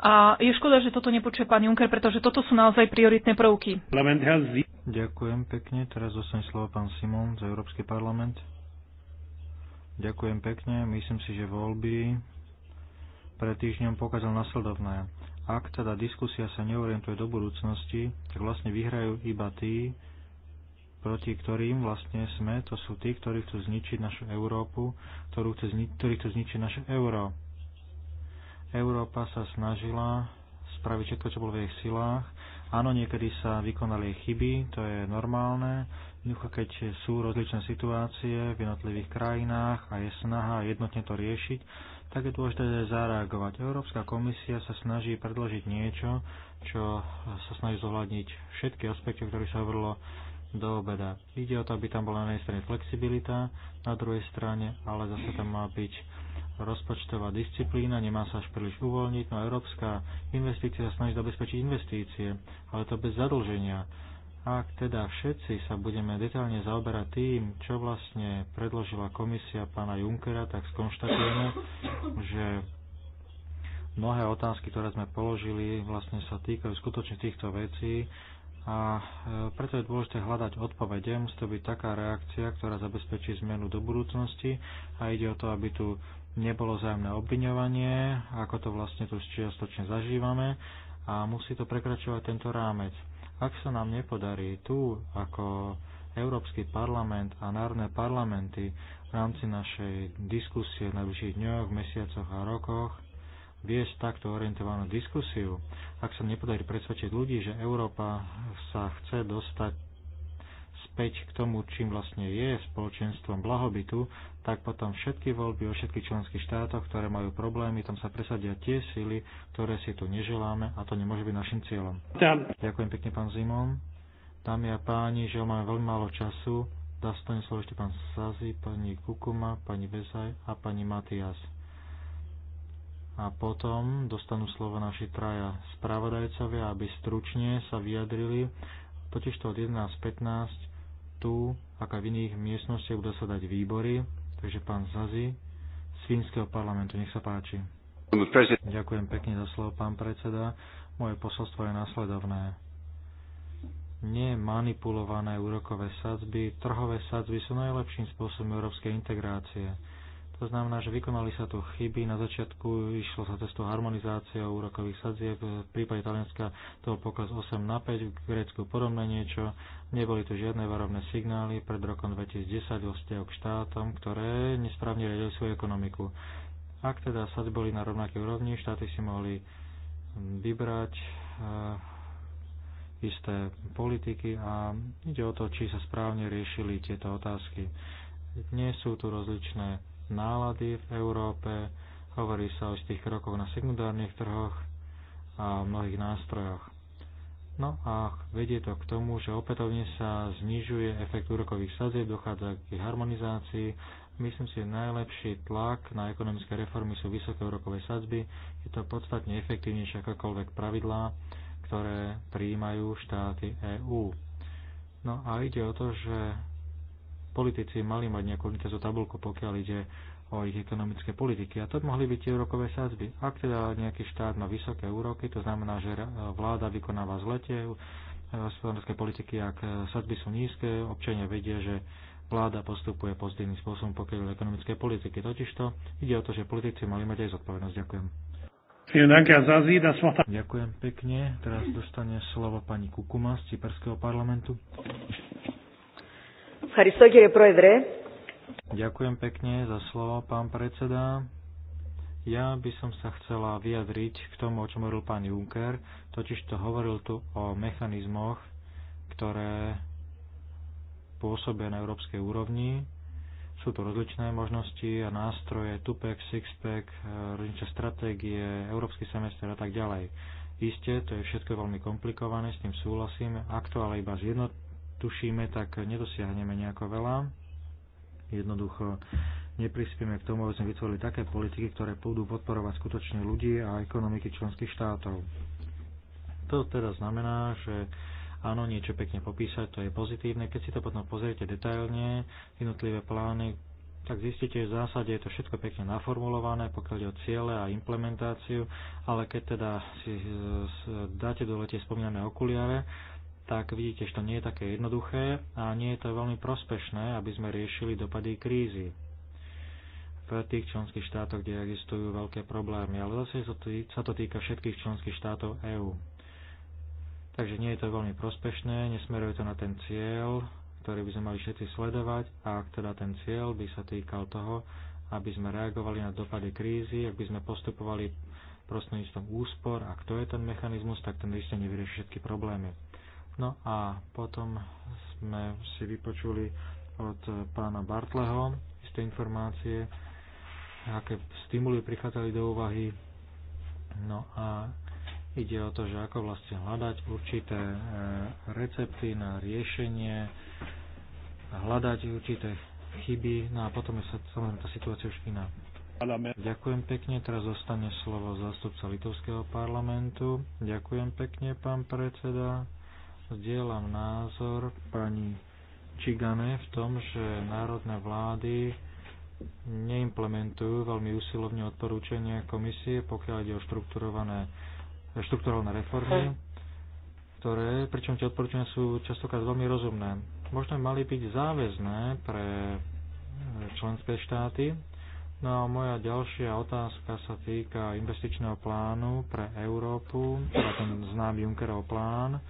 A je škoda, že toto nepočuje pán Juncker, pretože toto sú naozaj prioritné prvky. Ďakujem pekne. Teraz dostane slovo pán Simon za Európsky parlament. Ďakujem pekne. Myslím si, že voľby pred týždňom pokázal nasledovné ak teda diskusia sa neorientuje do budúcnosti, tak vlastne vyhrajú iba tí, proti ktorým vlastne sme, to sú tí, ktorí chcú zničiť našu Európu, ktorú chcú zni- ktorí chcú zničiť naše euro. Európa sa snažila spraviť všetko, čo bolo v jej silách. Áno, niekedy sa vykonali jej chyby, to je normálne. Jednoducho, keď sú rozličné situácie v jednotlivých krajinách a je snaha jednotne to riešiť, tak je dôležité zareagovať. Európska komisia sa snaží predložiť niečo, čo sa snaží zohľadniť všetky aspekty, o ktorých sa hovorilo do obeda. Ide o to, aby tam bola na jednej strane flexibilita, na druhej strane, ale zase tam má byť rozpočtová disciplína, nemá sa až príliš uvoľniť, no európska investícia sa snaží zabezpečiť investície, ale to bez zadlženia ak teda všetci sa budeme detailne zaoberať tým, čo vlastne predložila komisia pána Junkera, tak skonštatujeme, že mnohé otázky, ktoré sme položili, vlastne sa týkajú skutočne týchto vecí a e, preto je dôležité hľadať odpovede. Musí to byť taká reakcia, ktorá zabezpečí zmenu do budúcnosti a ide o to, aby tu nebolo zájemné obviňovanie, ako to vlastne tu čiastočne zažívame a musí to prekračovať tento rámec ak sa nám nepodarí tu ako Európsky parlament a národné parlamenty v rámci našej diskusie v najbližších dňoch, mesiacoch a rokoch viesť takto orientovanú diskusiu, ak sa nepodarí presvedčiť ľudí, že Európa sa chce dostať späť k tomu, čím vlastne je spoločenstvom blahobytu, tak potom všetky voľby o všetkých členských štátoch, ktoré majú problémy, tam sa presadia tie síly, ktoré si tu neželáme a to nemôže byť našim cieľom. Tam. Ďakujem pekne, pán Zimon. Dámy a páni, že máme veľmi málo času. Dá stane slovo ešte pán Sazi, pani Kukuma, pani Bezaj a pani Matias. A potom dostanú slovo naši traja spravodajcovia, aby stručne sa vyjadrili. Totižto od 11.15 tu, ako aj v iných miestnostiach, budú sa dať výbory. Takže pán Zazi z Fínskeho parlamentu, nech sa páči. Ďakujem pekne za slovo, pán predseda. Moje posolstvo je následovné. Nemanipulované úrokové sadzby, trhové sadzby sú najlepším spôsobom európskej integrácie to znamená, že vykonali sa tu chyby. Na začiatku išlo sa cestou harmonizácia úrokových sadzieb. V prípade Talianska to bol pokles 8 na 5, v Grécku podobné niečo. Neboli tu žiadne varovné signály pred rokom 2010 vo vzťahu k štátom, ktoré nesprávne riadili svoju ekonomiku. Ak teda sadzby boli na rovnaké úrovni, štáty si mohli vybrať eh, isté politiky a ide o to, či sa správne riešili tieto otázky. Dnes sú tu rozličné nálady v Európe, hovorí sa o tých krokoch na sekundárnych trhoch a mnohých nástrojoch. No a vedie to k tomu, že opätovne sa znižuje efekt úrokových sadzieb, dochádza k ich harmonizácii. Myslím si, že najlepší tlak na ekonomické reformy sú vysoké úrokové sadzby. Je to podstatne efektívnejšie akákoľvek pravidlá, ktoré prijímajú štáty EÚ. No a ide o to, že politici mali mať nejakú vynikajúcu tabulku, pokiaľ ide o ich ekonomické politiky. A to mohli byť tie úrokové sázby. Ak teda nejaký štát má vysoké úroky, to znamená, že vláda vykonáva zletie hospodárskej politiky, ak e, sadzby sú nízke, občania vedia, že vláda postupuje pozitívnym spôsobom pokiaľ ekonomické politiky. Totižto ide o to, že politici mali mať aj zodpovednosť. Ďakujem. Ďakujem pekne. Teraz dostane slovo pani Kukuma z Ciperského parlamentu. Ďakujem pekne za slovo, pán predseda. Ja by som sa chcela vyjadriť k tomu, o čom hovoril pán Juncker, totiž to hovoril tu o mechanizmoch, ktoré pôsobia na európskej úrovni. Sú tu rozličné možnosti a nástroje, TUPEC, SIXPEC, rozličné stratégie, európsky semester a tak ďalej. Isté, to je všetko veľmi komplikované, s tým súhlasím, aktuálne iba zjednot, tušíme, tak nedosiahneme nejako veľa. Jednoducho neprispieme k tomu, aby sme vytvorili také politiky, ktoré budú podporovať skutočne ľudí a ekonomiky členských štátov. To teda znamená, že áno, niečo pekne popísať, to je pozitívne. Keď si to potom pozriete detailne, jednotlivé plány, tak zistíte, že v zásade je to všetko pekne naformulované, pokiaľ ide o ciele a implementáciu, ale keď teda si e, dáte dole tie spomínané okuliare, tak vidíte, že to nie je také jednoduché a nie je to veľmi prospešné, aby sme riešili dopady krízy v tých členských štátoch, kde existujú veľké problémy. Ale zase sa to týka všetkých členských štátov EÚ. Takže nie je to veľmi prospešné, nesmeruje to na ten cieľ, ktorý by sme mali všetci sledovať a ak teda ten cieľ by sa týkal toho, aby sme reagovali na dopady krízy, ak by sme postupovali prostredníctvom úspor, ak to je ten mechanizmus, tak ten isté nevyrieši všetky problémy. No a potom sme si vypočuli od pána Bartleho isté informácie, aké stimuly prichádzali do úvahy. No a ide o to, že ako vlastne hľadať určité e, recepty na riešenie, hľadať určité chyby, no a potom je sa samozrejme tá situácia už iná. Ďakujem pekne, teraz zostane slovo zástupca Litovského parlamentu. Ďakujem pekne, pán predseda. Zdieľam názor pani Čigane v tom, že národné vlády neimplementujú veľmi úsilovne odporúčania komisie, pokiaľ ide o štrukturované, štrukturálne reformy, hm. ktoré, pričom tie odporúčania sú častokrát veľmi rozumné. Možno mali byť záväzné pre členské štáty. No a moja ďalšia otázka sa týka investičného plánu pre Európu, teda ten známy Junckerov plán,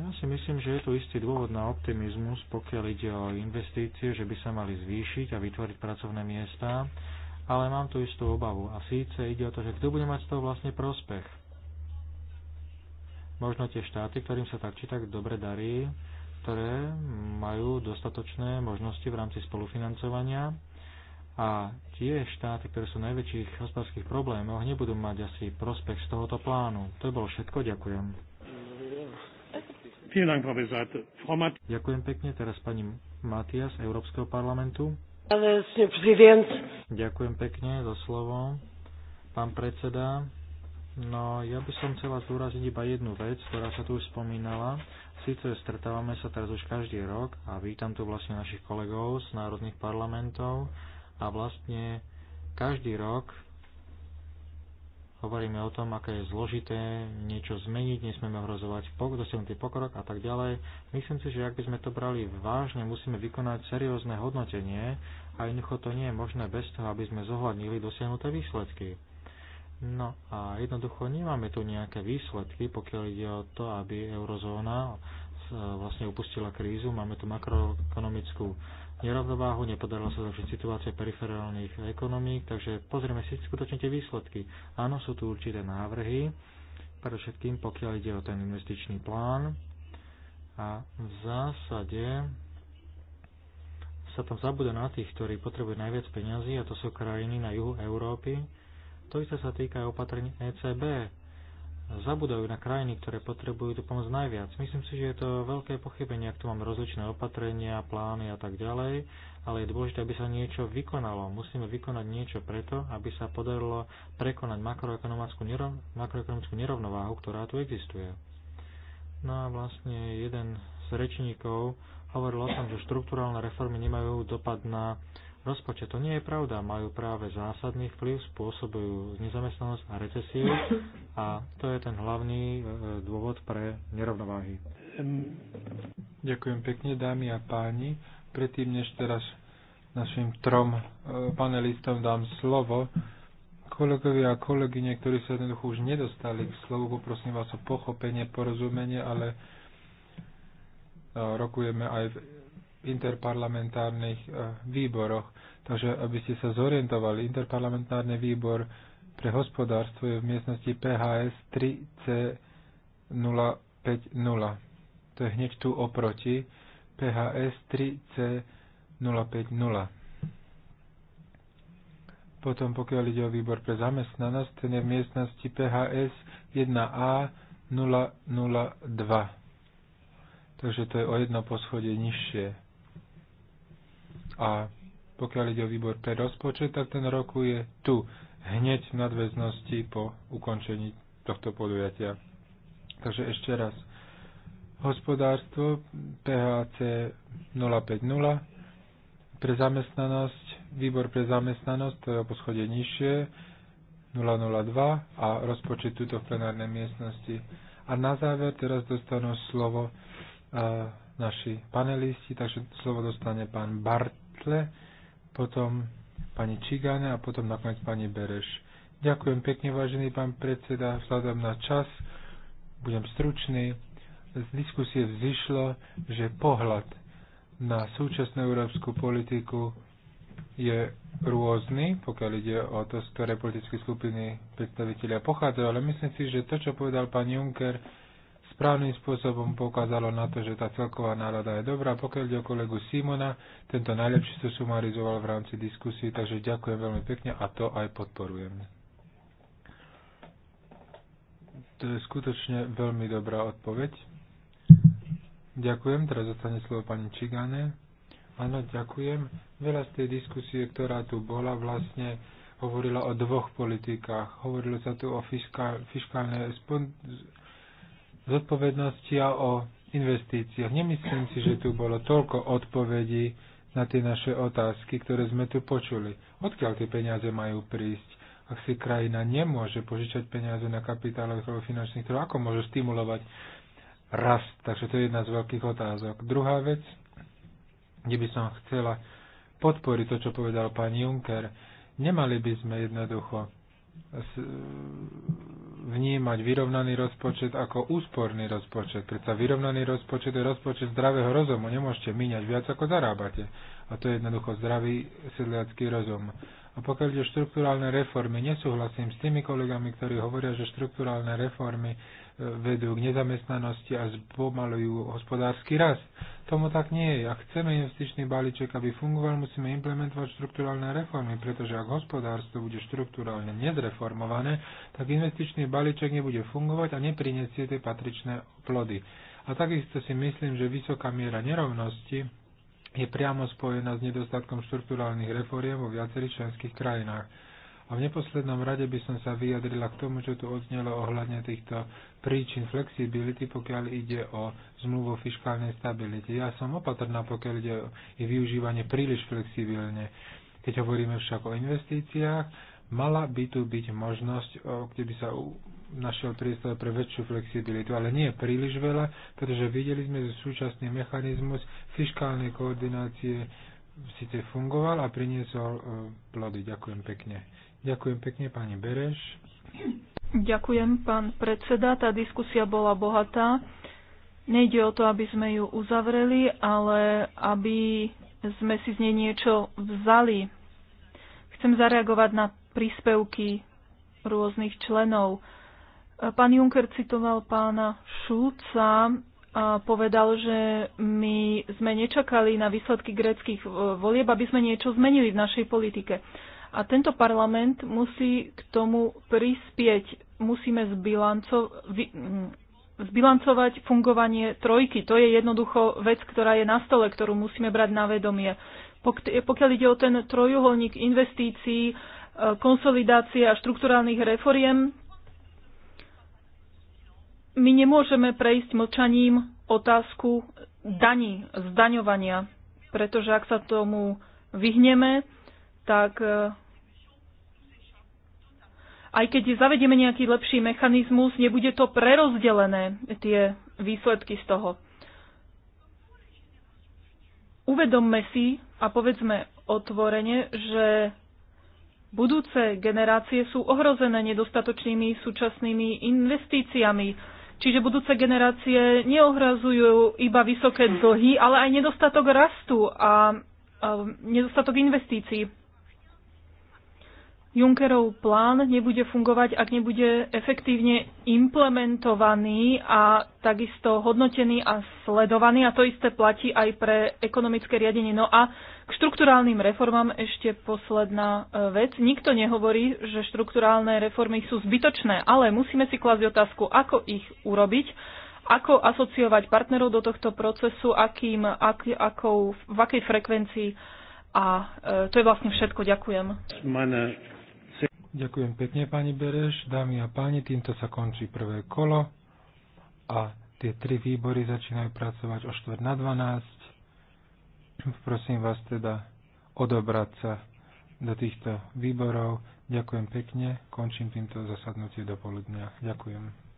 ja si myslím, že je tu istý dôvod na optimizmus, pokiaľ ide o investície, že by sa mali zvýšiť a vytvoriť pracovné miesta, ale mám tu istú obavu. A síce ide o to, že kto bude mať z toho vlastne prospech. Možno tie štáty, ktorým sa tak či tak dobre darí, ktoré majú dostatočné možnosti v rámci spolufinancovania a tie štáty, ktoré sú v najväčších hospodárskych problémoch, nebudú mať asi prospech z tohoto plánu. To je bolo všetko, ďakujem. Ďakujem pekne. Teraz pani Matias, Európskeho parlamentu. Ďakujem pekne za slovo. Pán predseda, no ja by som chcela zúraziť iba jednu vec, ktorá sa tu už spomínala. Sice stretávame sa teraz už každý rok a vítam tu vlastne našich kolegov z národných parlamentov a vlastne každý rok hovoríme o tom, aké je zložité niečo zmeniť, nesmieme ohrozovať dosiahnutý pokrok a tak ďalej. Myslím si, že ak by sme to brali vážne, musíme vykonať seriózne hodnotenie a jednoducho to nie je možné bez toho, aby sme zohľadnili dosiahnuté výsledky. No a jednoducho nemáme tu nejaké výsledky, pokiaľ ide o to, aby eurozóna vlastne upustila krízu. Máme tu makroekonomickú nerovnováhu, nepodarilo sa zlepšiť situácia periferálnych ekonomík, takže pozrieme si skutočne tie výsledky. Áno, sú tu určité návrhy, predovšetkým pokiaľ ide o ten investičný plán a v zásade sa tam zabude na tých, ktorí potrebujú najviac peňazí a to sú krajiny na juhu Európy. To isté sa týka aj opatrení ECB, zabudajú na krajiny, ktoré potrebujú tú pomoc najviac. Myslím si, že je to veľké pochybenie, ak tu máme rozličné opatrenia, plány a tak ďalej, ale je dôležité, aby sa niečo vykonalo. Musíme vykonať niečo preto, aby sa podarilo prekonať makroekonomickú, nerov, makroekonomickú nerovnováhu, ktorá tu existuje. No a vlastne jeden z rečníkov hovoril o tom, že štruktúralne reformy nemajú dopad na rozpočet. To nie je pravda, majú práve zásadný vplyv, spôsobujú nezamestnanosť a recesiu a to je ten hlavný e, e, dôvod pre nerovnováhy. Ďakujem pekne, dámy a páni. Predtým, než teraz našim trom e, panelistom dám slovo, kolegovia a kolegyne, ktorí sa jednoducho už nedostali k slovu, poprosím vás o pochopenie, porozumenie, ale rokujeme aj v interparlamentárnych e, výboroch. Takže aby ste sa zorientovali, interparlamentárny výbor pre hospodárstvo je v miestnosti PHS 3C050. To je hneď tu oproti PHS 3C050. Potom pokiaľ ide o výbor pre zamestnanosť, ten je v miestnosti PHS 1A002. Takže to je o jedno poschodie nižšie. A pokiaľ ide o výbor pre rozpočet, tak ten roku je tu, hneď v nadväznosti po ukončení tohto podujatia. Takže ešte raz. Hospodárstvo PHC 050 pre zamestnanosť, výbor pre zamestnanosť, to je o poschode nižšie, 002 a rozpočet tuto v plenárnej miestnosti. A na záver teraz dostanú slovo uh, naši panelisti, takže slovo dostane pán Bart Kotle, potom pani Čigane a potom nakoniec pani Bereš. Ďakujem pekne, vážený pán predseda, vzhľadom na čas, budem stručný. Z diskusie vzýšlo, že pohľad na súčasnú európsku politiku je rôzny, pokiaľ ide o to, z ktoré politické skupiny predstaviteľia pochádzajú, ale myslím si, že to, čo povedal pán Juncker, správnym spôsobom poukázalo na to, že tá celková nálada je dobrá. Pokiaľ ide o kolegu Simona, tento najlepšie to sumarizoval v rámci diskusie, takže ďakujem veľmi pekne a to aj podporujem. To je skutočne veľmi dobrá odpoveď. Ďakujem, teraz zostane slovo pani Čigane. Áno, ďakujem. Veľa z tej diskusie, ktorá tu bola, vlastne hovorila o dvoch politikách. Hovorilo sa tu o fiskál, fiskálnej zodpovednosti a o investíciách. Nemyslím si, že tu bolo toľko odpovedí na tie naše otázky, ktoré sme tu počuli. Odkiaľ tie peniaze majú prísť? Ak si krajina nemôže požičať peniaze na kapitálových alebo finančných trhov, ako môže stimulovať rast? Takže to je jedna z veľkých otázok. Druhá vec, kde by som chcela podporiť to, čo povedal pán Juncker, nemali by sme jednoducho E, vnímať vyrovnaný rozpočet ako úsporný rozpočet. Predsa vyrovnaný rozpočet je rozpočet zdravého rozumu. Nemôžete míňať viac, ako zarábate. A to je jednoducho zdravý sedliacký rozum. A pokiaľ ide štruktúrálne reformy, nesúhlasím s tými kolegami, ktorí hovoria, že štruktúrálne reformy vedú k nezamestnanosti a zpomalujú hospodársky rast. Tomu tak nie je. Ak chceme investičný balíček, aby fungoval, musíme implementovať štruktúralne reformy, pretože ak hospodárstvo bude štruktúralne nezreformované, tak investičný balíček nebude fungovať a neprinesie tie patričné plody. A takisto si myslím, že vysoká miera nerovnosti je priamo spojená s nedostatkom štruktúrálnych reforiem vo viacerých členských krajinách. A v neposlednom rade by som sa vyjadrila k tomu, čo tu odznelo ohľadne týchto príčin flexibility, pokiaľ ide o zmluvu o fiskálnej stabilite. Ja som opatrná, pokiaľ ide o jej využívanie príliš flexibilne. Keď hovoríme však o investíciách, mala by tu byť možnosť, kde by sa našiel priestor pre väčšiu flexibilitu, ale nie príliš veľa, pretože videli sme, že súčasný mechanizmus fiskálnej koordinácie síce fungoval a priniesol plody. Ďakujem pekne. Ďakujem pekne, pani Bereš. Ďakujem, pán predseda. Tá diskusia bola bohatá. Nejde o to, aby sme ju uzavreli, ale aby sme si z nej niečo vzali. Chcem zareagovať na príspevky rôznych členov. Pán Juncker citoval pána Šulca a povedal, že my sme nečakali na výsledky greckých volieb, aby sme niečo zmenili v našej politike. A tento parlament musí k tomu prispieť. Musíme zbilanco, vy, mm, zbilancovať fungovanie trojky. To je jednoducho vec, ktorá je na stole, ktorú musíme brať na vedomie. Pokiaľ ide o ten trojuholník investícií, e, konsolidácie a štrukturálnych reforiem, my nemôžeme prejsť mlčaním otázku daní, zdaňovania, pretože ak sa tomu vyhneme, tak e, aj keď zavedieme nejaký lepší mechanizmus, nebude to prerozdelené, tie výsledky z toho. Uvedomme si a povedzme otvorene, že budúce generácie sú ohrozené nedostatočnými súčasnými investíciami. Čiže budúce generácie neohrazujú iba vysoké dlhy, ale aj nedostatok rastu a, a nedostatok investícií. Junckerov plán nebude fungovať, ak nebude efektívne implementovaný a takisto hodnotený a sledovaný. A to isté platí aj pre ekonomické riadenie. No a k štruktúrálnym reformám ešte posledná e, vec. Nikto nehovorí, že štruktúrálne reformy sú zbytočné, ale musíme si klásť otázku, ako ich urobiť, ako asociovať partnerov do tohto procesu, akým, ak, akou, v akej frekvencii. A e, to je vlastne všetko. Ďakujem. Meine Ďakujem pekne, pani Bereš. Dámy a páni, týmto sa končí prvé kolo a tie tri výbory začínajú pracovať o 4 na 12. Prosím vás teda odobrať sa do týchto výborov. Ďakujem pekne, končím týmto zasadnutie do poludnia. Ďakujem.